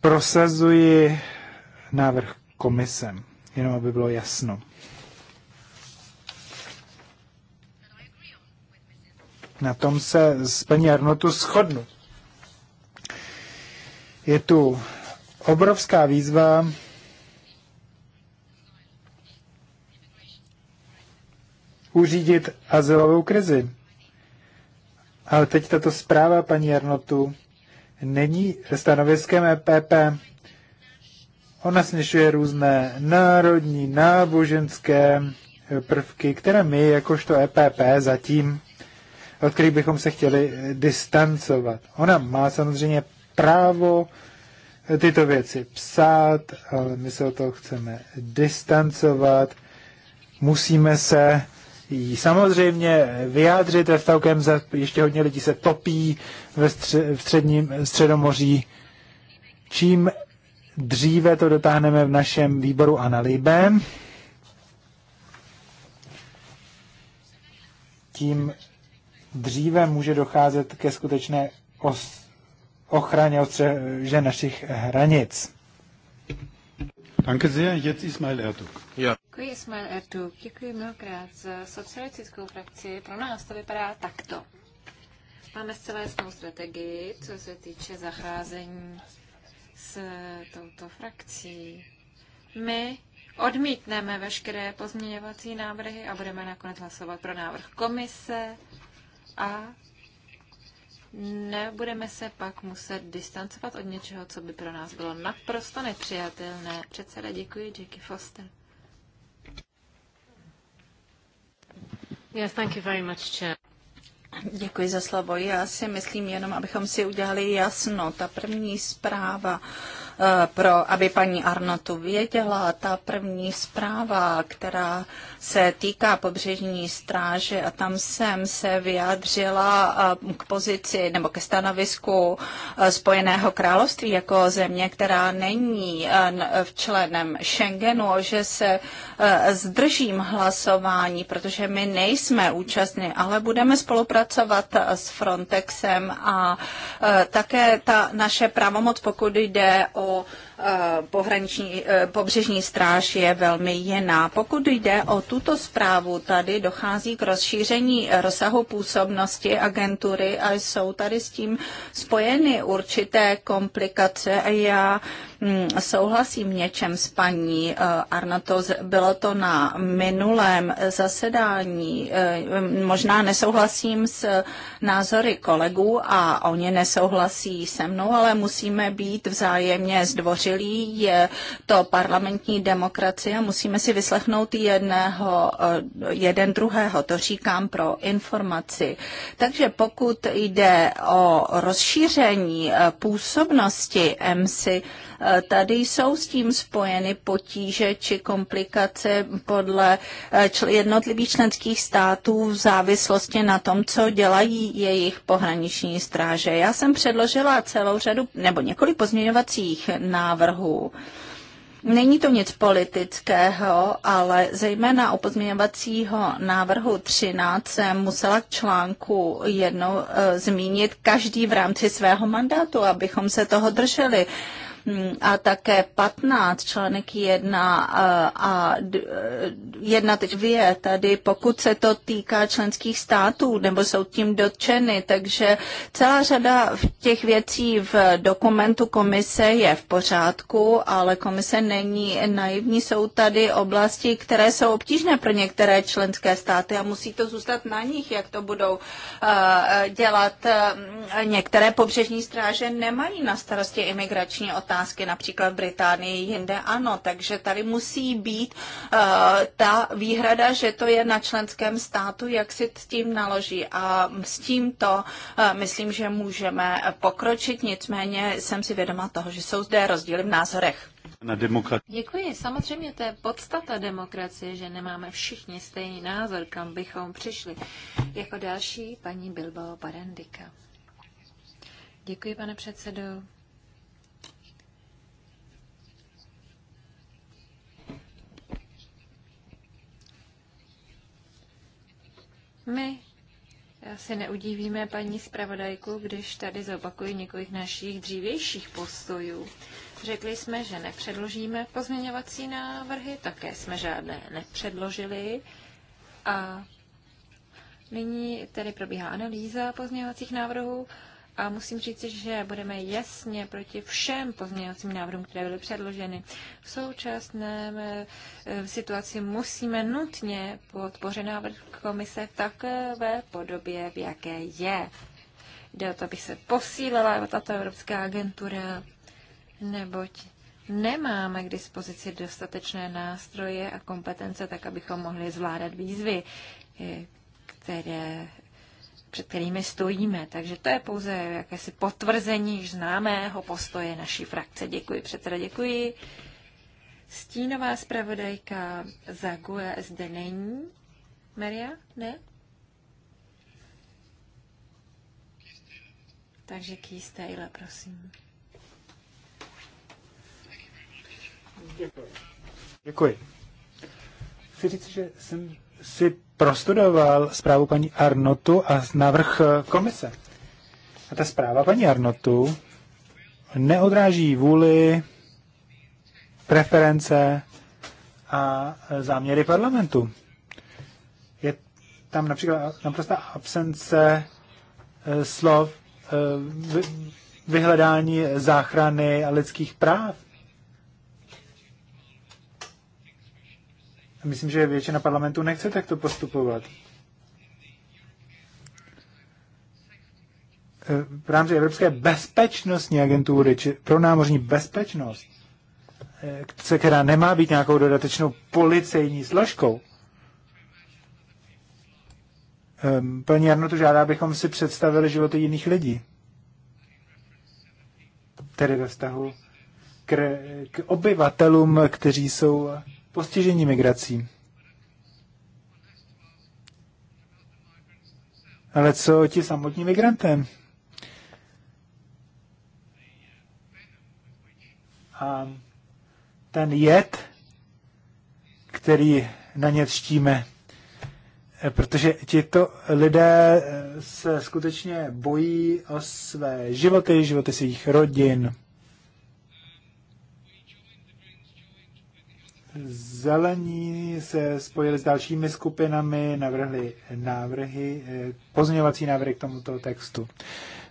prosazuji návrh komisem, jenom aby bylo jasno. Na tom se s paní Arnotu shodnu. Je tu obrovská výzva uřídit azylovou krizi. Ale teď tato zpráva paní Arnotu není stanoviskem EPP. Ona snižuje různé národní, náboženské prvky, které my, jakožto EPP, zatím, od kterých bychom se chtěli distancovat. Ona má samozřejmě právo tyto věci psát, ale my se o to chceme distancovat. Musíme se samozřejmě vyjádřit ve vztahu k Ještě hodně lidí se topí ve stře, v středním středomoří. Čím dříve to dotáhneme v našem výboru a na líbe, tím dříve může docházet ke skutečné os, ochraně ostře, že našich hranic. Danke sehr, jetzt Ismail Ertug. Ja. Děkuji, Ismail Ertug. Děkuji mnohokrát za socialistickou frakci. Pro nás to vypadá takto. Máme zcela jasnou strategii, co se týče zacházení s touto frakcí. My odmítneme veškeré pozměňovací návrhy a budeme nakonec hlasovat pro návrh komise a nebudeme se pak muset distancovat od něčeho, co by pro nás bylo naprosto nepřijatelné. Předseda děkuji, Jackie Foster. Yes, thank you very much, Chair. Děkuji za slovo. Já si myslím jenom, abychom si udělali jasno. Ta první zpráva Eh, pro, aby paní Arnotu věděla, ta první zpráva, která se týká pobřežní stráže a tam jsem se vyjádřila eh, k pozici nebo ke stanovisku eh, Spojeného království jako země, která není v členem Schengenu, že se zdržím hlasování, protože my nejsme účastní, ale budeme spolupracovat s Frontexem a také ta naše pravomoc, pokud jde o o Eh, pohraniční, eh, pobřežní stráž je velmi jiná. Pokud jde o tuto zprávu, tady dochází k rozšíření rozsahu působnosti agentury a jsou tady s tím spojeny určité komplikace. A Já hm, souhlasím něčem s paní eh, Arnato, bylo to na minulém zasedání. Možná nesouhlasím s názory kolegů a oni nesouhlasí se mnou, ale musíme být vzájemně zdvořili čelí, je to parlamentní demokracie a musíme si vyslechnout jedného, eh, jeden druhého, to říkám pro informaci. Takže pokud jde o rozšíření eh, působnosti MC, Tady jsou s tím spojeny potíže či komplikace podle eh, jednotlivých členských států v závislosti na tom, co dělají jejich pohraniční stráže. Já jsem předložila celou řadu nebo několik pozměňovacích návrhů. Není to nic politického, ale zejména o pozměňovacího návrhu 13 jsem musela k článku jednou e, zmínit každý v rámci svého mandátu, abychom se toho drželi. E, Mm, a také 15 článek 1 a 1 teď dvě tady, pokud se to týká členských států nebo jsou tím dotčeny, takže celá řada těch věcí v dokumentu komise je v pořádku, ale komise není naivní, jsou tady oblasti, které jsou obtížné pro některé členské státy a musí to zůstat na nich, jak to budou dělat. Některé pobřežní stráže nemají na starosti imigrační otázky otázky, například v Británii, jinde ano. Takže tady musí být uh, ta výhrada, že to je na členském státu, jak si s tím naloží. A s tímto uh, eh, myslím, že můžeme pokročit, nicméně jsem si vědoma toho, že jsou zde rozdíly v názorech. Na demokrat... Děkuji. Samozřejmě to je podstata demokracie, že nemáme všichni stejný názor, kam bychom přišli. Jako další paní Bilbao Parendika. Děkuji, pane předsedo. My si neudívíme paní zpravodajku, když tady zopakuji několik našich dřívějších postojů. Řekli jsme, že nepředložíme pozměňovací návrhy, také jsme žádné nepředložili. A nyní tedy probíhá analýza pozměňovacích návrhů a musím říct, že budeme jasně proti všem pozměňovacím návrhům, které byly předloženy. V současné eh, situaci musíme nutně podpořit návrh komise v takové podobě, v jaké je. Jde o to, aby se posílila tato Evropská agentura, neboť nemáme k dispozici dostatečné nástroje a kompetence, tak abychom mohli zvládat výzvy, eh, které před kterými stojíme. Takže to je pouze jakési potvrzení známého postoje naší frakce. Děkuji předseda, děkuji. Stínová zpravodajka za GUE zde není. Maria? Ne? Takže Keith Taylor, prosím. Děkuji. Děkuji. Chci říct, že jsem si prostudoval zprávu paní Arnotu a návrh eh, komise. A ta zpráva paní Arnotu neodráží vůli, preference a eh, záměry parlamentu. Je tam například naprostá absence eh, slov vyhledání záchrany a lidských práv myslím, že většina parlamentu nechce takto postupovat. E, v rámci Evropské bezpečnostní agentury, či pro námořní bezpečnost, e, která nemá být nějakou dodatečnou policejní složkou, ehm, paní Jarno to žádá, abychom si představili životy jiných lidí. Tedy ve vztahu k, k obyvatelům, kteří jsou postižení migrací. Ale co ti samotní migranté? A ten jed, který na ně vštíme, eh, protože tito lidé eh, se skutečně bojí o své životy, životy svých rodin, Zelení se spojili s dalšími skupinami, navrhli návrhy, eh, pozměňovací návrhy k tomuto textu.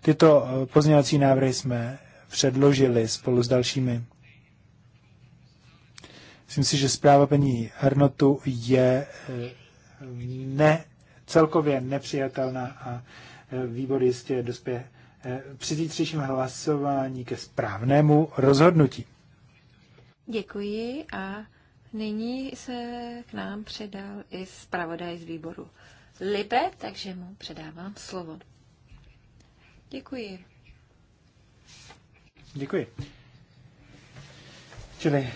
Tyto eh, pozměňovací návrhy jsme předložili spolu s dalšími. Myslím si, že zpráva paní Hernotu je eh, ne, celkově nepřijatelná a výbor jistě dospěje při zítřejším hlasování ke správnému rozhodnutí. Děkuji a Nyní se k nám předal i zpravodaj z výboru Libe, takže mu předávám slovo. Děkuji. Děkuji. Čili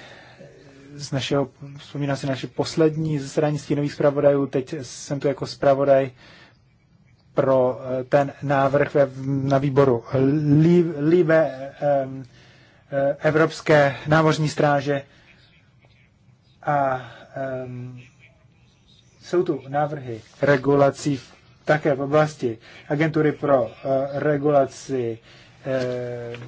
z našeho, vzpomínám si naše poslední zasedání stínových zpravodajů, teď jsem tu jako zpravodaj pro eh, ten návrh na výboru Libe, eh, eh, Evropské námořní stráže a um, jsou tu návrhy regulací v, také v oblasti agentury pro uh, regulaci uh,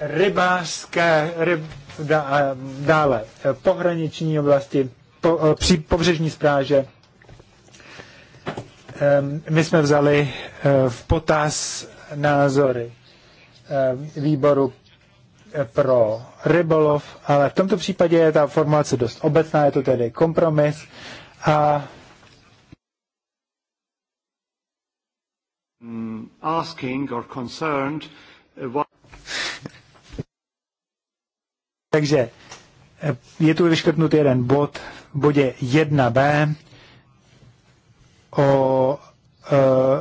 rybářské, ryb, da, a dále e, pohraniční oblasti, po, uh, při, pobřežní spráže. Um, my jsme vzali uh, v potaz názory výboru pro rybolov, ale v tomto případě je ta formulace dost obecná, je to tedy kompromis a mm, asking or concerned uh, what... Takže eh, je tu vyškrtnut jeden bod v bodě 1b o eh,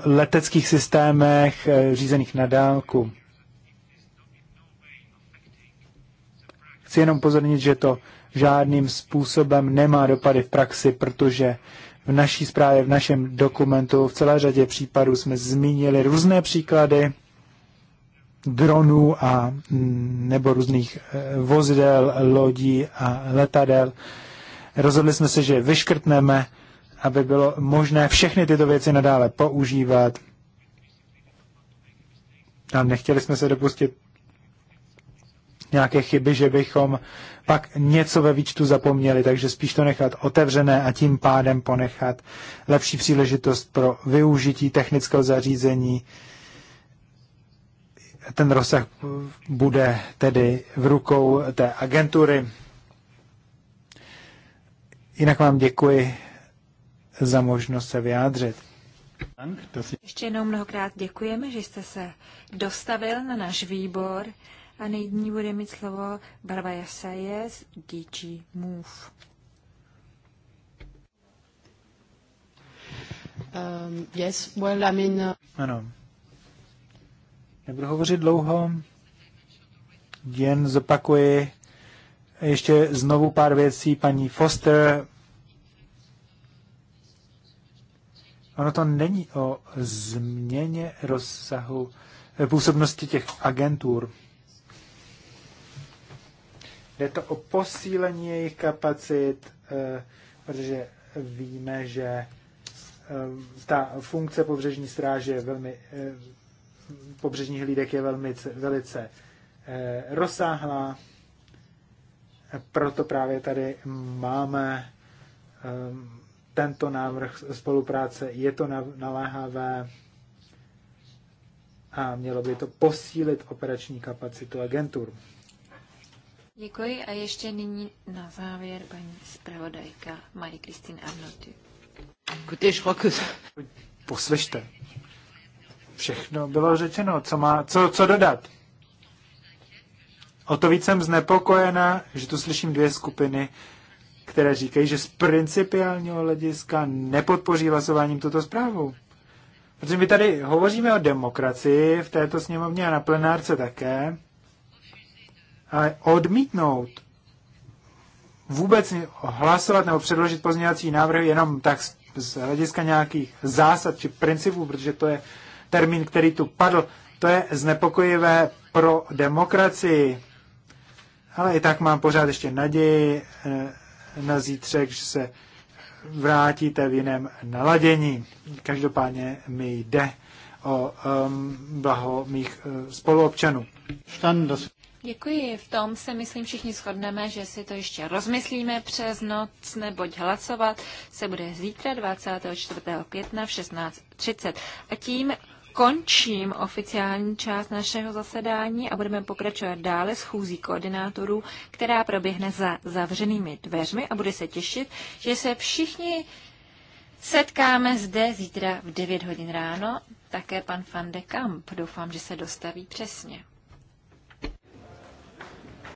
leteckých systémech eh, řízených na dálku. Chci jenom pozornit, že to žádným způsobem nemá dopady v praxi, protože v naší zprávě, v našem dokumentu, v celé řadě případů jsme zmínili různé příklady dronů a mm, nebo různých eh, vozidel, lodí a letadel. Rozhodli jsme se, že vyškrtneme, aby bylo možné všechny tyto věci nadále používat. A nechtěli jsme se dopustit nějaké chyby, že bychom pak něco ve výčtu zapomněli, takže spíš to nechat otevřené a tím pádem ponechat lepší příležitost pro využití technického zařízení. Ten rozsah bude tedy v rukou té agentury. Jinak vám děkuji za možnost se vyjádřit. Ještě jednou mnohokrát děkujeme, že jste se dostavil na náš výbor a nejdní bude mít slovo Barba Jasaje z DG Move. Um, yes, well, I mean... Uh, ano. Nebudu hovořit dlouho, jen zopakuji ještě znovu pár věcí paní Foster. Ono to není o změně rozsahu eh, působnosti těch agentur. Jde to o posílení jejich kapacit, eh, protože víme, že eh, ta funkce pobřežní stráže je velmi, eh, pobřežních hlídek je velmi, velice rozsáhlá. Proto právě tady máme tento návrh spolupráce. Je to naléhavé a mělo by to posílit operační kapacitu agentur. Děkuji a ještě nyní na závěr paní zpravodajka Marie Christine Arnoty. Poslyšte. Všechno bylo řečeno, co, má, co, co dodat. O to víc jsem znepokojena, že tu slyším dvě skupiny, které říkají, že z principiálního hlediska nepodpoří hlasováním tuto zprávu. Protože my tady hovoříme o demokracii v této sněmovně a na plenárce také. Ale odmítnout vůbec hlasovat nebo předložit pozměňovací návrhy jenom tak z hlediska nějakých zásad či principů, protože to je termín, který tu padl, to je znepokojivé pro demokracii. Ale i tak mám pořád ještě naději eh, na zítřek, že se vrátíte v jiném naladění. Každopádně mi jde o um, blaho mých uh, spoluobčanů. Děkuji. V tom se, myslím, všichni shodneme, že si to ještě rozmyslíme přes noc, neboť hlasovat se bude zítra 24. května v 16.30. A tím končím oficiální část našeho zasedání a budeme pokračovat dále s chůzí koordinátorů, která proběhne za zavřenými dveřmi a bude se těšit, že se všichni setkáme zde zítra v 9 hodin ráno. Také pan Van de Kamp. Doufám, že se dostaví přesně.